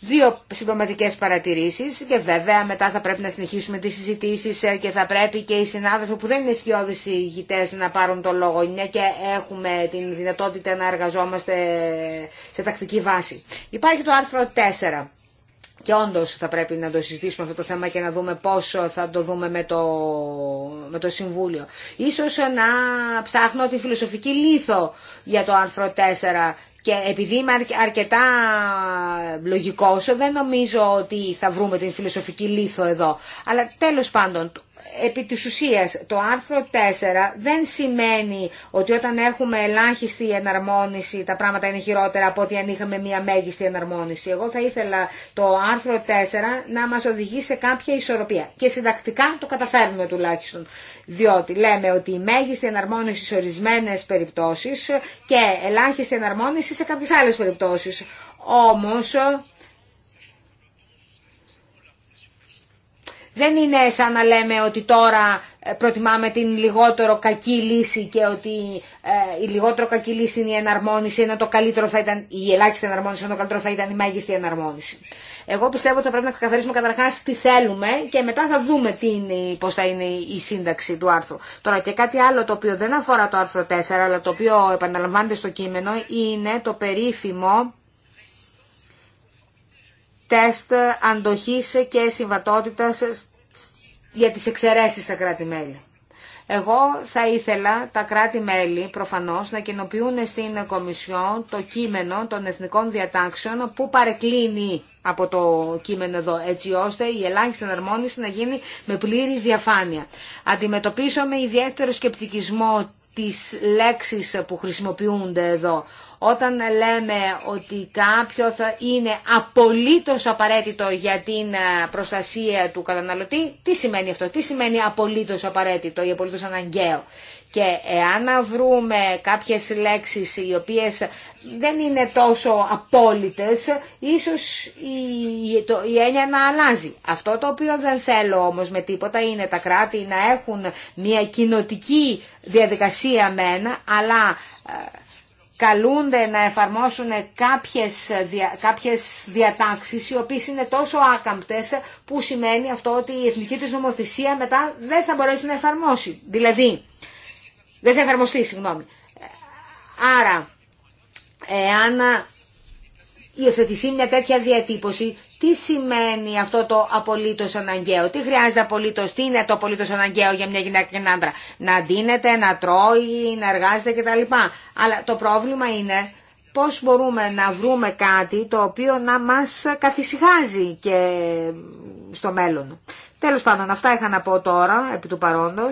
δύο συμπληρωματικέ παρατηρήσει και βέβαια μετά θα πρέπει να συνεχίσουμε τι συζητήσει ε, και θα πρέπει και οι συνάδελφοι που δεν είναι σκιώδεις ηγητέ να πάρουν το λόγο μια και έχουμε τη δυνατότητα να εργαζόμαστε ε, σε τακτική βάση. Υπάρχει το άρθρο 4. Και όντω θα πρέπει να το συζητήσουμε αυτό το θέμα και να δούμε πόσο θα το δούμε με το, με το Συμβούλιο. Ίσως να ψάχνω τη φιλοσοφική λίθο για το άρθρο 4 και επειδή είμαι αρκετά λογικός, δεν νομίζω ότι θα βρούμε την φιλοσοφική λίθο εδώ. Αλλά τέλος πάντων, επί της ουσίας, το άρθρο 4 δεν σημαίνει ότι όταν έχουμε ελάχιστη εναρμόνιση τα πράγματα είναι χειρότερα από ότι αν είχαμε μία μέγιστη εναρμόνιση. Εγώ θα ήθελα το άρθρο 4 να μας οδηγεί σε κάποια ισορροπία και συντακτικά το καταφέρνουμε τουλάχιστον. Διότι λέμε ότι η μέγιστη εναρμόνιση σε ορισμένε περιπτώσεις και ελάχιστη εναρμόνιση σε κάποιες άλλες περιπτώσεις. Όμως Δεν είναι σαν να λέμε ότι τώρα ε, προτιμάμε την λιγότερο κακή λύση και ότι ε, η λιγότερο κακή λύση είναι η εναρμόνιση, ενώ το καλύτερο θα ήταν η ελάχιστη εναρμόνιση, ενώ το καλύτερο θα ήταν η μέγιστη εναρμόνιση. Εγώ πιστεύω ότι θα πρέπει να καθαρίσουμε καταρχά τι θέλουμε και μετά θα δούμε πώ θα είναι η σύνταξη του άρθρου. Τώρα και κάτι άλλο το οποίο δεν αφορά το άρθρο 4, αλλά το οποίο επαναλαμβάνεται στο κείμενο, είναι το περίφημο τεστ αντοχής και συμβατότητας για τις εξαιρέσεις στα κράτη-μέλη. Εγώ θα ήθελα τα κράτη-μέλη προφανώς να κοινοποιούν στην Κομισιόν το κείμενο των εθνικών διατάξεων που παρεκκλίνει από το κείμενο εδώ, έτσι ώστε η ελάχιστη εναρμόνιση να γίνει με πλήρη διαφάνεια. Αντιμετωπίσω με ιδιαίτερο σκεπτικισμό τις λέξεις που χρησιμοποιούνται εδώ. Όταν λέμε ότι κάποιος είναι απολύτως απαραίτητο για την ε, προστασία του καταναλωτή, τι σημαίνει αυτό, τι σημαίνει απολύτως απαραίτητο ή απολύτως αναγκαίο. Και εάν βρούμε κάποιες λέξεις οι οποίες δεν είναι τόσο απόλυτες, ίσως η, το, η έννοια να αλλάζει. Αυτό το οποίο δεν θέλω όμως με τίποτα είναι τα κράτη να έχουν μια κοινοτική διαδικασία μένα, αλλά ε, καλούνται να εφαρμόσουν κάποιες, δια, κάποιες διατάξεις οι οποίες είναι τόσο άκαμπτες που σημαίνει αυτό ότι η εθνική τους νομοθεσία μετά δεν θα μπορέσει να εφαρμόσει. Δηλαδή, δεν θα εφαρμοστεί, συγγνώμη. Άρα, εάν υιοθετηθεί μια τέτοια διατύπωση, τι σημαίνει αυτό το απολύτω αναγκαίο, τι χρειάζεται απολύτω, τι είναι το απολύτω αναγκαίο για μια γυναίκα και έναν άντρα. Να ντύνεται, να τρώει, να εργάζεται κτλ. Αλλά το πρόβλημα είναι πώ μπορούμε να βρούμε κάτι το οποίο να μα καθησυχάζει και στο μέλλον. Τέλο πάντων, αυτά είχα να πω τώρα επί του παρόντο.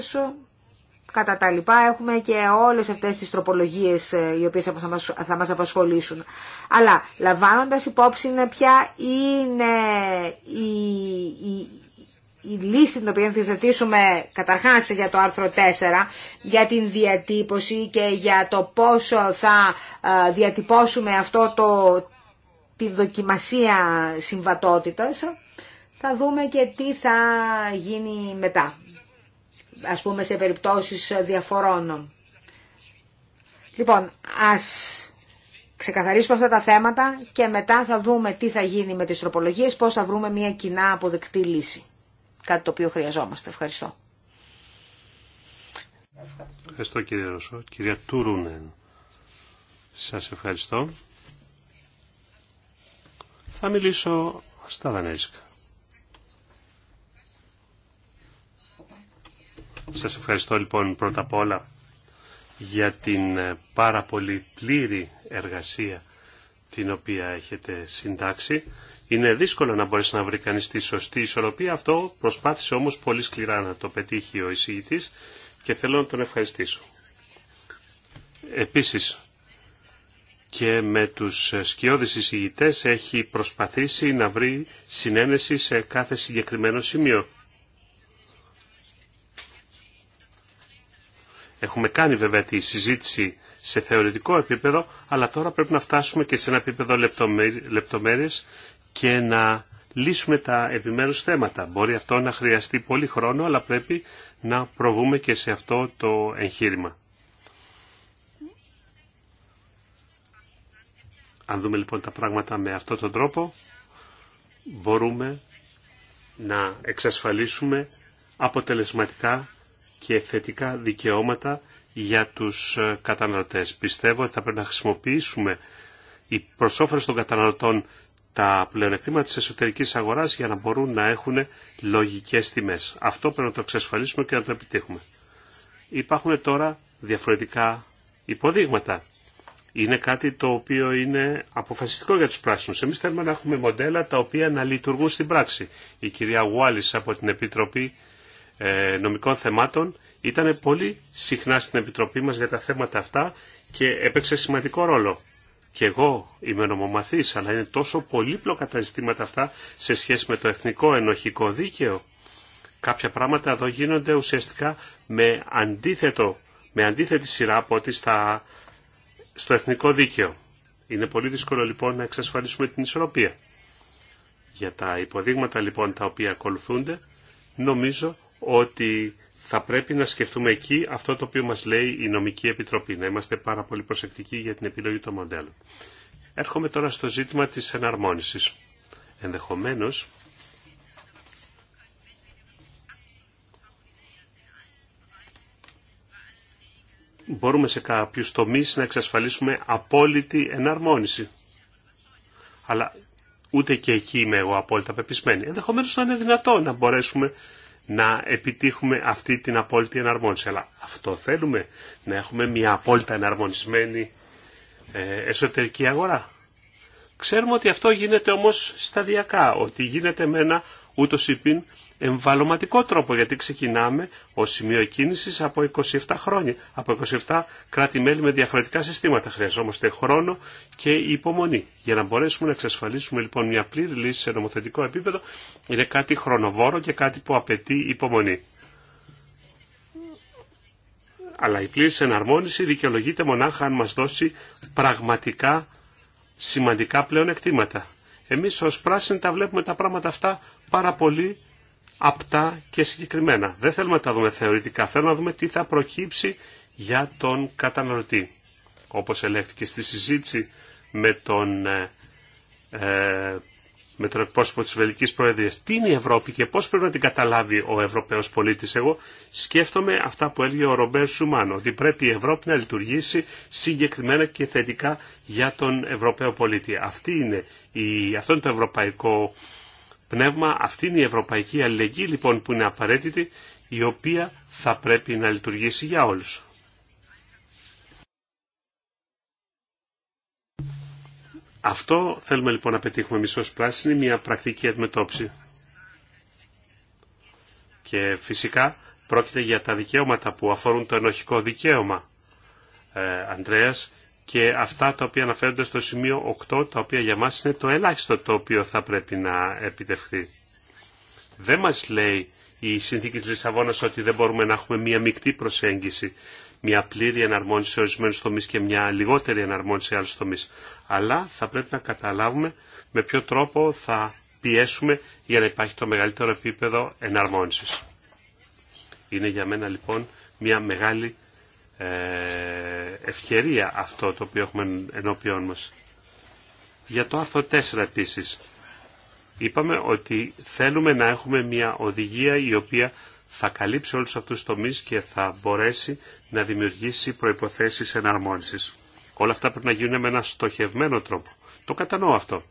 Κατά τα λοιπά έχουμε και όλες αυτές τις τροπολογίες ε, οι οποίες θα μας απασχολήσουν. Αλλά λαμβάνοντας υπόψη ποια είναι η, η, η λύση την οποία θα θετήσουμε καταρχάς για το άρθρο 4, για την διατύπωση και για το πόσο θα ε, διατυπώσουμε αυτό το, τη δοκιμασία συμβατότητας, θα δούμε και τι θα γίνει μετά ας πούμε σε περιπτώσεις διαφορών. Λοιπόν, ας ξεκαθαρίσουμε αυτά τα θέματα και μετά θα δούμε τι θα γίνει με τις τροπολογίες, πώς θα βρούμε μια κοινά αποδεκτή λύση. Κάτι το οποίο χρειαζόμαστε. Ευχαριστώ. Ευχαριστώ κύριε Ρωσό. Κυρία Τούρουνεν, σας ευχαριστώ. Θα μιλήσω στα Δανέζικα. Σας ευχαριστώ λοιπόν πρώτα απ' όλα για την ε, πάρα πολύ πλήρη εργασία την οποία έχετε συντάξει. Είναι δύσκολο να μπορέσει να βρει κανείς τη σωστή ισορροπία. Αυτό προσπάθησε όμως πολύ σκληρά να το πετύχει ο εισηγητής και θέλω να τον ευχαριστήσω. Επίσης και με τους σκιώδεις εισηγητές έχει προσπαθήσει να βρει συνένεση σε κάθε συγκεκριμένο σημείο. Έχουμε κάνει βέβαια τη συζήτηση σε θεωρητικό επίπεδο, αλλά τώρα πρέπει να φτάσουμε και σε ένα επίπεδο λεπτομέρειες και να λύσουμε τα επιμέρους θέματα. Μπορεί αυτό να χρειαστεί πολύ χρόνο, αλλά πρέπει να προβούμε και σε αυτό το εγχείρημα. Αν δούμε λοιπόν τα πράγματα με αυτόν τον τρόπο, μπορούμε να εξασφαλίσουμε αποτελεσματικά και θετικά δικαιώματα για τους ε, καταναλωτές. Πιστεύω ότι θα πρέπει να χρησιμοποιήσουμε οι προσόφερες των καταναλωτών τα πλεονεκτήματα της εσωτερικής αγοράς για να μπορούν να έχουν λογικές τιμές. Αυτό πρέπει να το εξασφαλίσουμε και να το επιτύχουμε. Υπάρχουν τώρα διαφορετικά υποδείγματα. Είναι κάτι το οποίο είναι αποφασιστικό για τους πράσινους. Εμείς θέλουμε να έχουμε μοντέλα τα οποία να λειτουργούν στην πράξη. Η κυρία Γουάλης από την Επιτροπή ε, νομικών θεμάτων ήταν πολύ συχνά στην Επιτροπή μας για τα θέματα αυτά και έπαιξε σημαντικό ρόλο. Και εγώ είμαι νομομαθής, αλλά είναι τόσο πολύπλοκα τα ζητήματα αυτά σε σχέση με το εθνικό ενοχικό δίκαιο. Κάποια πράγματα εδώ γίνονται ουσιαστικά με, αντίθετο, με αντίθετη σειρά από ότι στο εθνικό δίκαιο. Είναι πολύ δύσκολο λοιπόν να εξασφαλίσουμε την ισορροπία. Για τα υποδείγματα λοιπόν τα οποία ακολουθούνται, νομίζω ότι θα πρέπει να σκεφτούμε εκεί αυτό το οποίο μας λέει η νομική επιτροπή, να είμαστε πάρα πολύ προσεκτικοί για την επιλογή των μοντέλων. Έρχομαι τώρα στο ζήτημα της εναρμόνισης. Ενδεχομένως, μπορούμε σε κάποιους τομείς να εξασφαλίσουμε απόλυτη εναρμόνιση. Αλλά ούτε και εκεί είμαι εγώ απόλυτα πεπισμένη. Ενδεχομένως να είναι δυνατό να μπορέσουμε να επιτύχουμε αυτή την απόλυτη εναρμόνιση. Αλλά αυτό θέλουμε, να έχουμε μια απόλυτα εναρμονισμένη ε, εσωτερική αγορά. Ξέρουμε ότι αυτό γίνεται όμως σταδιακά, ότι γίνεται με ένα ούτως είπιν εμβαλωματικό τρόπο, γιατί ξεκινάμε ως σημείο κίνηση από 27 χρόνια, από 27 κράτη-μέλη με διαφορετικά συστήματα. Χρειαζόμαστε χρόνο και υπομονή. Για να μπορέσουμε να εξασφαλίσουμε λοιπόν μια πλήρη λύση σε νομοθετικό επίπεδο, είναι κάτι χρονοβόρο και κάτι που απαιτεί υπομονή. Αλλά η πλήρης εναρμόνιση δικαιολογείται μονάχα αν μας δώσει πραγματικά σημαντικά πλέον εμείς ως πράσινοι τα βλέπουμε τα πράγματα αυτά πάρα πολύ απτά και συγκεκριμένα. Δεν θέλουμε να τα δούμε θεωρητικά, θέλουμε να δούμε τι θα προκύψει για τον καταναλωτή. Όπως ελέγχθηκε στη συζήτηση με τον ε, ε με τον εκπρόσωπο της Βελικής Προεδρίας. Τι είναι η Ευρώπη και πώς πρέπει να την καταλάβει ο Ευρωπαίος πολίτης. Εγώ σκέφτομαι αυτά που έλεγε ο Ρομπέρ Σουμάνο, ότι πρέπει η Ευρώπη να λειτουργήσει συγκεκριμένα και θετικά για τον Ευρωπαίο πολίτη. Αυτή είναι η, αυτό είναι το ευρωπαϊκό πνεύμα, αυτή είναι η ευρωπαϊκή αλληλεγγύη λοιπόν που είναι απαραίτητη, η οποία θα πρέπει να λειτουργήσει για όλους. Αυτό θέλουμε λοιπόν να πετύχουμε εμείς ως πράσινη, μια πρακτική αντιμετώπιση. Και φυσικά πρόκειται για τα δικαιώματα που αφορούν το ενοχικό δικαίωμα, ε, Ανδρέας, και αυτά τα οποία αναφέρονται στο σημείο 8, τα οποία για μας είναι το ελάχιστο το οποίο θα πρέπει να επιτευχθεί. Δεν μας λέει η συνθήκη της Λισαβόνας ότι δεν μπορούμε να έχουμε μία μεικτή προσέγγιση μια πλήρη εναρμόνιση σε ορισμένου τομεί και μια λιγότερη εναρμόνιση σε άλλου τομεί. Αλλά θα πρέπει να καταλάβουμε με ποιο τρόπο θα πιέσουμε για να υπάρχει το μεγαλύτερο επίπεδο εναρμόνισης. Είναι για μένα λοιπόν μια μεγάλη ε, ευκαιρία αυτό το οποίο έχουμε ενώπιόν μας. Για το άρθρο 4 επίσης. Είπαμε ότι θέλουμε να έχουμε μια οδηγία η οποία θα καλύψει όλους αυτούς τους τομείς και θα μπορέσει να δημιουργήσει προϋποθέσεις εναρμόνισης. Όλα αυτά πρέπει να γίνουν με ένα στοχευμένο τρόπο. Το κατανοώ αυτό.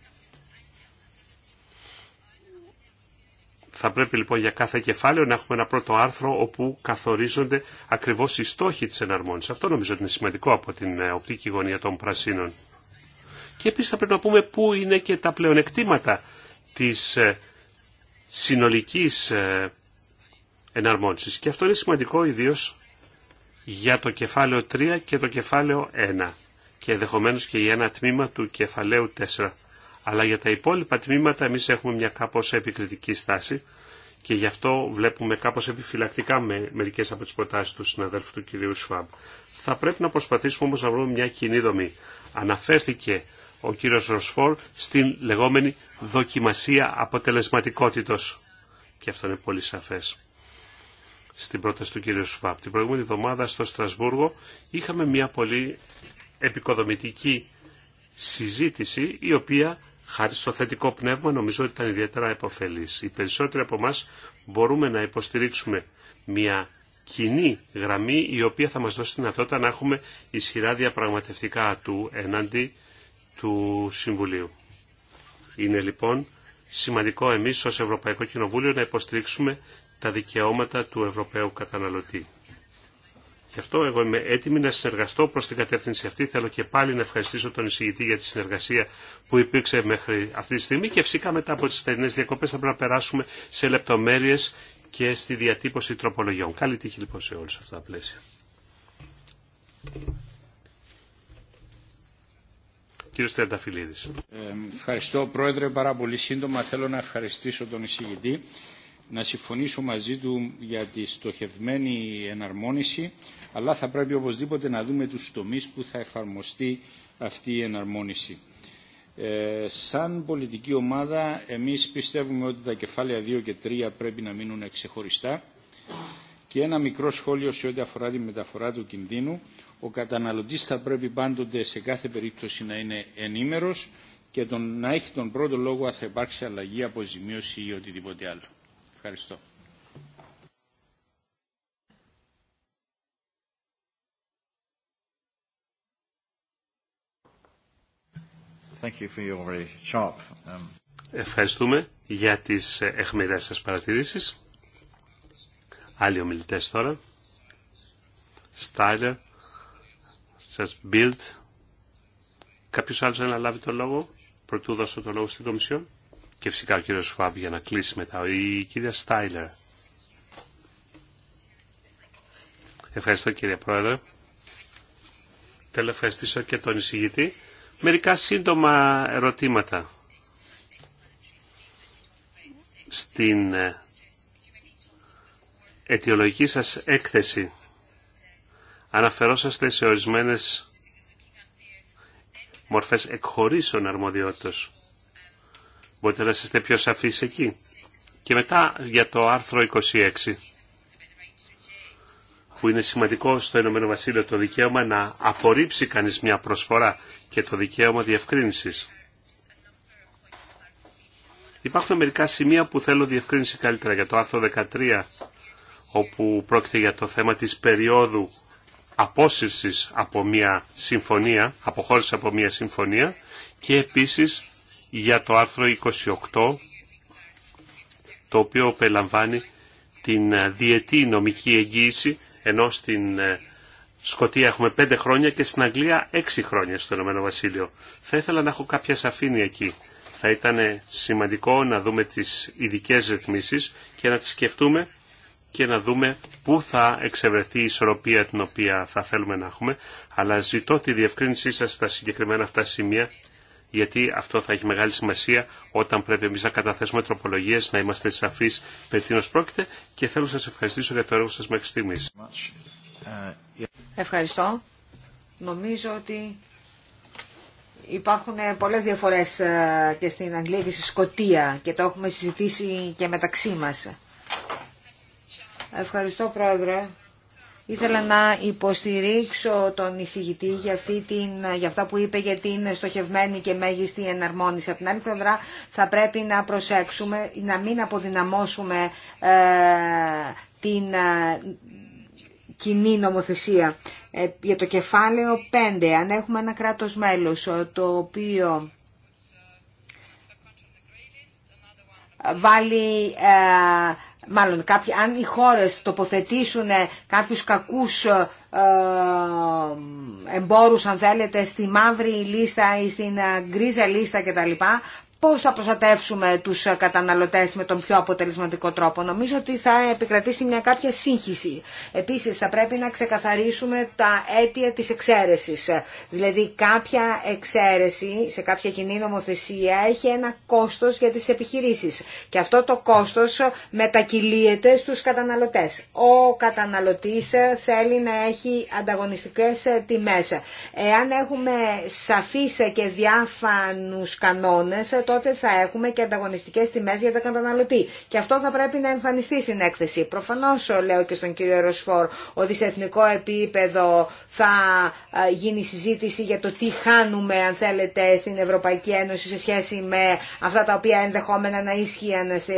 Θα πρέπει λοιπόν για κάθε κεφάλαιο να έχουμε ένα πρώτο άρθρο όπου καθορίζονται ακριβώς οι στόχοι της εναρμόνισης. Αυτό νομίζω ότι είναι σημαντικό από την ε, οπτική γωνία των πρασίνων. Και επίσης θα πρέπει να πούμε πού είναι και τα πλεονεκτήματα της ε, συνολικής ε, και αυτό είναι σημαντικό ιδίως για το κεφάλαιο 3 και το κεφάλαιο 1 και ενδεχομένω και για ένα τμήμα του κεφαλαίου 4. Αλλά για τα υπόλοιπα τμήματα εμείς έχουμε μια κάπως επικριτική στάση και γι' αυτό βλέπουμε κάπως επιφυλακτικά με μερικές από τις προτάσεις του συναδέλφου του κυρίου Σουάμπ. Θα πρέπει να προσπαθήσουμε όμως να βρούμε μια κοινή δομή. Αναφέρθηκε ο κύριος Ροσφόρ στην λεγόμενη δοκιμασία αποτελεσματικότητος. Και αυτό είναι πολύ σαφές στην πρόταση του κ. Σουβάπ. Την προηγούμενη εβδομάδα στο Στρασβούργο είχαμε μια πολύ επικοδομητική συζήτηση η οποία χάρη στο θετικό πνεύμα νομίζω ότι ήταν ιδιαίτερα επωφελής. Οι περισσότεροι από εμά μπορούμε να υποστηρίξουμε μια κοινή γραμμή η οποία θα μας δώσει τη δυνατότητα να έχουμε ισχυρά διαπραγματευτικά του έναντι του Συμβουλίου. Είναι λοιπόν σημαντικό εμείς ως Ευρωπαϊκό Κοινοβούλιο να υποστηρίξουμε τα δικαιώματα του Ευρωπαίου καταναλωτή. Γι' αυτό εγώ είμαι έτοιμη να συνεργαστώ προς την κατεύθυνση αυτή. Θέλω και πάλι να ευχαριστήσω τον εισηγητή για τη συνεργασία που υπήρξε μέχρι αυτή τη στιγμή και φυσικά μετά από τις θερινές διακοπές θα πρέπει να περάσουμε σε λεπτομέρειες και στη διατύπωση τροπολογιών. Καλή τύχη λοιπόν σε όλους αυτά τα πλαίσια. Κύριος Ε, ευχαριστώ Πρόεδρε πάρα πολύ σύντομα. Θέλω να ευχαριστήσω τον εισηγητή να συμφωνήσω μαζί του για τη στοχευμένη εναρμόνιση, αλλά θα πρέπει οπωσδήποτε να δούμε τους τομείς που θα εφαρμοστεί αυτή η εναρμόνιση. Ε, σαν πολιτική ομάδα, εμείς πιστεύουμε ότι τα κεφάλαια 2 και 3 πρέπει να μείνουν ξεχωριστά και ένα μικρό σχόλιο σε ό,τι αφορά τη μεταφορά του κινδύνου. Ο καταναλωτής θα πρέπει πάντοτε σε κάθε περίπτωση να είναι ενήμερος και τον, να έχει τον πρώτο λόγο αν θα υπάρξει αλλαγή, αποζημίωση ή οτιδήποτε άλλο. Ευχαριστώ. Thank you for your very sharp, um... Ευχαριστούμε για τις ε, εχμηρές σας παρατηρήσεις. Άλλοι ομιλητές τώρα. Στάιλερ, σας Μπίλτ. Κάποιος άλλος να λάβει το λόγο, προτού δώσω το λόγο στην Κομισιόν και φυσικά ο κύριος Σουάμπ για να κλείσει μετά. Η κυρία Στάιλερ. Ευχαριστώ κύριε Πρόεδρε. Θέλω ευχαριστήσω και τον εισηγητή. Μερικά σύντομα ερωτήματα. Στην ε, αιτιολογική σας έκθεση αναφερόσαστε σε ορισμένες μορφές εκχωρήσεων αρμοδιότητας. Μπορείτε να είστε πιο σαφείς εκεί. Και μετά για το άρθρο 26 που είναι σημαντικό στο Ηνωμένο Βασίλειο το δικαίωμα να απορρίψει κανείς μια προσφορά και το δικαίωμα διευκρίνησης. Υπάρχουν μερικά σημεία που θέλω διευκρίνηση καλύτερα για το άρθρο 13 όπου πρόκειται για το θέμα της περίοδου απόσυρσης από μια συμφωνία, αποχώρηση από μια συμφωνία και επίσης για το άρθρο 28, το οποίο περιλαμβάνει την ε, διετή νομική εγγύηση, ενώ στην ε, Σκοτία έχουμε πέντε χρόνια και στην Αγγλία έξι χρόνια στο Ηνωμένο Βασίλειο. Θα ήθελα να έχω κάποια σαφήνεια εκεί. Θα ήταν σημαντικό να δούμε τις ειδικέ ρυθμίσεις και να τις σκεφτούμε και να δούμε πού θα εξευρεθεί η ισορροπία την οποία θα θέλουμε να έχουμε. Αλλά ζητώ τη διευκρίνησή σας στα συγκεκριμένα αυτά σημεία γιατί αυτό θα έχει μεγάλη σημασία όταν πρέπει εμεί να καταθέσουμε τροπολογίε, να είμαστε σαφεί με τι πρόκειται και θέλω να σα ευχαριστήσω για το έργο σα μέχρι στιγμή. Ευχαριστώ. Νομίζω ότι υπάρχουν πολλές διαφορές ε, και στην Αγγλία και στη Σκοτία και το έχουμε συζητήσει και μεταξύ μας. Ευχαριστώ Πρόεδρε. Ήθελα να υποστηρίξω τον εισηγητή για, αυτή την, για αυτά που είπε για την στοχευμένη και μέγιστη εναρμόνιση. Από την άλλη πλευρά θα πρέπει να προσέξουμε, να μην αποδυναμώσουμε ε, την ε, κοινή νομοθεσία. Ε, για το κεφάλαιο 5, αν έχουμε ένα κράτος μέλος ε, το οποίο βάλει μάλλον κάποιοι, αν οι χώρες τοποθετήσουν κάποιους κακούς ε, εμπόρους αν θέλετε στη μαύρη λίστα ή στην ε, γκρίζα λίστα κτλ πώς θα προστατεύσουμε τους καταναλωτές με τον πιο αποτελεσματικό τρόπο. Νομίζω ότι θα επικρατήσει μια κάποια σύγχυση. Επίσης θα πρέπει να ξεκαθαρίσουμε τα αίτια της εξαίρεσης. Δηλαδή κάποια εξαίρεση σε κάποια κοινή νομοθεσία έχει ένα κόστος για τις επιχειρήσεις. Και αυτό το κόστος μετακυλίεται στους καταναλωτές. Ο καταναλωτής θέλει να έχει ανταγωνιστικές τιμές. Εάν έχουμε σαφείς και διάφανους κανόνες, τότε θα έχουμε και ανταγωνιστικέ τιμέ για τα καταναλωτή. Και αυτό θα πρέπει να εμφανιστεί στην έκθεση. Προφανώ λέω και στον κύριο Ροσφόρ ότι σε εθνικό επίπεδο θα γίνει συζήτηση για το τι χάνουμε αν θέλετε στην Ευρωπαϊκή Ένωση σε σχέση με αυτά τα οποία ενδεχόμενα να ίσχυαν σε,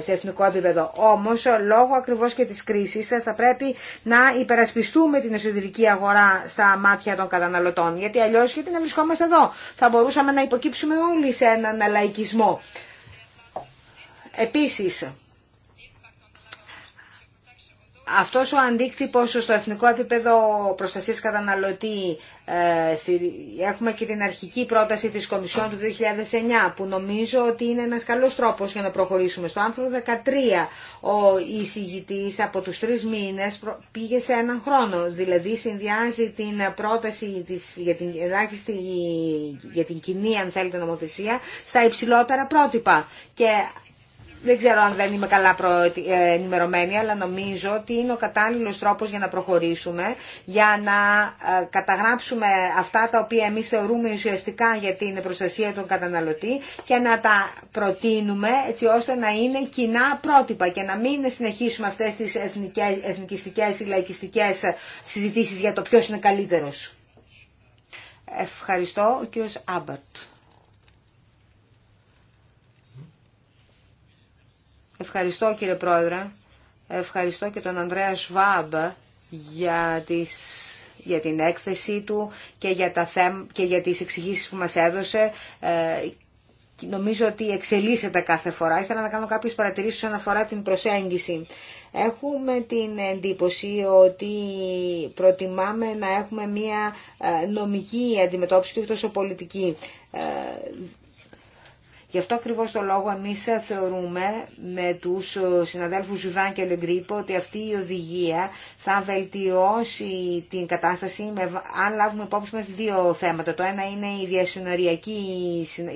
σε εθνικό επίπεδο. Όμω λόγω ακριβώ και τη κρίση θα πρέπει να υπερασπιστούμε την εσωτερική αγορά στα μάτια των καταναλωτών γιατί αλλιώ γιατί να βρισκόμαστε εδώ. Θα μπορούσαμε να υποκύψουμε όλοι σε έναν αναλαϊκισμό. Επίσης, αυτός ο αντίκτυπος στο εθνικό επίπεδο προστασίας καταναλωτή ε, έχουμε και την αρχική πρόταση της Κομισιόν του 2009 που νομίζω ότι είναι ένας καλός τρόπος για να προχωρήσουμε. Στο άνθρωπο 13 ο εισηγητής από τους τρεις μήνες πήγε σε έναν χρόνο, δηλαδή συνδυάζει την πρόταση της, για, την, ελάχιστη, για την κοινή αν θέλετε νομοθεσία στα υψηλότερα πρότυπα και δεν ξέρω αν δεν είμαι καλά ε, ενημερωμένη, αλλά νομίζω ότι είναι ο κατάλληλος τρόπος για να προχωρήσουμε, για να ε, καταγράψουμε αυτά τα οποία εμείς θεωρούμε ουσιαστικά για την προστασία των καταναλωτή και να τα προτείνουμε έτσι ώστε να είναι κοινά πρότυπα και να μην συνεχίσουμε αυτές τις εθνικές, εθνικιστικές ή λαϊκιστικές συζητήσεις για το ποιος είναι καλύτερος. Ευχαριστώ, ο κύριος Άμπατ. Ευχαριστώ κύριε Πρόεδρε. Ευχαριστώ και τον Ανδρέα Σβάμπ για, για την έκθεσή του και για, τα θέμ, και για τις εξηγήσεις που μας έδωσε. Ε, νομίζω ότι εξελίσσεται κάθε φορά. Ήθελα να κάνω κάποιες παρατηρήσεις όσον αφορά την προσέγγιση. Έχουμε την εντύπωση ότι προτιμάμε να έχουμε μια ε, νομική αντιμετώπιση και όχι τόσο πολιτική. Ε, Γι' αυτό ακριβώ το λόγο εμεί θεωρούμε με τους συναδέλφου Ζουβάν και Λεγκρίπο ότι αυτή η οδηγία θα βελτιώσει την κατάσταση με, αν λάβουμε υπόψη μα δύο θέματα. Το ένα είναι οι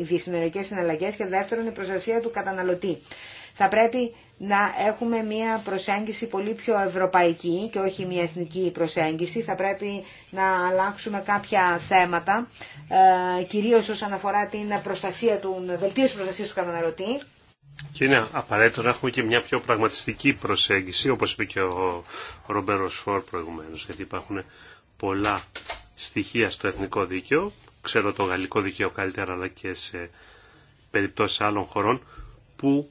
διασυνοριακέ συναλλαγέ και το δεύτερο είναι η προστασία του καταναλωτή. Θα πρέπει να έχουμε μια προσέγγιση πολύ πιο ευρωπαϊκή και όχι μια εθνική προσέγγιση. Θα πρέπει να αλλάξουμε κάποια θέματα ε, Κυρίω όσον αφορά την προστασία του, βελτίωση προστασία του καταναλωτή. Και είναι απαραίτητο να έχουμε και μια πιο πραγματιστική προσέγγιση, όπω είπε και ο Ρομπέρο Φορ προηγουμένω, γιατί υπάρχουν πολλά στοιχεία στο εθνικό δίκαιο, ξέρω το γαλλικό δίκαιο καλύτερα, αλλά και σε περιπτώσει άλλων χωρών, που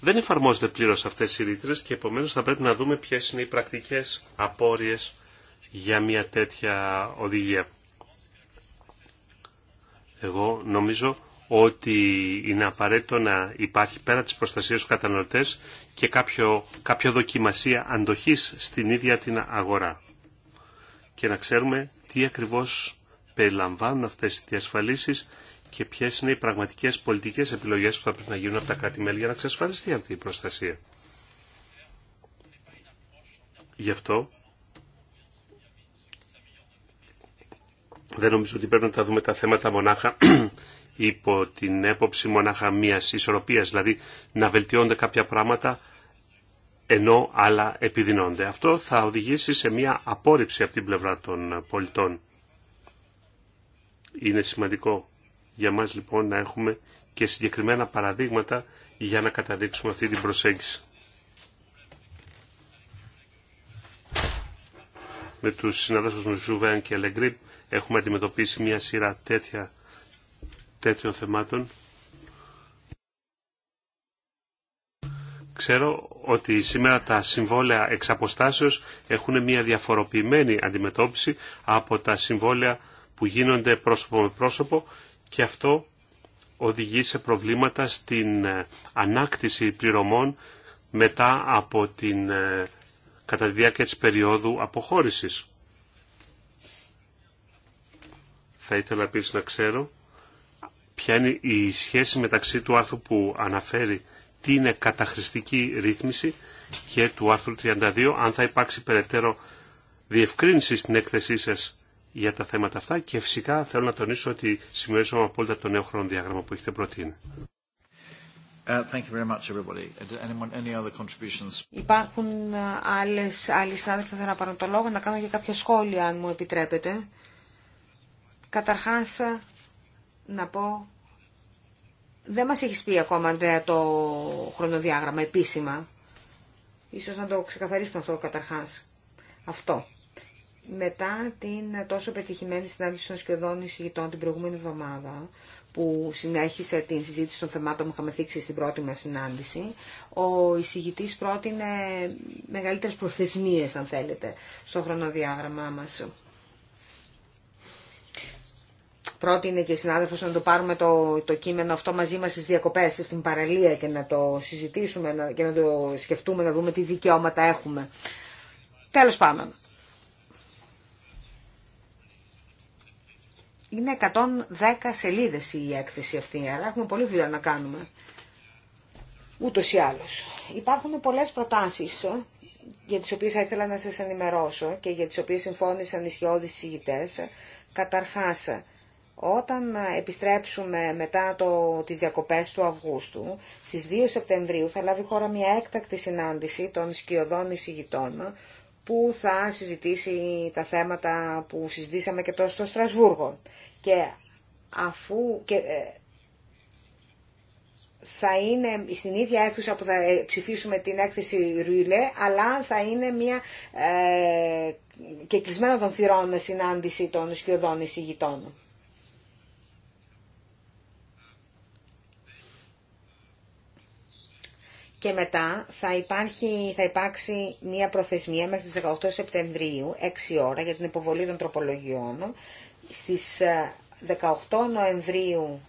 δεν εφαρμόζονται πλήρω αυτέ οι ρήτρε και επομένω θα πρέπει να δούμε ποιε είναι οι πρακτικέ απόρριε για μια τέτοια οδηγία. Εγώ νομίζω ότι είναι απαραίτητο να υπάρχει πέρα της προστασίας του καταναλωτές και κάποιο, κάποια δοκιμασία αντοχής στην ίδια την αγορά. Και να ξέρουμε τι ακριβώς περιλαμβάνουν αυτές οι διασφαλίσεις και ποιες είναι οι πραγματικές πολιτικές επιλογές που θα πρέπει να γίνουν από τα κράτη-μέλη για να εξασφαλιστεί αυτή η προστασία. Γι' αυτό δεν νομίζω ότι πρέπει να τα δούμε τα θέματα μονάχα υπό την έποψη μονάχα μιας ισορροπίας, δηλαδή να βελτιώνται κάποια πράγματα ενώ άλλα επιδεινώνται. Αυτό θα οδηγήσει σε μια απόρριψη από την πλευρά των πολιτών. Είναι σημαντικό για μας λοιπόν να έχουμε και συγκεκριμένα παραδείγματα για να καταδείξουμε αυτή την προσέγγιση. Με τους συναδέλφους μου Ζουβέν και Λεγκρίπ Έχουμε αντιμετωπίσει μια σειρά τέτοια, τέτοιων θεμάτων. Ξέρω ότι σήμερα τα συμβόλαια εξ αποστάσεως έχουν μια διαφοροποιημένη αντιμετώπιση από τα συμβόλαια που γίνονται πρόσωπο με πρόσωπο και αυτό οδηγεί σε προβλήματα στην ε, ανάκτηση πληρωμών μετά από την ε, κατά τη διάρκεια της περίοδου αποχώρησης. Θα ήθελα επίσης να ξέρω ποια είναι η σχέση μεταξύ του άρθρου που αναφέρει τι είναι καταχρηστική ρύθμιση και του άρθρου 32, αν θα υπάρξει περαιτέρω διευκρίνηση στην έκθεσή σας για τα θέματα αυτά και φυσικά θέλω να τονίσω ότι σημειώσαμε απόλυτα το νέο διάγραμμα που έχετε προτείνει. Υπάρχουν άλλες, άλλοι συνάδελφοι που να πάρουν το λόγο να κάνω και κάποια σχόλια, αν μου επιτρέπετε. Καταρχάς, να πω, δεν μας έχεις πει ακόμα, Ανδρέα, το χρονοδιάγραμμα επίσημα. Ίσως να το ξεκαθαρίσουμε αυτό καταρχάς. Αυτό. Μετά την τόσο πετυχημένη συνάντηση των σχεδόν εισηγητών την προηγούμενη εβδομάδα, που συνέχισε την συζήτηση των θεμάτων που είχαμε θίξει στην πρώτη μας συνάντηση, ο εισηγητή πρότεινε μεγαλύτερες προθεσμίες, αν θέλετε, στο χρονοδιάγραμμά μας πρότεινε και συνάδελφος να το πάρουμε το, το κείμενο αυτό μαζί μας στις διακοπές, στην παραλία και να το συζητήσουμε και να το σκεφτούμε, να δούμε τι δικαιώματα έχουμε. Τέλος πάντων. Είναι 110 σελίδες η έκθεση αυτή, αλλά έχουμε πολύ δουλειά να κάνουμε. Ούτως ή άλλως. Υπάρχουν πολλές προτάσεις ε, για τις οποίες θα ήθελα να σας ενημερώσω και για τις οποίες συμφώνησαν οι σχεώδεις συγητές. Καταρχάς, όταν επιστρέψουμε μετά το, τις διακοπές του Αυγούστου, στις 2 Σεπτεμβρίου θα λάβει χώρα μια έκτακτη συνάντηση των σκιωδών εισηγητών που θα συζητήσει τα θέματα που συζητήσαμε και τόσο στο Στρασβούργο. Και αφού... Και, ε, θα είναι στην ίδια αίθουσα που θα ε, ψηφίσουμε την έκθεση Ρουιλέ, αλλά θα είναι μια ε, και των θυρών συνάντηση των σκιωδών εισηγητών. και μετά θα, υπάρχει, θα υπάρξει μια προθεσμία μέχρι τις 18 Σεπτεμβρίου, 6 ώρα, για την υποβολή των τροπολογιών. Στις 18 ε, Νοεμβρίου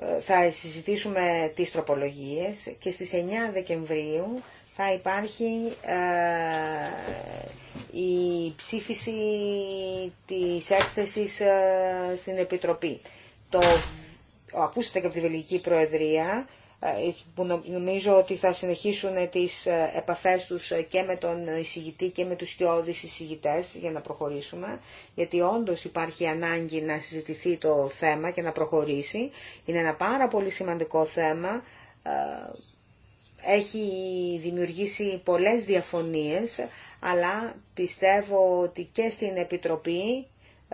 ε, θα συζητήσουμε τις τροπολογίες και στις 9 Δεκεμβρίου θα υπάρχει ε, η ψήφιση της έκθεσης στην Επιτροπή. Το ακούσατε και από τη Βελγική Προεδρία, ε, που νομίζω ότι θα συνεχίσουν τις ε, επαφές τους ε, και με τον εισηγητή και με τους σκιώδεις εισηγητές για να προχωρήσουμε, γιατί όντως υπάρχει ανάγκη να συζητηθεί το θέμα και να προχωρήσει. Είναι ένα πάρα πολύ σημαντικό θέμα, έχει δημιουργήσει πολλές διαφωνίες, αλλά πιστεύω ότι και στην Επιτροπή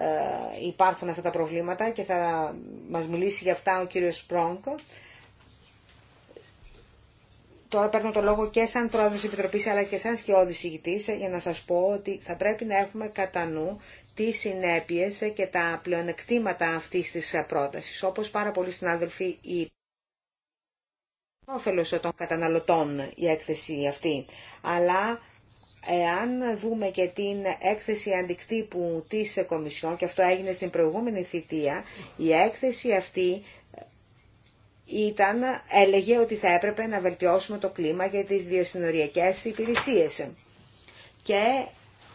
ε, υπάρχουν αυτά τα προβλήματα και θα μας μιλήσει για αυτά ο κύριος Σπρόγκ. Τώρα παίρνω το λόγο και σαν τη Επιτροπή, αλλά και σαν σκιώδη ηγητή ε, για να σας πω ότι θα πρέπει να έχουμε κατά νου τι συνέπειες και τα πλεονεκτήματα αυτής της πρόταση. όπως πάρα πολλοί συνάδελφοι είπαν όφελο των καταναλωτών η έκθεση αυτή, αλλά Εάν δούμε και την έκθεση αντικτύπου της Κομισιόν, και αυτό έγινε στην προηγούμενη θητεία, η έκθεση αυτή ήταν, έλεγε ότι θα έπρεπε να βελτιώσουμε το κλίμα για τις διασυνοριακές υπηρεσίες. Και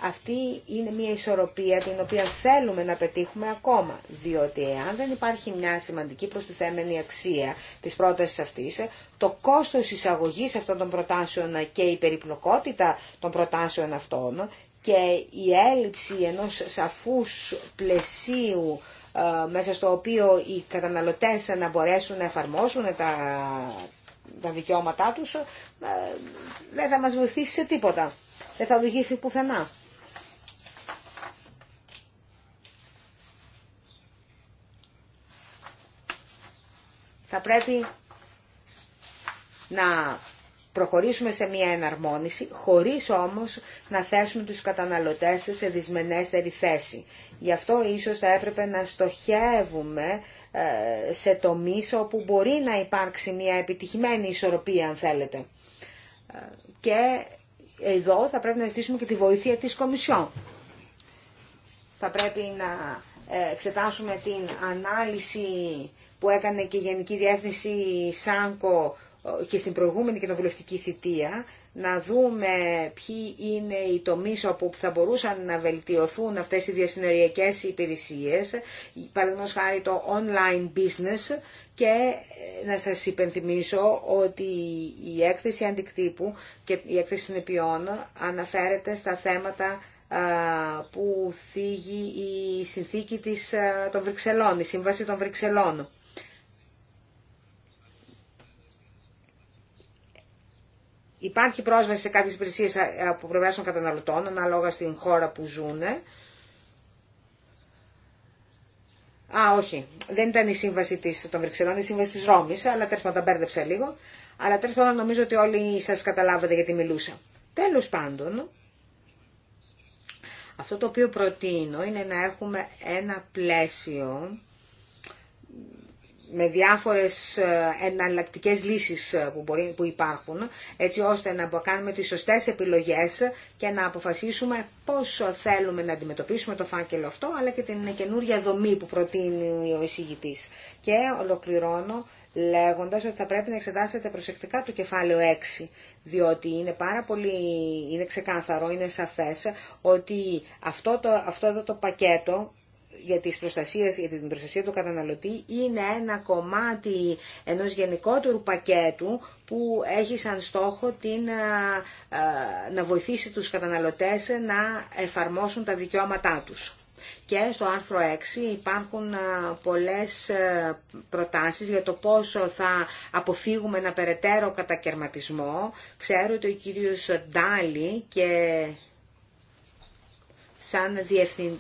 αυτή είναι μια ισορροπία την οποία θέλουμε να πετύχουμε ακόμα, διότι εάν δεν υπάρχει μια σημαντική προστιθέμενη αξία της πρότασης αυτής, το κόστος εισαγωγής αυτών των προτάσεων και η περιπλοκότητα των προτάσεων αυτών και η έλλειψη ενός σαφούς πλαισίου ε, μέσα στο οποίο οι καταναλωτές να μπορέσουν να εφαρμόσουν τα, τα δικαιώματά τους, ε, δεν θα μας βοηθήσει σε τίποτα. Δεν θα οδηγήσει πουθενά. θα πρέπει να προχωρήσουμε σε μια εναρμόνιση, χωρίς όμως να θέσουμε τους καταναλωτές σε δυσμενέστερη θέση. Γι' αυτό ίσως θα έπρεπε να στοχεύουμε ε, σε τομείς όπου μπορεί να υπάρξει μια επιτυχημένη ισορροπία, αν θέλετε. Ε, και εδώ θα πρέπει να ζητήσουμε και τη βοήθεια της Κομισιόν. Θα πρέπει να ε, εξετάσουμε την ανάλυση που έκανε και η Γενική Διεύθυνση ΣΑΝΚΟ ε, και στην προηγούμενη κοινοβουλευτική θητεία, να δούμε ποιοι είναι οι τομείς όπου θα μπορούσαν να βελτιωθούν αυτές οι διασυνοριακές υπηρεσίες, παραδείγματος χάρη το online business και ε, να σας υπενθυμίσω ότι η έκθεση αντικτύπου και η έκθεση συνεπειών αναφέρεται στα θέματα ε, που θίγει η συνθήκη της, των Βρυξελών, η Σύμβαση των Βρυξελών. υπάρχει πρόσβαση σε κάποιες υπηρεσίες ε, από πλευρά των καταναλωτών, ανάλογα στην χώρα που ζουν. Α, όχι, δεν ήταν η σύμβαση της, των Βρυξελών, η σύμβαση της Ρώμης, αλλά τέλος πάντων τα μπέρδεψα λίγο. Αλλά τέλος πάντων νομίζω ότι όλοι σας καταλάβατε γιατί μιλούσα. Τέλος πάντων, αυτό το οποίο προτείνω είναι να έχουμε ένα πλαίσιο με διάφορες ε, εναλλακτικέ λύσεις ε, που, μπορεί, που υπάρχουν, έτσι ώστε να κάνουμε τις σωστές επιλογές και να αποφασίσουμε πώς θέλουμε να αντιμετωπίσουμε το φάκελο αυτό, αλλά και την καινούρια δομή που προτείνει ο εισηγητής. Και ολοκληρώνω λέγοντας ότι θα πρέπει να εξετάσετε προσεκτικά το κεφάλαιο 6, διότι είναι πάρα είναι ξεκάθαρο, είναι σαφές, ότι αυτό το, αυτό εδώ το πακέτο για, για την προστασία του καταναλωτή είναι ένα κομμάτι ενός γενικότερου πακέτου που έχει σαν στόχο την, ε, ε, να βοηθήσει τους καταναλωτές να εφαρμόσουν τα δικαιώματά τους. Και στο άρθρο 6 υπάρχουν ε, πολλές προτάσεις για το πόσο θα αποφύγουμε ένα περαιτέρω κατακαιρματισμό. Ξέρω ότι ο κύριος Ντάλι και σαν διευθυν,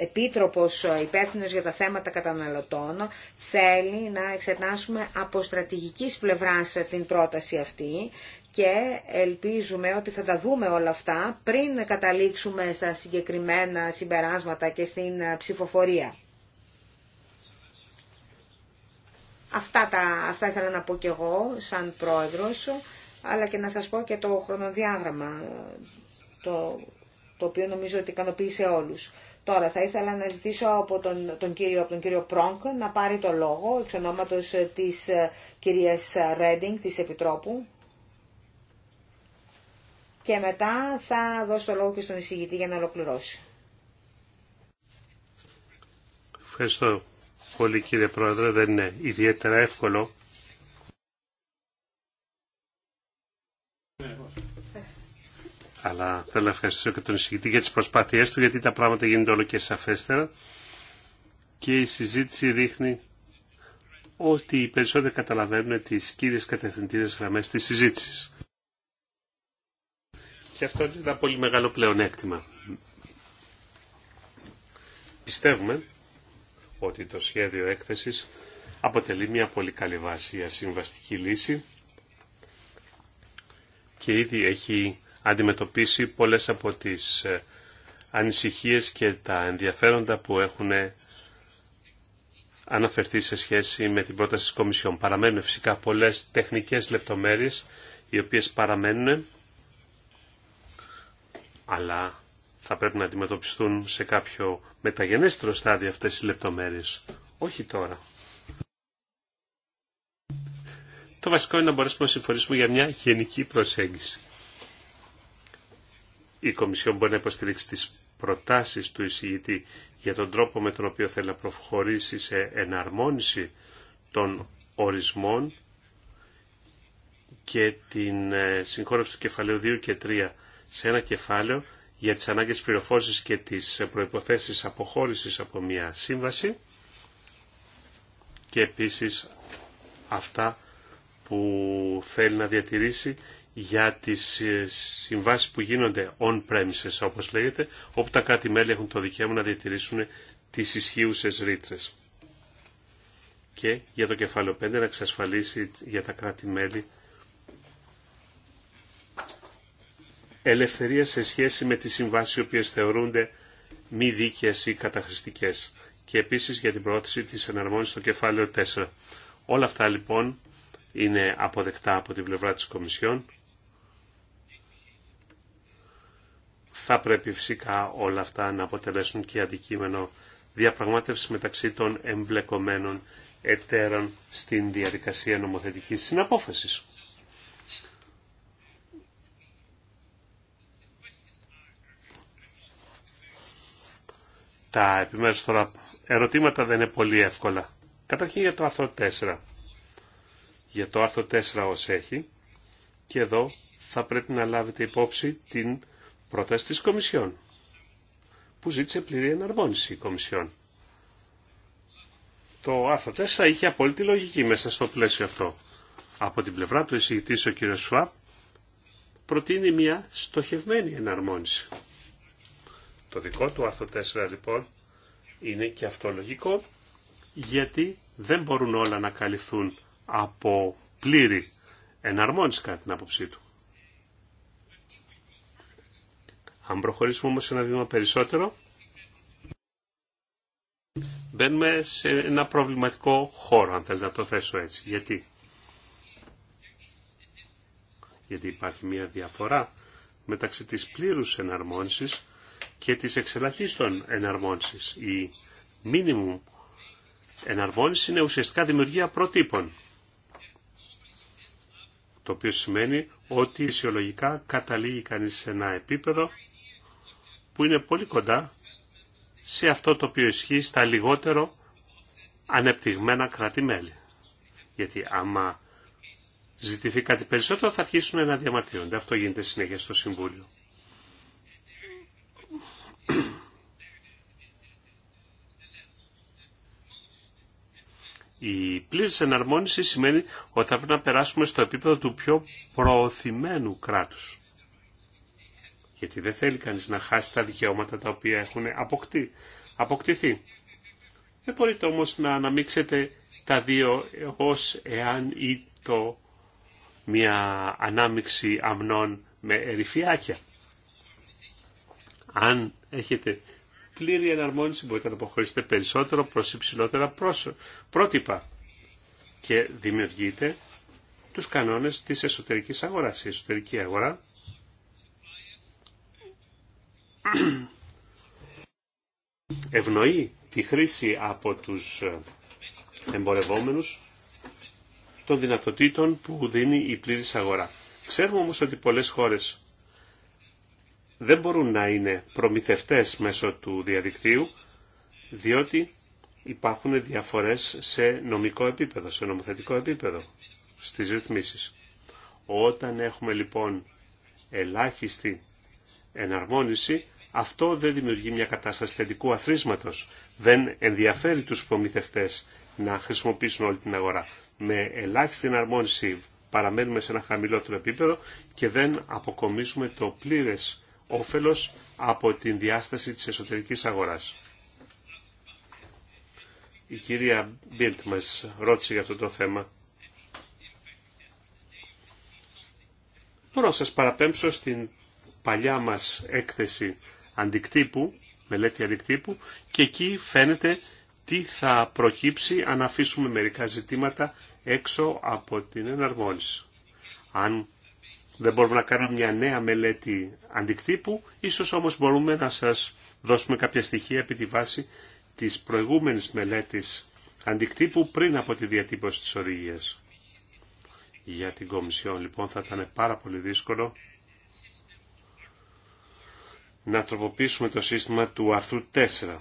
Επίτροπος ε, υπεύθυνο για τα θέματα καταναλωτών θέλει να εξετάσουμε από στρατηγικής πλευράς ε, την πρόταση αυτή και ελπίζουμε ότι θα τα δούμε όλα αυτά πριν καταλήξουμε στα συγκεκριμένα συμπεράσματα και στην ε, ψηφοφορία. Αυτά, τα, αυτά ήθελα να πω και εγώ σαν πρόεδρος, αλλά και να σας πω και το χρονοδιάγραμμα, το, το οποίο νομίζω ότι ικανοποίησε όλους. Τώρα θα ήθελα να ζητήσω από τον, τον, κύριο, από τον κύριο Πρόγκ να πάρει το λόγο εξ ονόματος ε, της ε, κυρίας Ρέντινγκ, της Επιτρόπου. Και μετά θα δώσω το λόγο και στον εισηγητή για να ολοκληρώσει. Ευχαριστώ πολύ κύριε Πρόεδρε. Δεν είναι ιδιαίτερα εύκολο αλλά θέλω να ευχαριστήσω και τον εισηγητή για τις προσπάθειές του, γιατί τα πράγματα γίνονται όλο και σαφέστερα και η συζήτηση δείχνει ότι οι περισσότεροι καταλαβαίνουν τις κύριες κατευθυντήρες γραμμές της συζήτησης. Και αυτό είναι ένα πολύ μεγάλο πλεονέκτημα. Πιστεύουμε ότι το σχέδιο έκθεσης αποτελεί μια πολύ καλή βάση για συμβαστική λύση και ήδη έχει αντιμετωπίσει πολλές από τις ε, ανησυχίες και τα ενδιαφέροντα που έχουν ε, αναφερθεί σε σχέση με την πρόταση της Κομισιόν. Παραμένουν φυσικά πολλές τεχνικές λεπτομέρειες οι οποίες παραμένουν αλλά θα πρέπει να αντιμετωπιστούν σε κάποιο μεταγενέστερο στάδιο αυτές οι λεπτομέρειες. Όχι τώρα. Το βασικό είναι να μπορέσουμε να συμφωνήσουμε για μια γενική προσέγγιση η Κομισιόν μπορεί να υποστηρίξει τις προτάσεις του εισηγητή για τον τρόπο με τον οποίο θέλει να προχωρήσει σε εναρμόνιση των ορισμών και την ε, συγχώρευση του κεφαλαίου 2 και 3 σε ένα κεφάλαιο για τις ανάγκες πληροφόρησης και τις προϋποθέσεις αποχώρησης από μια σύμβαση και επίσης αυτά που θέλει να διατηρήσει για τις ε, συμβάσεις που γίνονται on-premises όπως λέγεται, όπου τα κράτη-μέλη έχουν το δικαίωμα να διατηρήσουν τις ισχύουσες ρήτρε. Και για το κεφάλαιο 5 να εξασφαλίσει για τα κράτη-μέλη ελευθερία σε σχέση με τις συμβάσεις οι οποίες θεωρούνται μη δίκαιες ή καταχρηστικές και επίσης για την πρόθεση της εναρμόνισης στο κεφάλαιο 4. Όλα αυτά λοιπόν είναι αποδεκτά από την πλευρά της Κομισιόν θα πρέπει φυσικά όλα αυτά να αποτελέσουν και αντικείμενο διαπραγμάτευση μεταξύ των εμπλεκομένων εταίρων στην διαδικασία νομοθετικής συναπόφασης. Τα επιμέρους τώρα ερωτήματα δεν είναι πολύ εύκολα. Καταρχήν για το άρθρο 4. Για το άρθρο 4 ως έχει και εδώ θα πρέπει να λάβετε υπόψη την πρόταση της Κομισιόν, που ζήτησε πλήρη εναρμόνιση η Κομισιόν. Το άρθρο 4 είχε απόλυτη λογική μέσα στο πλαίσιο αυτό. Από την πλευρά του εισηγητής ο κ. Σουάπ προτείνει μια στοχευμένη εναρμόνιση. Το δικό του άρθρο 4 λοιπόν είναι και αυτό λογικό γιατί δεν μπορούν όλα να καλυφθούν από πλήρη εναρμόνιση κατά την άποψή του. Αν προχωρήσουμε όμως ένα βήμα περισσότερο, μπαίνουμε σε ένα προβληματικό χώρο, αν θέλετε να το θέσω έτσι. Γιατί? Γιατί υπάρχει μια διαφορά μεταξύ της πλήρους εναρμόνσης και της εξελαχίστων εναρμόνσης. Η μίνιμουμ εναρμόνιση είναι ουσιαστικά δημιουργία προτύπων, το οποίο σημαίνει ότι φυσιολογικά καταλήγει κανείς σε ένα επίπεδο που είναι πολύ κοντά σε αυτό το οποίο ισχύει στα λιγότερο ανεπτυγμένα κράτη-μέλη. Γιατί άμα ζητηθεί κάτι περισσότερο θα αρχίσουν να διαμαρτύρονται. Αυτό γίνεται συνέχεια στο Συμβούλιο. Η πλήρης εναρμόνιση σημαίνει ότι θα πρέπει να περάσουμε στο επίπεδο του πιο προωθημένου κράτους. Γιατί δεν θέλει κανείς να χάσει τα δικαιώματα τα οποία έχουν αποκτή, αποκτηθεί. Δεν μπορείτε όμως να αναμίξετε τα δύο ως εάν ή το μια ανάμιξη αμνών με ερυφιάκια. Αν έχετε πλήρη εναρμόνιση μπορείτε να αποχωρήσετε περισσότερο προς υψηλότερα πρότυπα και δημιουργείτε τους κανόνες της εσωτερικής αγοράς. Η εσωτερική αγορά ευνοεί τη χρήση από τους εμπορευόμενους των δυνατοτήτων που δίνει η πλήρης αγορά. Ξέρουμε όμως ότι πολλές χώρες δεν μπορούν να είναι προμηθευτές μέσω του διαδικτύου, διότι υπάρχουν διαφορές σε νομικό επίπεδο, σε νομοθετικό επίπεδο, στις ρυθμίσεις. Όταν έχουμε λοιπόν ελάχιστη εναρμόνιση, αυτό δεν δημιουργεί μια κατάσταση θετικού αθροίσματος. Δεν ενδιαφέρει τους προμηθευτέ να χρησιμοποιήσουν όλη την αγορά. Με ελάχιστη εναρμόνιση παραμένουμε σε ένα χαμηλότερο επίπεδο και δεν αποκομίσουμε το πλήρες όφελος από την διάσταση της εσωτερικής αγοράς. Η κυρία Μπίλτ μας ρώτησε για αυτό το θέμα. Μπορώ να σας παραπέμψω στην παλιά μας έκθεση αντικτύπου, μελέτη αντικτύπου και εκεί φαίνεται τι θα προκύψει αν αφήσουμε μερικά ζητήματα έξω από την εναρμόνιση. Αν δεν μπορούμε να κάνουμε μια νέα μελέτη αντικτύπου, ίσως όμως μπορούμε να σας δώσουμε κάποια στοιχεία επί τη βάση της προηγούμενης μελέτης αντικτύπου πριν από τη διατύπωση της οδηγίας. Για την Κομισιόν λοιπόν θα ήταν πάρα πολύ δύσκολο να τροποποιήσουμε το σύστημα του αρθρού 4.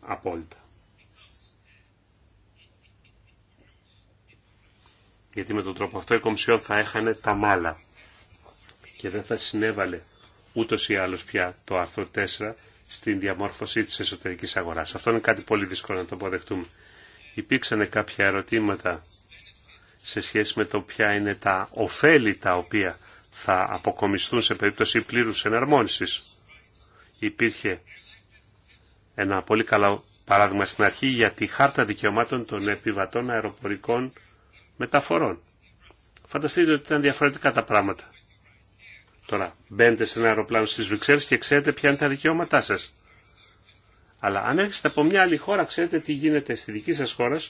Απόλυτα. Γιατί με τον τρόπο αυτό η Κομισιόν θα έχανε τα μάλα και δεν θα συνέβαλε ούτως ή άλλως πια το άρθρο 4 στην διαμόρφωση της εσωτερικής αγοράς. Αυτό είναι κάτι πολύ δύσκολο να το αποδεχτούμε. Υπήρξαν κάποια ερωτήματα σε σχέση με το ποια είναι τα ωφέλη τα οποία θα αποκομιστούν σε περίπτωση πλήρους εναρμόνισης. Υπήρχε ένα πολύ καλό παράδειγμα στην αρχή για τη χάρτα δικαιωμάτων των επιβατών αεροπορικών μεταφορών. Φανταστείτε ότι ήταν διαφορετικά τα πράγματα. Τώρα μπαίνετε σε ένα αεροπλάνο στις Βρυξέλλες και ξέρετε ποια είναι τα δικαιώματά σας. Αλλά αν έρχεστε από μια άλλη χώρα, ξέρετε τι γίνεται στη δική σας χώρα,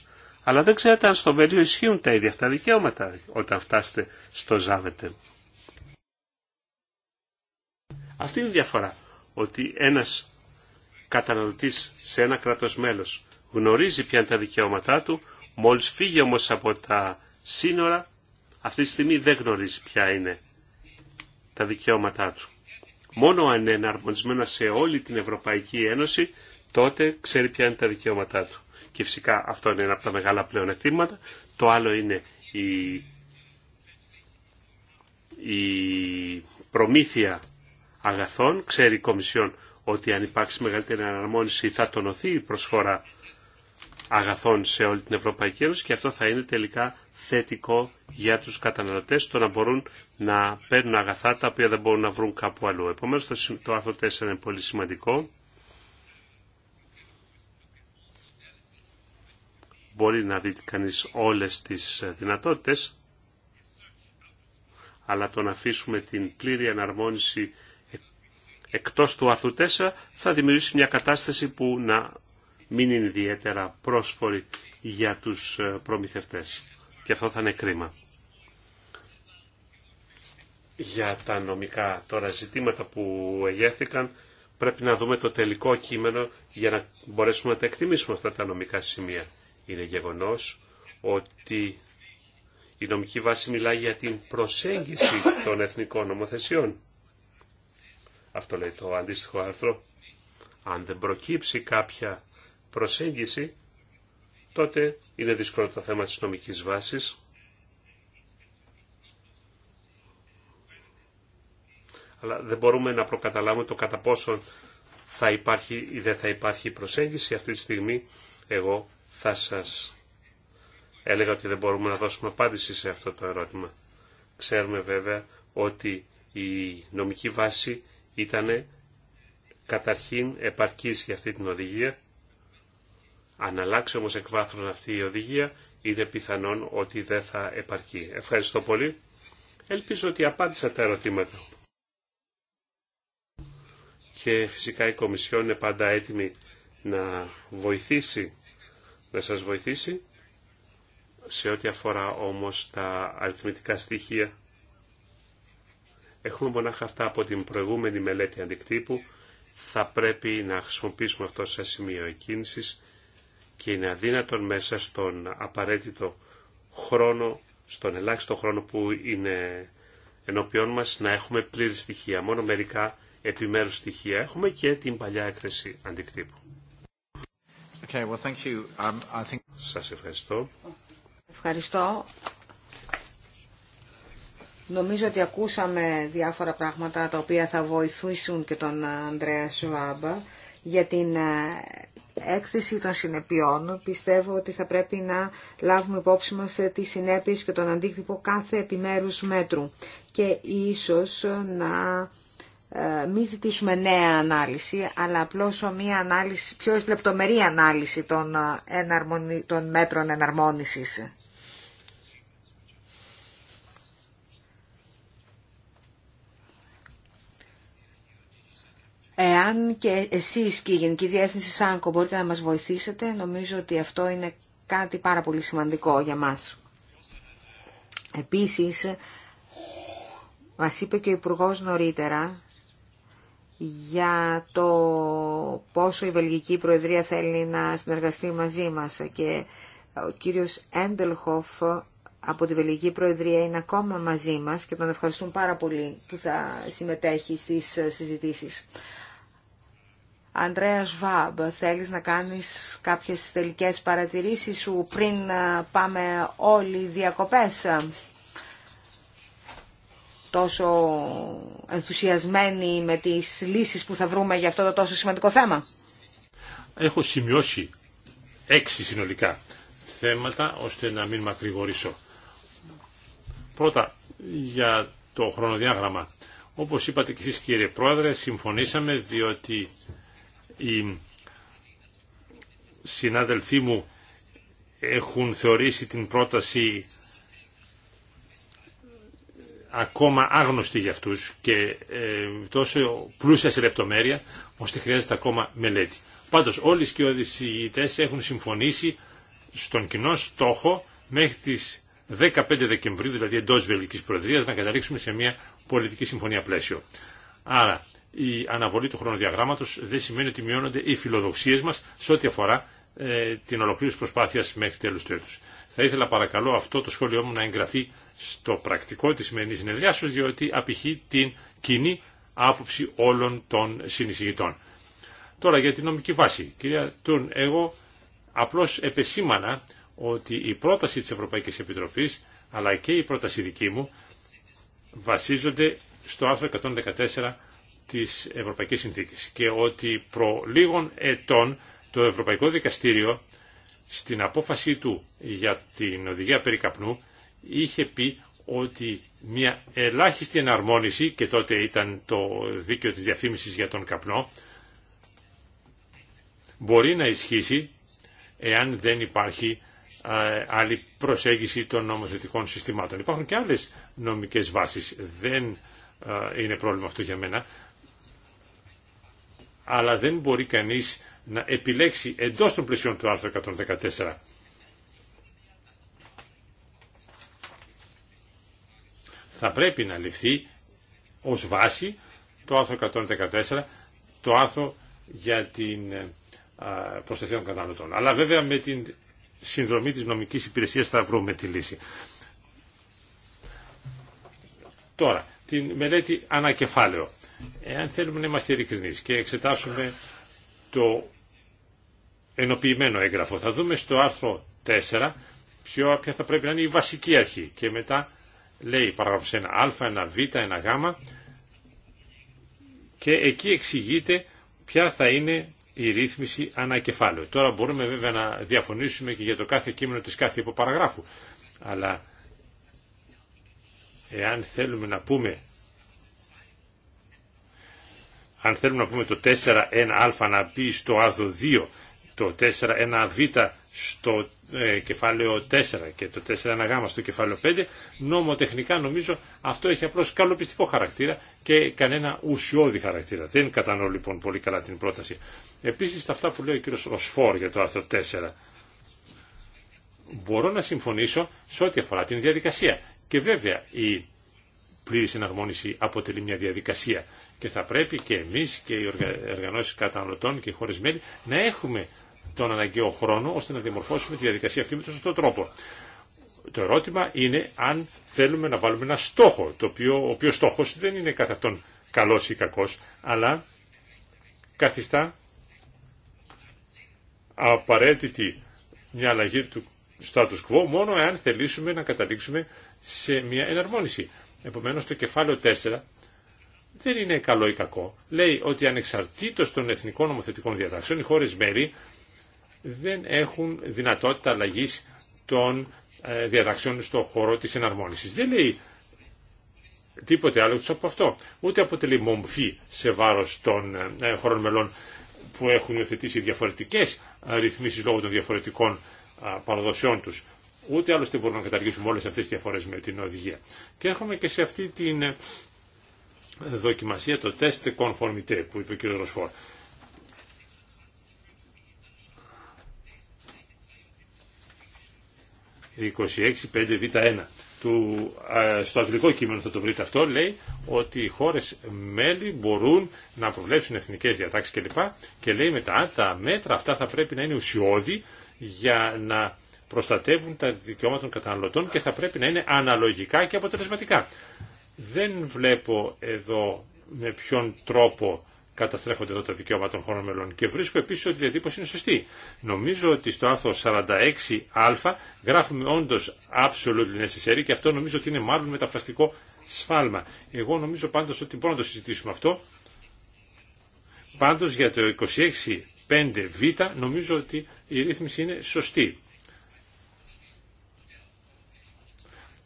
αλλά δεν ξέρετε αν στο Βέλιο ισχύουν τα ίδια αυτά δικαιώματα όταν φτάσετε στο Ζάβετε. Αυτή είναι η διαφορά. Ότι ένας καταναλωτής σε ένα κράτος μέλος γνωρίζει ποια είναι τα δικαιώματά του, μόλις φύγει όμως από τα σύνορα, αυτή τη στιγμή δεν γνωρίζει ποια είναι τα δικαιώματά του. Μόνο αν είναι εναρμονισμένα σε όλη την Ευρωπαϊκή Ένωση, τότε ξέρει ποια είναι τα δικαιώματά του. Και φυσικά αυτό είναι ένα από τα μεγάλα πλεονεκτήματα. Το άλλο είναι η, η προμήθεια αγαθών. Ξέρει η Κομισιόν ότι αν υπάρξει μεγαλύτερη αναρμόνιση θα τονωθεί η προσφορά αγαθών σε όλη την Ευρωπαϊκή Ένωση και αυτό θα είναι τελικά θετικό για τους καταναλωτές το να μπορούν να παίρνουν αγαθά τα οποία δεν μπορούν να βρουν κάπου αλλού. Επομένως το άρθρο 4 είναι πολύ σημαντικό. Μπορεί να δείτε κανείς όλες τις δυνατότητες αλλά το να αφήσουμε την πλήρη αναρμόνιση εκτός του άρθρου 4 θα δημιουργήσει μια κατάσταση που να μην είναι ιδιαίτερα πρόσφορη για τους ε, προμηθευτές. Και αυτό θα είναι κρίμα. Για τα νομικά τώρα ζητήματα που εγέρθηκαν πρέπει να δούμε το τελικό κείμενο για να μπορέσουμε να τα εκτιμήσουμε αυτά τα νομικά σημεία. Είναι γεγονός ότι η νομική βάση μιλάει για την προσέγγιση των εθνικών νομοθεσιών. Αυτό λέει το αντίστοιχο άρθρο. Αν δεν προκύψει κάποια προσέγγιση, τότε είναι δύσκολο το θέμα της νομικής βάσης. Αλλά δεν μπορούμε να προκαταλάβουμε το κατά πόσον θα υπάρχει ή δεν θα υπάρχει προσέγγιση αυτή τη στιγμή. Εγώ θα σας έλεγα ότι δεν μπορούμε να δώσουμε απάντηση σε αυτό το ερώτημα. Ξέρουμε βέβαια ότι η νομική βάση Ήτανε καταρχήν επαρκής για αυτή την οδηγία. Αν αλλάξει όμως εκβάθρον αυτή η οδηγία, είναι πιθανόν ότι δεν θα επαρκεί. Ευχαριστώ πολύ. Ελπίζω ότι απάντησα τα ερωτήματα. Και φυσικά η Κομισιόν είναι πάντα έτοιμη να βοηθήσει, να σας βοηθήσει, σε ό,τι αφορά όμως τα αριθμητικά στοιχεία Έχουμε μονάχα αυτά από την προηγούμενη μελέτη αντικτύπου. Θα πρέπει να χρησιμοποιήσουμε αυτό σαν σημείο εκκίνησης και είναι αδύνατον μέσα στον απαραίτητο χρόνο, στον ελάχιστο χρόνο που είναι ενώπιόν μας να έχουμε πλήρη στοιχεία. Μόνο μερικά επιμέρους στοιχεία έχουμε και την παλιά έκθεση αντικτύπου. Okay, well, um, ευχαριστώ. Ευχαριστώ. Νομίζω ότι ακούσαμε διάφορα πράγματα τα οποία θα βοηθήσουν και τον Ανδρέα Σουάμπα για την ε, έκθεση των συνεπειών. Πιστεύω ότι θα πρέπει να λάβουμε υπόψη μας ε, τις συνέπειες και τον αντίκτυπο κάθε επιμέρους μέτρου και ίσως να ε, μην ζητήσουμε νέα ανάλυση, αλλά απλώς μια ανάλυση, πιο λεπτομερή ανάλυση των, των μέτρων εναρμόνησης. Εάν και εσείς και η Γενική Διεύθυνση ΣΑΝΚΟ μπορείτε να μας βοηθήσετε, νομίζω ότι αυτό είναι κάτι πάρα πολύ σημαντικό για μας. Επίσης, μας είπε και ο υπουργό νωρίτερα για το πόσο η Βελγική Προεδρία θέλει να συνεργαστεί μαζί μας και ο κύριος Έντελχοφ από τη Βελγική Προεδρία είναι ακόμα μαζί μας και τον ευχαριστούμε πάρα πολύ που θα συμμετέχει στις συζητήσεις. Ανδρέα Βάμπ, θέλεις να κάνεις κάποιες τελικές παρατηρήσεις σου πριν ε, πάμε όλοι διακοπές. Τόσο ενθουσιασμένοι με τις λύσεις που θα βρούμε για αυτό το τόσο σημαντικό θέμα. Έχω σημειώσει έξι συνολικά θέματα ώστε να μην μακρηγορήσω. Πρώτα για το χρονοδιάγραμμα. Όπως είπατε και εσείς κύριε Πρόεδρε, συμφωνήσαμε διότι οι συνάδελφοί μου έχουν θεωρήσει την πρόταση ακόμα άγνωστη για αυτούς και ε, τόσο πλούσια σε λεπτομέρεια ώστε χρειάζεται ακόμα μελέτη. Πάντως όλοι οι οδησηγητές έχουν συμφωνήσει στον κοινό στόχο μέχρι τις 15 Δεκεμβρίου, δηλαδή εντός Βελικής Προεδρίας, να καταλήξουμε σε μια πολιτική συμφωνία πλαίσιο. Άρα η αναβολή του χρονοδιαγράμματος δεν σημαίνει ότι μειώνονται οι φιλοδοξίες μας σε ό,τι αφορά ε, την ολοκλήρωση προσπάθειας μέχρι τέλους του έτους. Θα ήθελα παρακαλώ αυτό το σχόλιο μου να εγγραφεί στο πρακτικό της σημερινής συνεδριάσεως διότι απηχεί την κοινή άποψη όλων των συνεισηγητών. Τώρα για την νομική βάση. Κυρία Τούν, εγώ απλώς επεσήμανα ότι η πρόταση της Ευρωπαϊκής Επιτροπής αλλά και η πρόταση δική μου βασίζονται στο άρθρο 114 της Ευρωπαϊκής Συνθήκης και ότι προ λίγων ετών το Ευρωπαϊκό Δικαστήριο στην απόφασή του για την οδηγία περί καπνού είχε πει ότι μια ελάχιστη εναρμόνιση και τότε ήταν το δίκαιο της διαφήμισης για τον καπνό μπορεί να ισχύσει εάν δεν υπάρχει άλλη προσέγγιση των νομοθετικών συστημάτων. Υπάρχουν και άλλες νομικές βάσεις. Δεν είναι πρόβλημα αυτό για μένα αλλά δεν μπορεί κανείς να επιλέξει εντός των πλαισιών του άρθρου 114. Θα πρέπει να ληφθεί ως βάση το άρθρο 114, το άρθρο για την ε, προστασία των καταναλωτών. Αλλά βέβαια με την συνδρομή της νομικής υπηρεσίας θα βρούμε τη λύση. Τώρα, την μελέτη ανακεφάλαιο. Εάν θέλουμε να είμαστε ειλικρινείς και εξετάσουμε το ενοποιημένο έγγραφο, θα δούμε στο άρθρο 4 ποιο, ποια θα πρέπει να είναι η βασική αρχή. Και μετά λέει παράγραφος 1α, 1β, 1γ και εκεί εξηγείται ποια θα είναι η ρύθμιση ανακεφάλαιο. Τώρα μπορούμε βέβαια να διαφωνήσουμε και για το κάθε κείμενο της κάθε υποπαραγράφου. Αλλά εάν θέλουμε να πούμε αν θέλουμε να πούμε το 4 1 α να μπει στο άρθρο 2, το 4 1 β στο ε, κεφάλαιο 4 και το 4 1 γ στο κεφάλαιο 5, νομοτεχνικά νομίζω αυτό έχει απλώς καλοπιστικό χαρακτήρα και κανένα ουσιώδη χαρακτήρα. Δεν κατανοώ λοιπόν πολύ καλά την πρόταση. Επίσης τα αυτά που λέει ο κύριος Οσφόρ για το άρθρο 4. Μπορώ να συμφωνήσω σε ό,τι αφορά την διαδικασία. Και βέβαια η πλήρη συναρμόνιση αποτελεί μια διαδικασία και θα πρέπει και εμείς και οι οργανώσεις καταναλωτών και οι χώρες μέλη να έχουμε τον αναγκαίο χρόνο ώστε να διαμορφώσουμε τη διαδικασία αυτή με τον σωστό τρόπο. Το ερώτημα είναι αν θέλουμε να βάλουμε ένα στόχο, το οποίο, ο οποίος στόχος δεν είναι καθ' αυτόν καλός ή κακός, αλλά καθιστά απαραίτητη μια αλλαγή του status quo μόνο εάν θελήσουμε να καταλήξουμε σε μια εναρμόνιση. Επομένως το κεφάλαιο 4 δεν είναι καλό ή κακό. Λέει ότι ανεξαρτήτως των εθνικών νομοθετικών διαταξών, οι χώρες μέρη δεν έχουν δυνατότητα αλλαγή των ε, διαταξιών στον χώρο της εναρμόνισης. Δεν λέει τίποτε άλλο από αυτό. Ούτε αποτελεί μομφή σε βάρος των ε, χωρών μελών που έχουν υιοθετήσει διαφορετικές ε, ρυθμίσεις λόγω των διαφορετικών παραδοσιών τους. Ούτε άλλωστε μπορούμε να καταργήσουμε όλες αυτές τις διαφορές με την οδηγία. Και έχουμε και σε αυτή την δοκιμασία, το τεστ conformité που είπε ο κ. Ροσφόρ. Η στο αγγλικό κείμενο θα το βρείτε αυτό, λέει ότι οι χώρες μέλη μπορούν να προβλέψουν εθνικές διατάξεις κλπ. Και λέει μετά τα μέτρα αυτά θα πρέπει να είναι ουσιώδη για να προστατεύουν τα δικαιώματα των καταναλωτών και θα πρέπει να είναι αναλογικά και αποτελεσματικά. Δεν βλέπω εδώ με ποιον τρόπο καταστρέφονται εδώ τα δικαιώματα των χωρών μελών. Και βρίσκω επίσης ότι η διατύπωση είναι σωστή. Νομίζω ότι στο άρθρο 46α γράφουμε όντως absolute necessary και αυτό νομίζω ότι είναι μάλλον μεταφραστικό σφάλμα. Εγώ νομίζω πάντως ότι μπορώ να το συζητήσουμε αυτό. Πάντως για το 26.5β νομίζω ότι η ρύθμιση είναι σωστή.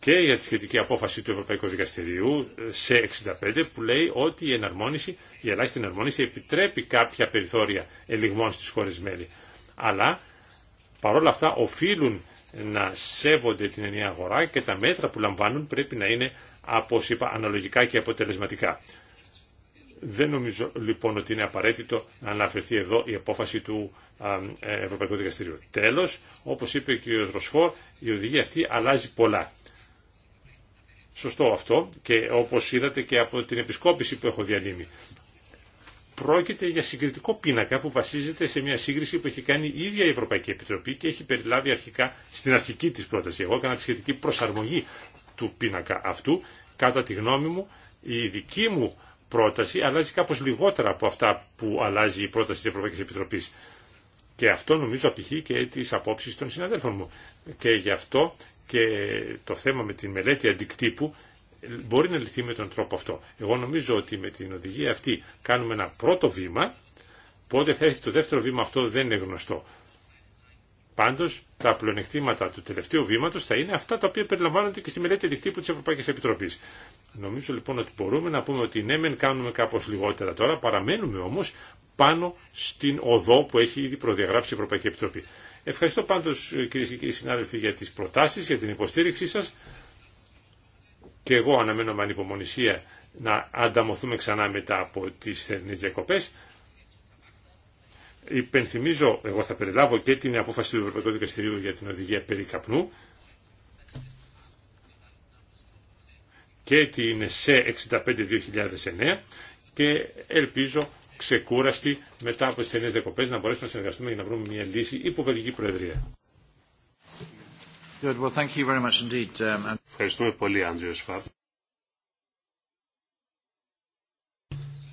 και για τη σχετική απόφαση του Ευρωπαϊκού Δικαστηριού ε, σε 65 που λέει ότι η εναρμόνιση, η ελάχιστη εναρμόνιση επιτρέπει κάποια περιθώρια ελιγμών στις χώρες μέλη. Αλλά παρόλα αυτά οφείλουν να σέβονται την ενιαία αγορά και τα μέτρα που λαμβάνουν πρέπει να είναι, όπω είπα, αναλογικά και αποτελεσματικά. Δεν νομίζω λοιπόν ότι είναι απαραίτητο να αναφερθεί εδώ η απόφαση του ε, Ευρωπαϊκού Δικαστηρίου. Τέλος, όπως είπε και ο Ροσφόρ, η οδηγία αυτή αλλάζει πολλά σωστό αυτό και όπως είδατε και από την επισκόπηση που έχω διανύμει. Πρόκειται για συγκριτικό πίνακα που βασίζεται σε μια σύγκριση που έχει κάνει η ίδια η Ευρωπαϊκή Επιτροπή και έχει περιλάβει αρχικά στην αρχική της πρόταση. Εγώ έκανα τη σχετική προσαρμογή του πίνακα αυτού. Κατά τη γνώμη μου, η δική μου πρόταση αλλάζει κάπως λιγότερα από αυτά που αλλάζει η πρόταση της Ευρωπαϊκής Επιτροπής. Και αυτό νομίζω απηχεί και τις απόψεις των συναδέλφων μου. Και γι' αυτό και το θέμα με τη μελέτη αντικτύπου μπορεί να λυθεί με τον τρόπο αυτό. Εγώ νομίζω ότι με την οδηγία αυτή κάνουμε ένα πρώτο βήμα, πότε θα έρθει το δεύτερο βήμα αυτό δεν είναι γνωστό. Πάντως τα πλεονεκτήματα του τελευταίου βήματος θα είναι αυτά τα οποία περιλαμβάνονται και στη μελέτη αντικτύπου της Ευρωπαϊκής Επιτροπής. Νομίζω λοιπόν ότι μπορούμε να πούμε ότι ναι μεν κάνουμε κάπως λιγότερα τώρα, παραμένουμε όμως πάνω στην οδό που έχει ήδη προδιαγράψει η Ευρωπαϊκή Επιτροπή. Ευχαριστώ πάντως ε, κυρίες και κύριοι συνάδελφοι για τις προτάσεις, για την υποστήριξή σας και εγώ αναμένω με ανυπομονησία να ανταμωθούμε ξανά μετά από τις θερινές διακοπές. Υπενθυμίζω, εγώ θα περιλάβω και την απόφαση του Ευρωπαϊκού Δικαστηρίου για την οδηγία περί καπνού και την ΣΕ 65-2009 και ελπίζω ξεκούραστη, μετά από τι ταινίε διακοπέ να μπορέσουμε να συνεργαστούμε για να βρούμε μια λύση υπό Βελγική Προεδρία. thank you very much indeed. Um, Ευχαριστούμε πολύ, Άντριο Σφαμπ.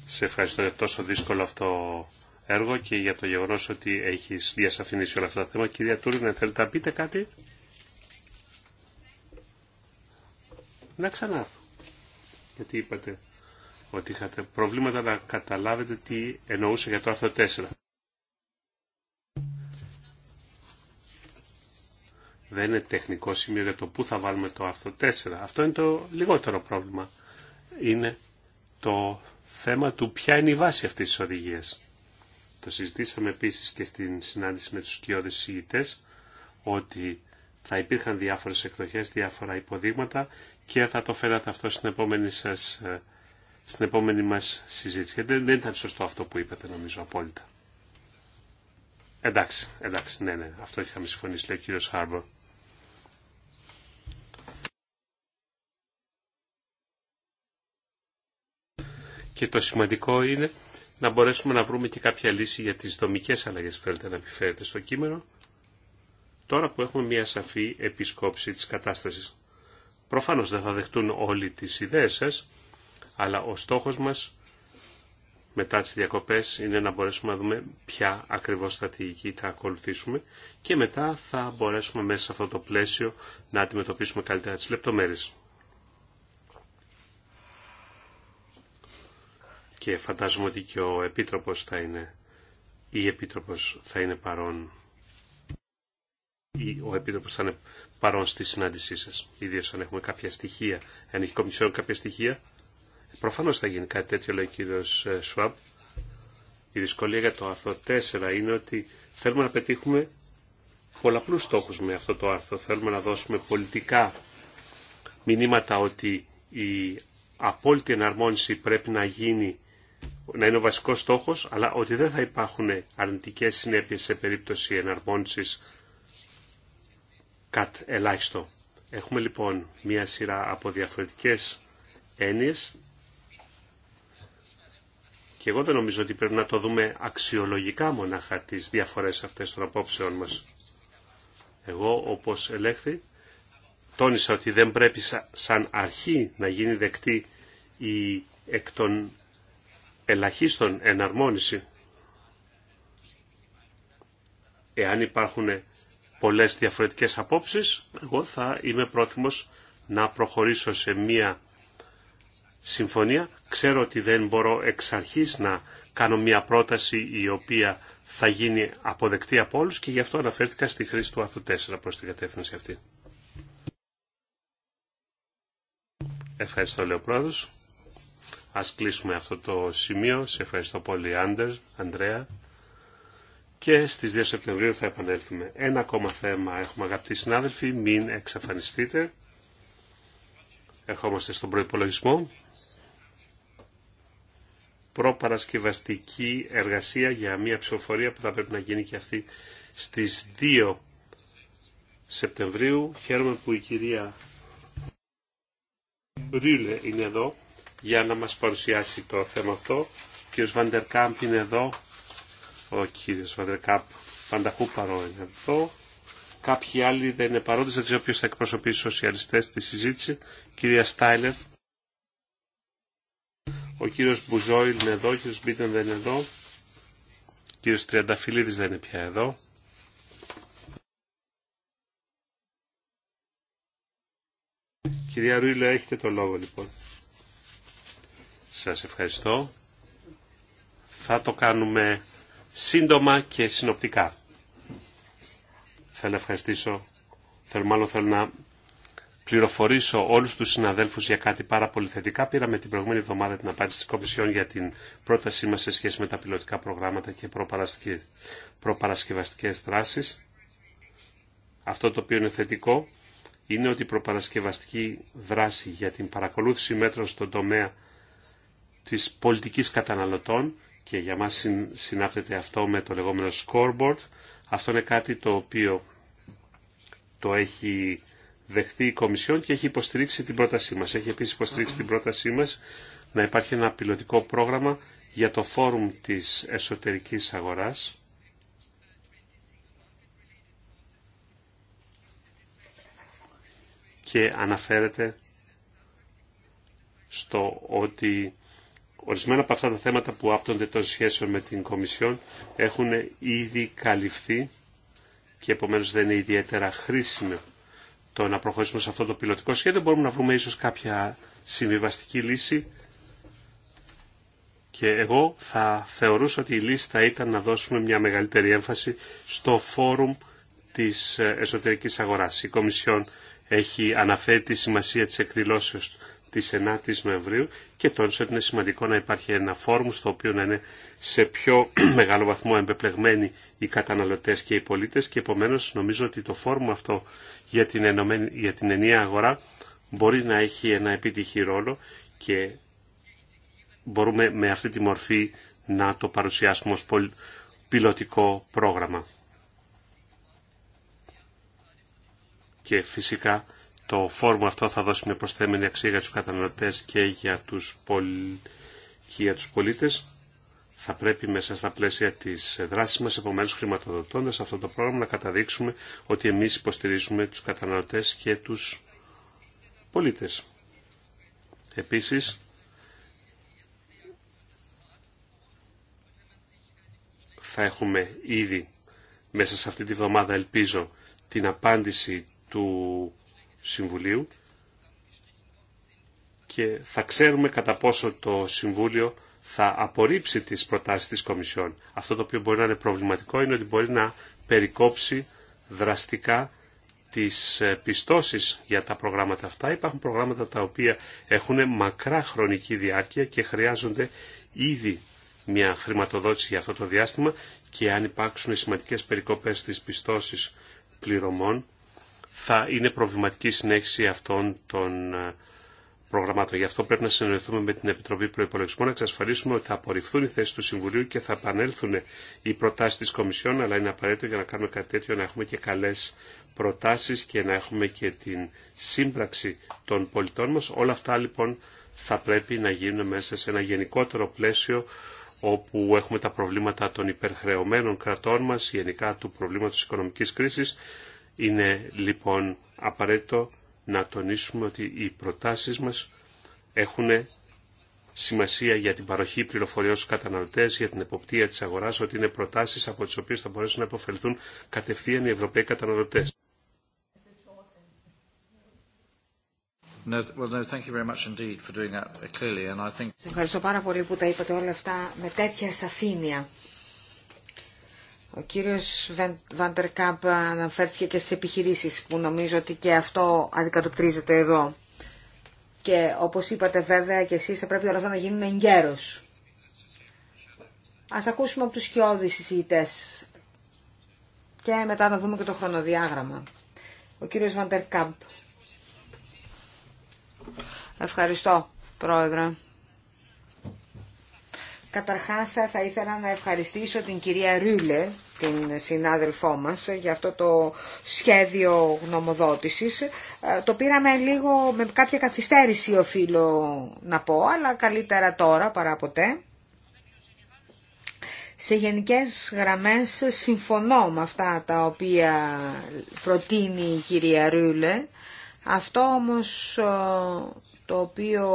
Σε ευχαριστώ για τόσο δύσκολο αυτό έργο και για το γεγονό ότι έχει διασαφηνίσει όλα αυτά τα θέματα. Κυρία Τουρίνα, θέλετε να πείτε κάτι. Να ξανάρθω. Γιατί είπατε ότι είχατε προβλήματα να καταλάβετε τι εννοούσε για το άρθρο 4. Δεν είναι τεχνικό σημείο για το πού θα βάλουμε το άρθρο 4. Αυτό είναι το λιγότερο πρόβλημα. Είναι το θέμα του ποια είναι η βάση αυτής της οδηγίας. Το συζητήσαμε επίσης και στην συνάντηση με τους κοιόδης συγητές, ότι θα υπήρχαν διάφορες εκδοχές, διάφορα υποδείγματα και θα το φέρατε αυτό στην επόμενη σας ε, στην επόμενη μας συζήτηση. δεν ήταν σωστό αυτό που είπατε νομίζω απόλυτα. Εντάξει, εντάξει, ναι, ναι, αυτό είχαμε συμφωνήσει, λέει ο κύριος Χάρμπορ. Και το σημαντικό είναι να μπορέσουμε να βρούμε και κάποια λύση για τις δομικές αλλαγές που θέλετε να επιφέρετε στο κείμενο, τώρα που έχουμε μια σαφή επισκόψη της κατάστασης. Προφανώς δεν θα δεχτούν όλοι τις ιδέες σας, αλλά ο στόχος μας μετά τις διακοπές είναι να μπορέσουμε να δούμε ποια ακριβώς στρατηγική θα ακολουθήσουμε και μετά θα μπορέσουμε μέσα σε αυτό το πλαίσιο να αντιμετωπίσουμε καλύτερα τις λεπτομέρειες. Και φαντάζομαι ότι και ο Επίτροπος θα είναι, ή Επίτροπος θα είναι παρόν, ή ο Επίτροπος θα είναι παρόν στη συνάντησή σας, ιδίως αν έχουμε κάποια στοιχεία, αν έχει κομισιόν κάποια στοιχεία, Προφανώ θα γίνει κάτι τέτοιο, λέει ο κύριο ε, Σουάμπ. Η δυσκολία για το άρθρο 4 είναι ότι θέλουμε να πετύχουμε πολλαπλού στόχου με αυτό το άρθρο. Θέλουμε να δώσουμε πολιτικά μηνύματα ότι η απόλυτη εναρμόνιση πρέπει να γίνει να είναι ο βασικός στόχος, αλλά ότι δεν θα υπάρχουν αρνητικές συνέπειες σε περίπτωση εναρμόνισης κατ ελάχιστο. Έχουμε λοιπόν μία σειρά από διαφορετικές έννοιες και εγώ δεν νομίζω ότι πρέπει να το δούμε αξιολογικά μονάχα τις διαφορές αυτές των απόψεών μας. Εγώ, όπως ελέγχθη, τόνισα ότι δεν πρέπει σαν αρχή να γίνει δεκτή η εκ των ελαχίστων εναρμόνιση. Εάν υπάρχουν πολλές διαφορετικές απόψεις, εγώ θα είμαι πρόθυμος να προχωρήσω σε μία συμφωνία. Ξέρω ότι δεν μπορώ εξ αρχής να κάνω μια πρόταση η οποία θα γίνει αποδεκτή από όλους και γι' αυτό αναφέρθηκα στη χρήση του άρθρου 4 προς την κατεύθυνση αυτή. Ευχαριστώ, λέω πρόεδρος. Ας κλείσουμε αυτό το σημείο. Σε ευχαριστώ πολύ, Άντερ, Ανδρέα. Και στις 2 Σεπτεμβρίου θα επανέλθουμε. Ένα ακόμα θέμα έχουμε, αγαπητοί συνάδελφοι. Μην εξαφανιστείτε. Ερχόμαστε στον προϋπολογισμό προπαρασκευαστική εργασία για μια ψηφοφορία που θα πρέπει να γίνει και αυτή στις 2 Σεπτεμβρίου. Χαίρομαι που η κυρία Ρίλε είναι εδώ για να μας παρουσιάσει το θέμα αυτό. Ο κύριος Βαντερκάμπ είναι εδώ. Ο κύριος Βαντερκάμπ Πανταχούπαρο είναι εδώ. Κάποιοι άλλοι δεν είναι παρόντες, δεν ξέρω ποιος θα εκπροσωπήσει σοσιαλιστές στη συζήτηση. Κυρία Στάιλερ, ο κύριος Μπουζόιλ είναι εδώ, ο κύριος Μπίτεν δεν είναι εδώ. Ο κύριος Τριανταφυλλίδης δεν είναι πια εδώ. Κυρία Ρούλα έχετε το λόγο λοιπόν. Σας ευχαριστώ. Θα το κάνουμε σύντομα και συνοπτικά. Θέλω να ευχαριστήσω, θέλω μάλλον θέλω να πληροφορήσω όλου του συναδέλφου για κάτι πάρα πολύ θετικά. Πήραμε την προηγούμενη εβδομάδα την απάντηση τη Κομισιόν για την πρότασή μα σε σχέση με τα πιλωτικά προγράμματα και προπαρασκευαστικέ δράσει. Αυτό το οποίο είναι θετικό είναι ότι η προπαρασκευαστική δράση για την παρακολούθηση μέτρων στον τομέα της πολιτικής καταναλωτών και για μας συνάπτεται αυτό με το λεγόμενο scoreboard. Αυτό είναι κάτι το οποίο το έχει δεχτεί η Κομισιόν και έχει υποστηρίξει την πρότασή μας. Έχει επίσης υποστηρίξει την πρότασή μας να υπάρχει ένα πιλωτικό πρόγραμμα για το φόρουμ της εσωτερικής αγοράς. Και αναφέρεται στο ότι ορισμένα από αυτά τα θέματα που άπτονται των σχέσεων με την Κομισιόν έχουν ήδη καλυφθεί και επομένως δεν είναι ιδιαίτερα χρήσιμα το να προχωρήσουμε σε αυτό το πιλωτικό σχέδιο. Μπορούμε να βρούμε ίσως κάποια συμβιβαστική λύση και εγώ θα θεωρούσα ότι η λύση θα ήταν να δώσουμε μια μεγαλύτερη έμφαση στο φόρουμ της εσωτερικής αγοράς. Η Κομισιόν έχει αναφέρει τη σημασία της εκδηλώσεως της 9ης Νοεμβρίου και τόνισε ότι είναι σημαντικό να υπάρχει ένα φόρουμ στο οποίο να είναι σε πιο μεγάλο βαθμό εμπεπλεγμένοι οι καταναλωτές και οι πολίτες και επομένως νομίζω ότι το φόρουμ αυτό για την, ενωμένη, την ενιαία αγορά μπορεί να έχει ένα επιτυχή ρόλο και μπορούμε με αυτή τη μορφή να το παρουσιάσουμε ως πιλωτικό πρόγραμμα. Και φυσικά το φόρμα αυτό θα δώσει μια προσθέμενη αξία για τους καταναλωτές και για τους, πολ... και για τους πολίτες. Θα πρέπει μέσα στα πλαίσια της δράσης μας, επομένως χρηματοδοτώντας αυτό το πρόγραμμα, να καταδείξουμε ότι εμείς υποστηρίζουμε τους καταναλωτές και τους πολίτες. Επίση, θα έχουμε ήδη μέσα σε αυτή τη βδομάδα, ελπίζω, την απάντηση του Συμβουλίου και θα ξέρουμε κατά πόσο το Συμβούλιο θα απορρίψει τις προτάσεις της Κομισιόν. Αυτό το οποίο μπορεί να είναι προβληματικό είναι ότι μπορεί να περικόψει δραστικά τις ε, πιστώσεις για τα προγράμματα αυτά. Υπάρχουν προγράμματα τα οποία έχουν μακρά χρονική διάρκεια και χρειάζονται ήδη μια χρηματοδότηση για αυτό το διάστημα και αν υπάρξουν σημαντικές περικοπές στις πιστώσεις πληρωμών θα είναι προβληματική συνέχιση αυτών των ε, προγραμμάτων. Γι' αυτό πρέπει να συνεργαστούμε με την Επιτροπή Προπολογισμών, να εξασφαλίσουμε ότι θα απορριφθούν οι θέσει του Συμβουλίου και θα επανέλθουν οι προτάσει τη Κομισιόν, αλλά είναι απαραίτητο για να κάνουμε κάτι τέτοιο να έχουμε και καλέ προτάσει και να έχουμε και την σύμπραξη των πολιτών μα. Όλα αυτά λοιπόν θα πρέπει να γίνουν μέσα σε ένα γενικότερο πλαίσιο όπου έχουμε τα προβλήματα των υπερχρεωμένων κρατών μας, γενικά του προβλήματος της οικονομικής κρίσης. Είναι λοιπόν απαραίτητο να τονίσουμε ότι οι προτάσεις μας έχουν σημασία για την παροχή πληροφοριών στους καταναλωτές, για την εποπτεία της αγοράς, ότι είναι προτάσεις από τις οποίες θα μπορέσουν να υποφελθούν κατευθείαν οι Ευρωπαίοι καταναλωτές. Ευχαριστώ πάρα πολύ που τα είπατε όλα αυτά με τέτοια σαφήνεια. Ο κύριος Κάμπ αναφέρθηκε και στις επιχειρήσεις που νομίζω ότι και αυτό αντικατοπτρίζεται εδώ. Και όπως είπατε βέβαια και εσείς θα πρέπει όλα αυτά να γίνουν εγκαίρως. Ας ακούσουμε από τους σκιώδεις εισηγητές και μετά να δούμε και το χρονοδιάγραμμα. Ο κύριος Κάμπ. Ευχαριστώ, Πρόεδρε. Καταρχάς θα ήθελα να ευχαριστήσω την κυρία Ρούλε, την συνάδελφό μας, για αυτό το σχέδιο γνωμοδότησης. Ε, το πήραμε λίγο με κάποια καθυστέρηση, οφείλω να πω, αλλά καλύτερα τώρα παρά ποτέ. Σε γενικές γραμμές συμφωνώ με αυτά τα οποία προτείνει η κυρία Ρούλε. Αυτό όμως ε, το οποίο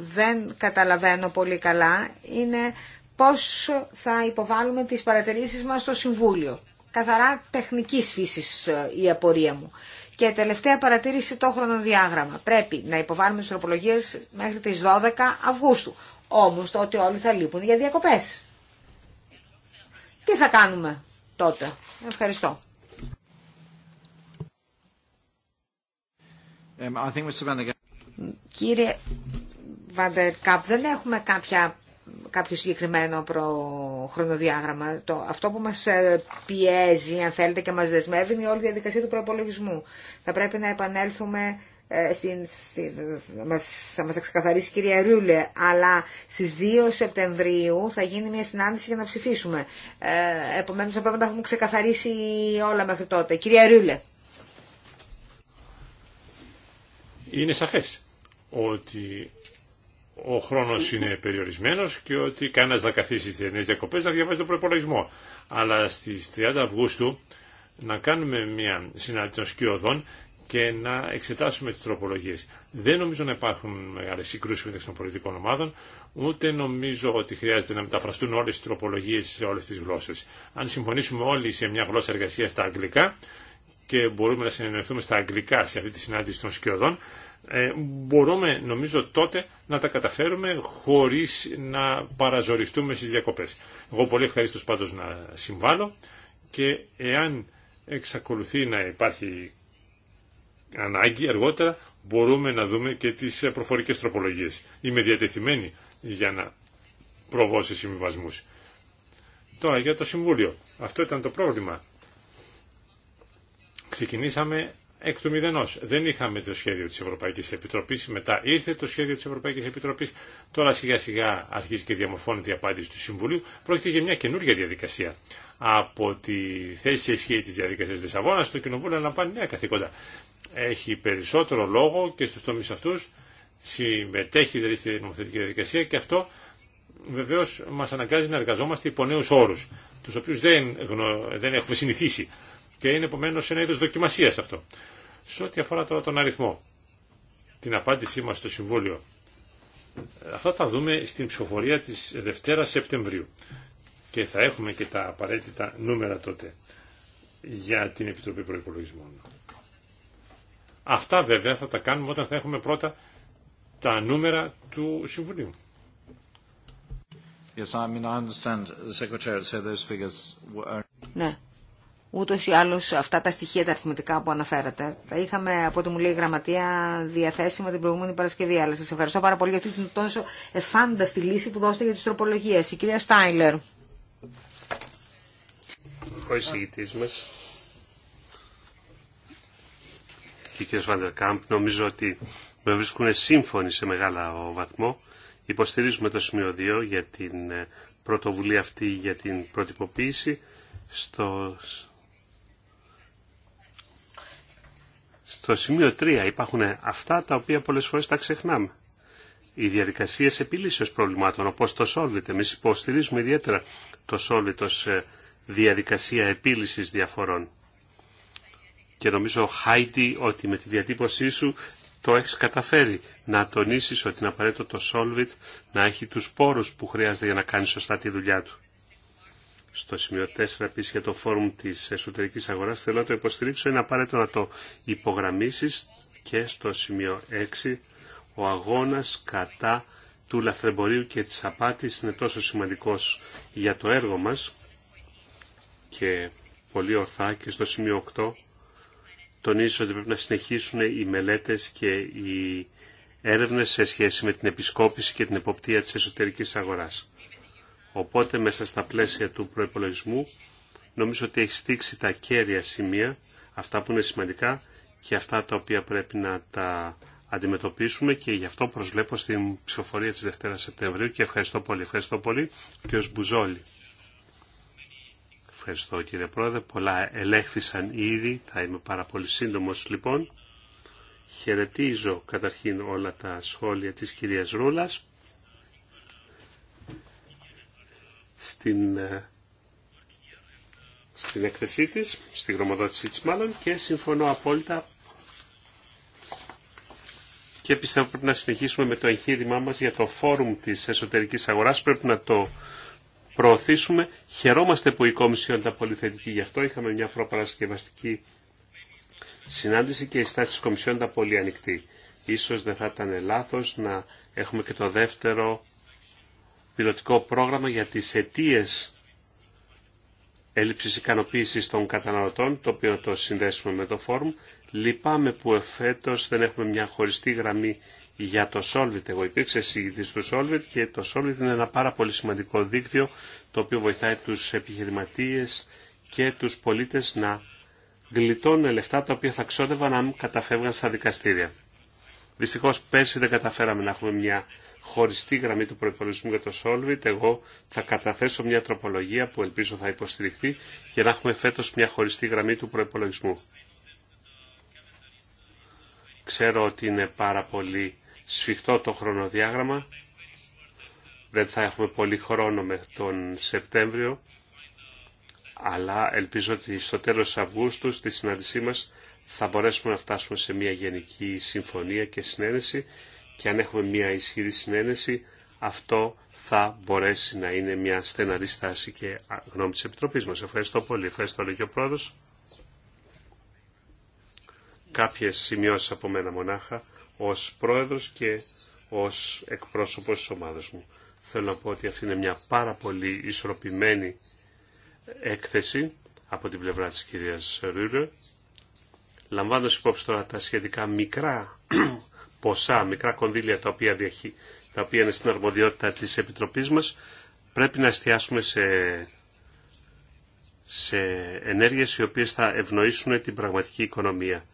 δεν καταλαβαίνω πολύ καλά είναι πώς θα υποβάλουμε τις παρατηρήσεις μας στο Συμβούλιο. Καθαρά τεχνικής φύσης ε, η απορία μου. Και τελευταία παρατήρηση το χρονοδιάγραμμα. Πρέπει να υποβάλουμε τις τροπολογίες μέχρι τις 12 Αυγούστου. Όμως τότε όλοι θα λείπουν για διακοπές. Τι θα κάνουμε τότε. Ευχαριστώ. Um, Κύριε Καπ, δεν έχουμε κάποια κάποιο συγκεκριμένο προ χρονοδιάγραμμα. Το, αυτό που μας ε, πιέζει, αν θέλετε, και μας δεσμεύει είναι όλη η διαδικασία του προπολογισμού. Θα πρέπει να επανέλθουμε ε, στην, στην, μας, θα μας ξεκαθαρίσει η κυρία Ρούλε, αλλά στις 2 Σεπτεμβρίου θα γίνει μια συνάντηση για να ψηφίσουμε. Ε, επομένως θα πρέπει να έχουμε ξεκαθαρίσει όλα μέχρι τότε. Κυρία Ρούλε. Είναι σαφές ότι ο χρόνο είναι περιορισμένο και ότι κανένα να καθίσει στι νέε διακοπέ να διαβάζει τον προπολογισμό. Αλλά στι 30 Αυγούστου να κάνουμε μια συνάντηση των σκιωδών και να εξετάσουμε τι τροπολογίε. Δεν νομίζω να υπάρχουν μεγάλε συγκρούσει μεταξύ των πολιτικών ομάδων, ούτε νομίζω ότι χρειάζεται να μεταφραστούν όλε τι τροπολογίε σε όλε τι γλώσσε. Αν συμφωνήσουμε όλοι σε μια γλώσσα εργασία στα αγγλικά και μπορούμε να συνεννοηθούμε στα αγγλικά σε αυτή τη συνάντηση των σκιωδών, ε, μπορούμε νομίζω τότε να τα καταφέρουμε χωρίς να παραζοριστούμε στις διακοπές. Εγώ πολύ ευχαριστώ πάντως να συμβάλλω και εάν εξακολουθεί να υπάρχει ανάγκη αργότερα μπορούμε να δούμε και τις προφορικές τροπολογίες. Είμαι διατεθειμένη για να προβώ σε συμβιβασμούς. Τώρα για το Συμβούλιο. Αυτό ήταν το πρόβλημα. Ξεκινήσαμε εκ του μηδενό. Δεν είχαμε το σχέδιο τη Ευρωπαϊκή Επιτροπή, μετά ήρθε το σχέδιο τη Ευρωπαϊκή Επιτροπή, τώρα σιγά σιγά αρχίζει και διαμορφώνεται η απάντηση του Συμβουλίου. Πρόκειται για μια καινούργια διαδικασία. Από τη θέση σε ισχύ της διαδικασίας Λισαβόνα, το Κοινοβούλιο πάρει νέα καθήκοντα. Έχει περισσότερο λόγο και στου τομεί αυτούς, συμμετέχει δηλαδή στη νομοθετική διαδικασία και αυτό βεβαίω μα αναγκάζει να εργαζόμαστε υπό νέου όρου, του οποίου δεν, δεν έχουμε συνηθίσει και είναι επομένω ένα είδο δοκιμασία αυτό. Σε ό,τι αφορά τώρα τον αριθμό, την απάντησή μα στο Συμβούλιο, ε, αυτά θα δούμε στην ψηφοφορία τη Δευτέρα Σεπτεμβρίου και θα έχουμε και τα απαραίτητα νούμερα τότε για την Επιτροπή Προπολογισμών. Αυτά βέβαια θα τα κάνουμε όταν θα έχουμε πρώτα τα νούμερα του Συμβουλίου. Ναι, Ούτω ή άλλω αυτά τα στοιχεία τα αριθμητικά που αναφέρατε. Τα είχαμε από ό,τι μου λέει η άλλω την προηγούμενη Παρασκευή. Αλλά σας ευχαριστώ πάρα πολύ για αυτή την τόσο εφάνταστη λύση που αναφερατε τα ειχαμε απο οτι μου λεει η γραμματεια διαθεσιμα την προηγουμενη παρασκευη αλλα σα ευχαριστω παρα πολυ για αυτη την τοσο εφανταστη λυση που δωσετε για τι τροπολογίε. Η κυρία Στάιλερ. Ο εισηγητή μα. και ο κ. Βαντερκάμπ νομίζω ότι με βρίσκουν σύμφωνοι σε μεγάλο βαθμό. Υποστηρίζουμε το σημείο 2 για την ε, πρωτοβουλία αυτή για την πρωτυποποίηση. Στο Στο σημείο 3 υπάρχουν αυτά τα οποία πολλές φορές τα ξεχνάμε. Οι διαδικασίες επιλύσεως προβλημάτων, όπως το Solvit. Εμείς υποστηρίζουμε ιδιαίτερα το Solvit ως ε, διαδικασία επίλυσης διαφορών. Και νομίζω, Χάιτι, ότι με τη διατύπωσή σου το έχεις καταφέρει να τονίσεις ότι είναι απαραίτητο το Solvit να έχει τους πόρους που χρειάζεται για να κάνει σωστά τη δουλειά του στο σημείο 4 επίση για το φόρουμ της εσωτερικής αγοράς θέλω να το υποστηρίξω είναι απαραίτητο να το υπογραμμίσεις και στο σημείο 6 ο αγώνας κατά του λαθρεμπορίου και της απάτης είναι τόσο σημαντικός για το έργο μας και πολύ ορθά και στο σημείο 8 τονίζω ότι πρέπει να συνεχίσουν οι μελέτες και οι έρευνες σε σχέση με την επισκόπηση και την εποπτεία της εσωτερικής αγοράς. Οπότε μέσα στα πλαίσια του προϋπολογισμού νομίζω ότι έχει στήξει τα κέρια σημεία, αυτά που είναι σημαντικά και αυτά τα οποία πρέπει να τα αντιμετωπίσουμε και γι' αυτό προσβλέπω στην ψηφοφορία της Δευτέρα Σεπτεμβρίου και ευχαριστώ πολύ. Ευχαριστώ πολύ και ως Μπουζόλη. Ευχαριστώ κύριε Πρόεδρε. Πολλά ελέγχθησαν ήδη. Θα είμαι πάρα πολύ σύντομος λοιπόν. Χαιρετίζω καταρχήν όλα τα σχόλια της κυρίας Ρούλας. στην, ε, στην έκθεσή τη, στην γνωμοδότησή της μάλλον και συμφωνώ απόλυτα και πιστεύω πρέπει να συνεχίσουμε με το εγχείρημά μας για το φόρουμ της εσωτερικής αγοράς. Πρέπει να το προωθήσουμε. Χαιρόμαστε που η Κόμισιόν ήταν πολύ θετική γι' αυτό. Είχαμε μια προπαρασκευαστική συνάντηση και η στάση της Κομισιόν ήταν πολύ ανοιχτή. Ίσως δεν θα ήταν λάθος να έχουμε και το δεύτερο πιλωτικό πρόγραμμα για τις αιτίε έλλειψης ικανοποίησης των καταναλωτών, το οποίο το συνδέσουμε με το φόρουμ. Λυπάμαι που εφέτος δεν έχουμε μια χωριστή γραμμή για το Solvit. Εγώ υπήρξα εισηγητής του Solvit και το Solvit είναι ένα πάρα πολύ σημαντικό δίκτυο το οποίο βοηθάει τους επιχειρηματίες και τους πολίτες να γλιτώνουν λεφτά τα οποία θα ξόδευαν αν καταφεύγαν στα δικαστήρια. Δυστυχώ, πέρσι δεν καταφέραμε να έχουμε μια χωριστή γραμμή του προπολογισμού για το Solvit. Εγώ θα καταθέσω μια τροπολογία που ελπίζω θα υποστηριχθεί για να έχουμε φέτος μια χωριστή γραμμή του προπολογισμού. Ξέρω ότι είναι πάρα πολύ σφιχτό το χρονοδιάγραμμα. Δεν θα έχουμε πολύ χρόνο με τον Σεπτέμβριο, αλλά ελπίζω ότι στο τέλος Αυγούστου στη συνάντησή μας θα μπορέσουμε να φτάσουμε σε μια γενική συμφωνία και συνένεση και αν έχουμε μια ισχυρή συνένεση αυτό θα μπορέσει να είναι μια στεναρή στάση και γνώμη της Επιτροπής μας. Ευχαριστώ πολύ. Ευχαριστώ και ο Πρόεδρος. Κάποιες σημειώσεις από μένα μονάχα ως Πρόεδρος και ως εκπρόσωπος της ομάδας μου. Θέλω να πω ότι αυτή είναι μια πάρα πολύ ισορροπημένη έκθεση από την πλευρά της κυρίας ρούρε. Λαμβάνοντας υπόψη τώρα τα σχετικά μικρά ποσά, μικρά κονδύλια τα οποία, διαχεί, τα οποία είναι στην αρμοδιότητα της Επιτροπής μας, πρέπει να εστιάσουμε σε, σε ενέργειες οι οποίες θα ευνοήσουν την πραγματική οικονομία.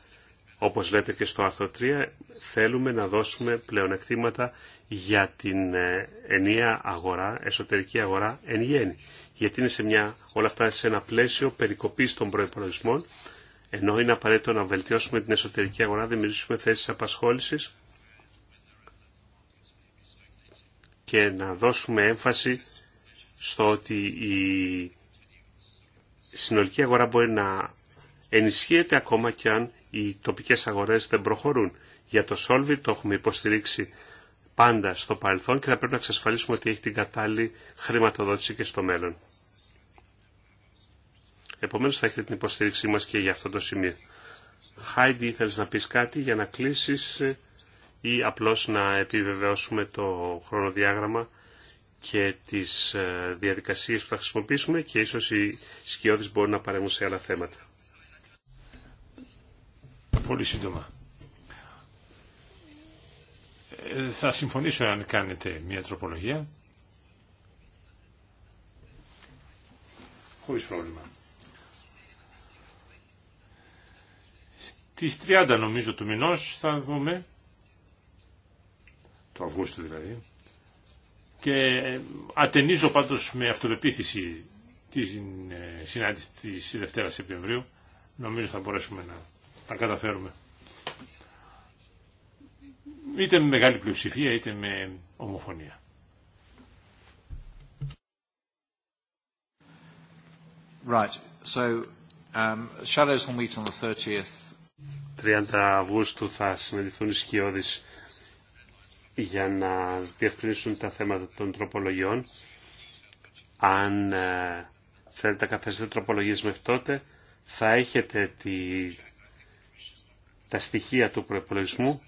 Όπως λέτε και στο άρθρο 3, θέλουμε να δώσουμε πλεονεκτήματα για την ε, ενιαία αγορά, εσωτερική αγορά εν γέννη. Γιατί είναι σε μια, όλα αυτά σε ένα πλαίσιο περικοπής των προϋπολογισμών, ενώ είναι απαραίτητο να βελτιώσουμε την εσωτερική αγορά, δημιουργήσουμε θέσεις απασχόλησης και να δώσουμε έμφαση στο ότι η συνολική αγορά μπορεί να ενισχύεται ακόμα και αν οι τοπικές αγορές δεν προχωρούν. Για το Solvit το έχουμε υποστηρίξει πάντα στο παρελθόν και θα πρέπει να εξασφαλίσουμε ότι έχει την κατάλληλη χρηματοδότηση και στο μέλλον. Επομένως θα έχετε την υποστήριξή μας και για αυτό το σημείο. Χάιντι, θέλεις να πεις κάτι για να κλείσεις ή απλώς να επιβεβαιώσουμε το χρονοδιάγραμμα και τις ε, διαδικασίες που θα χρησιμοποιήσουμε και ίσως οι σκιώδεις μπορούν να παρέμουν σε άλλα θέματα. Πολύ σύντομα. Ε, θα συμφωνήσω αν κάνετε μια τροπολογία. Χωρίς πρόβλημα. Τις 30 νομίζω του μηνός θα δούμε, το Αυγούστου δηλαδή, και ατενίζω πάντως με αυτοπεποίθηση τη ε, συνάντηση της Δευτέρα Σεπτεμβρίου. Νομίζω θα μπορέσουμε να τα καταφέρουμε. Είτε με μεγάλη πλειοψηφία είτε με ομοφωνία. Right. So, um, shadows will meet on the 30th 30 Αυγούστου θα συναντηθούν οι σκιώδεις για να διευκρινίσουν τα θέματα των τροπολογιών. Αν ε, θέλετε να καθίσετε τροπολογίες μέχρι τότε, θα έχετε τη, τα στοιχεία του προϋπολογισμού.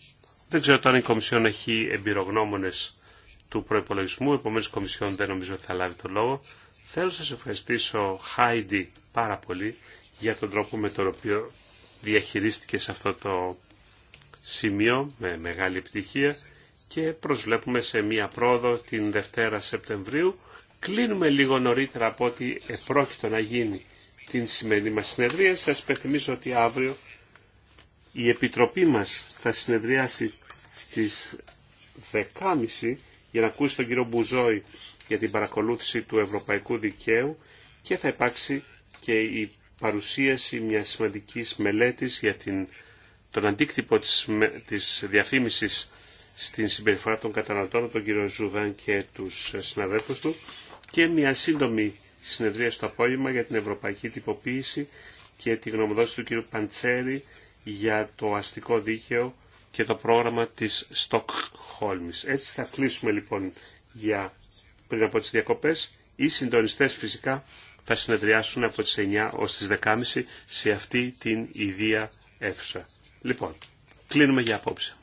Δεν ξέρω τώρα αν η Κομισιόν έχει εμπειρογνώμονες του προϋπολογισμού, επομένως η Κομισιόν δεν νομίζω ότι θα λάβει το λόγο. Θέλω να σας ευχαριστήσω, Χάιντι, πάρα πολύ για τον τρόπο με τον οποίο διαχειρίστηκε σε αυτό το σημείο με μεγάλη επιτυχία και προσβλέπουμε σε μία πρόοδο την Δευτέρα Σεπτεμβρίου. Κλείνουμε λίγο νωρίτερα από ό,τι επρόκειτο να γίνει την σημερινή μας συνεδρία. Σας υπενθυμίζω ότι αύριο η Επιτροπή μας θα συνεδριάσει στις 10.30 για να ακούσει τον κύριο Μπουζόη για την παρακολούθηση του ευρωπαϊκού δικαίου και θα υπάρξει και η παρουσίαση μιας σημαντικής μελέτης για την, τον αντίκτυπο της, της διαφήμισης στην συμπεριφορά των καταναλωτών, τον κύριο Ζουδάν και τους ε, συναδέλφους του και μια σύντομη συνεδρία στο απόγευμα για την ευρωπαϊκή τυποποίηση και τη γνωμοδότηση του κύριου Παντσέρη για το αστικό δίκαιο και το πρόγραμμα της Στοκχόλμης. Έτσι θα κλείσουμε λοιπόν για πριν από τις διακοπές. Οι συντονιστές φυσικά θα συνεδριάσουν από τις 9 ως τις 10.30 σε αυτή την ιδία αίθουσα. Λοιπόν, κλείνουμε για απόψε.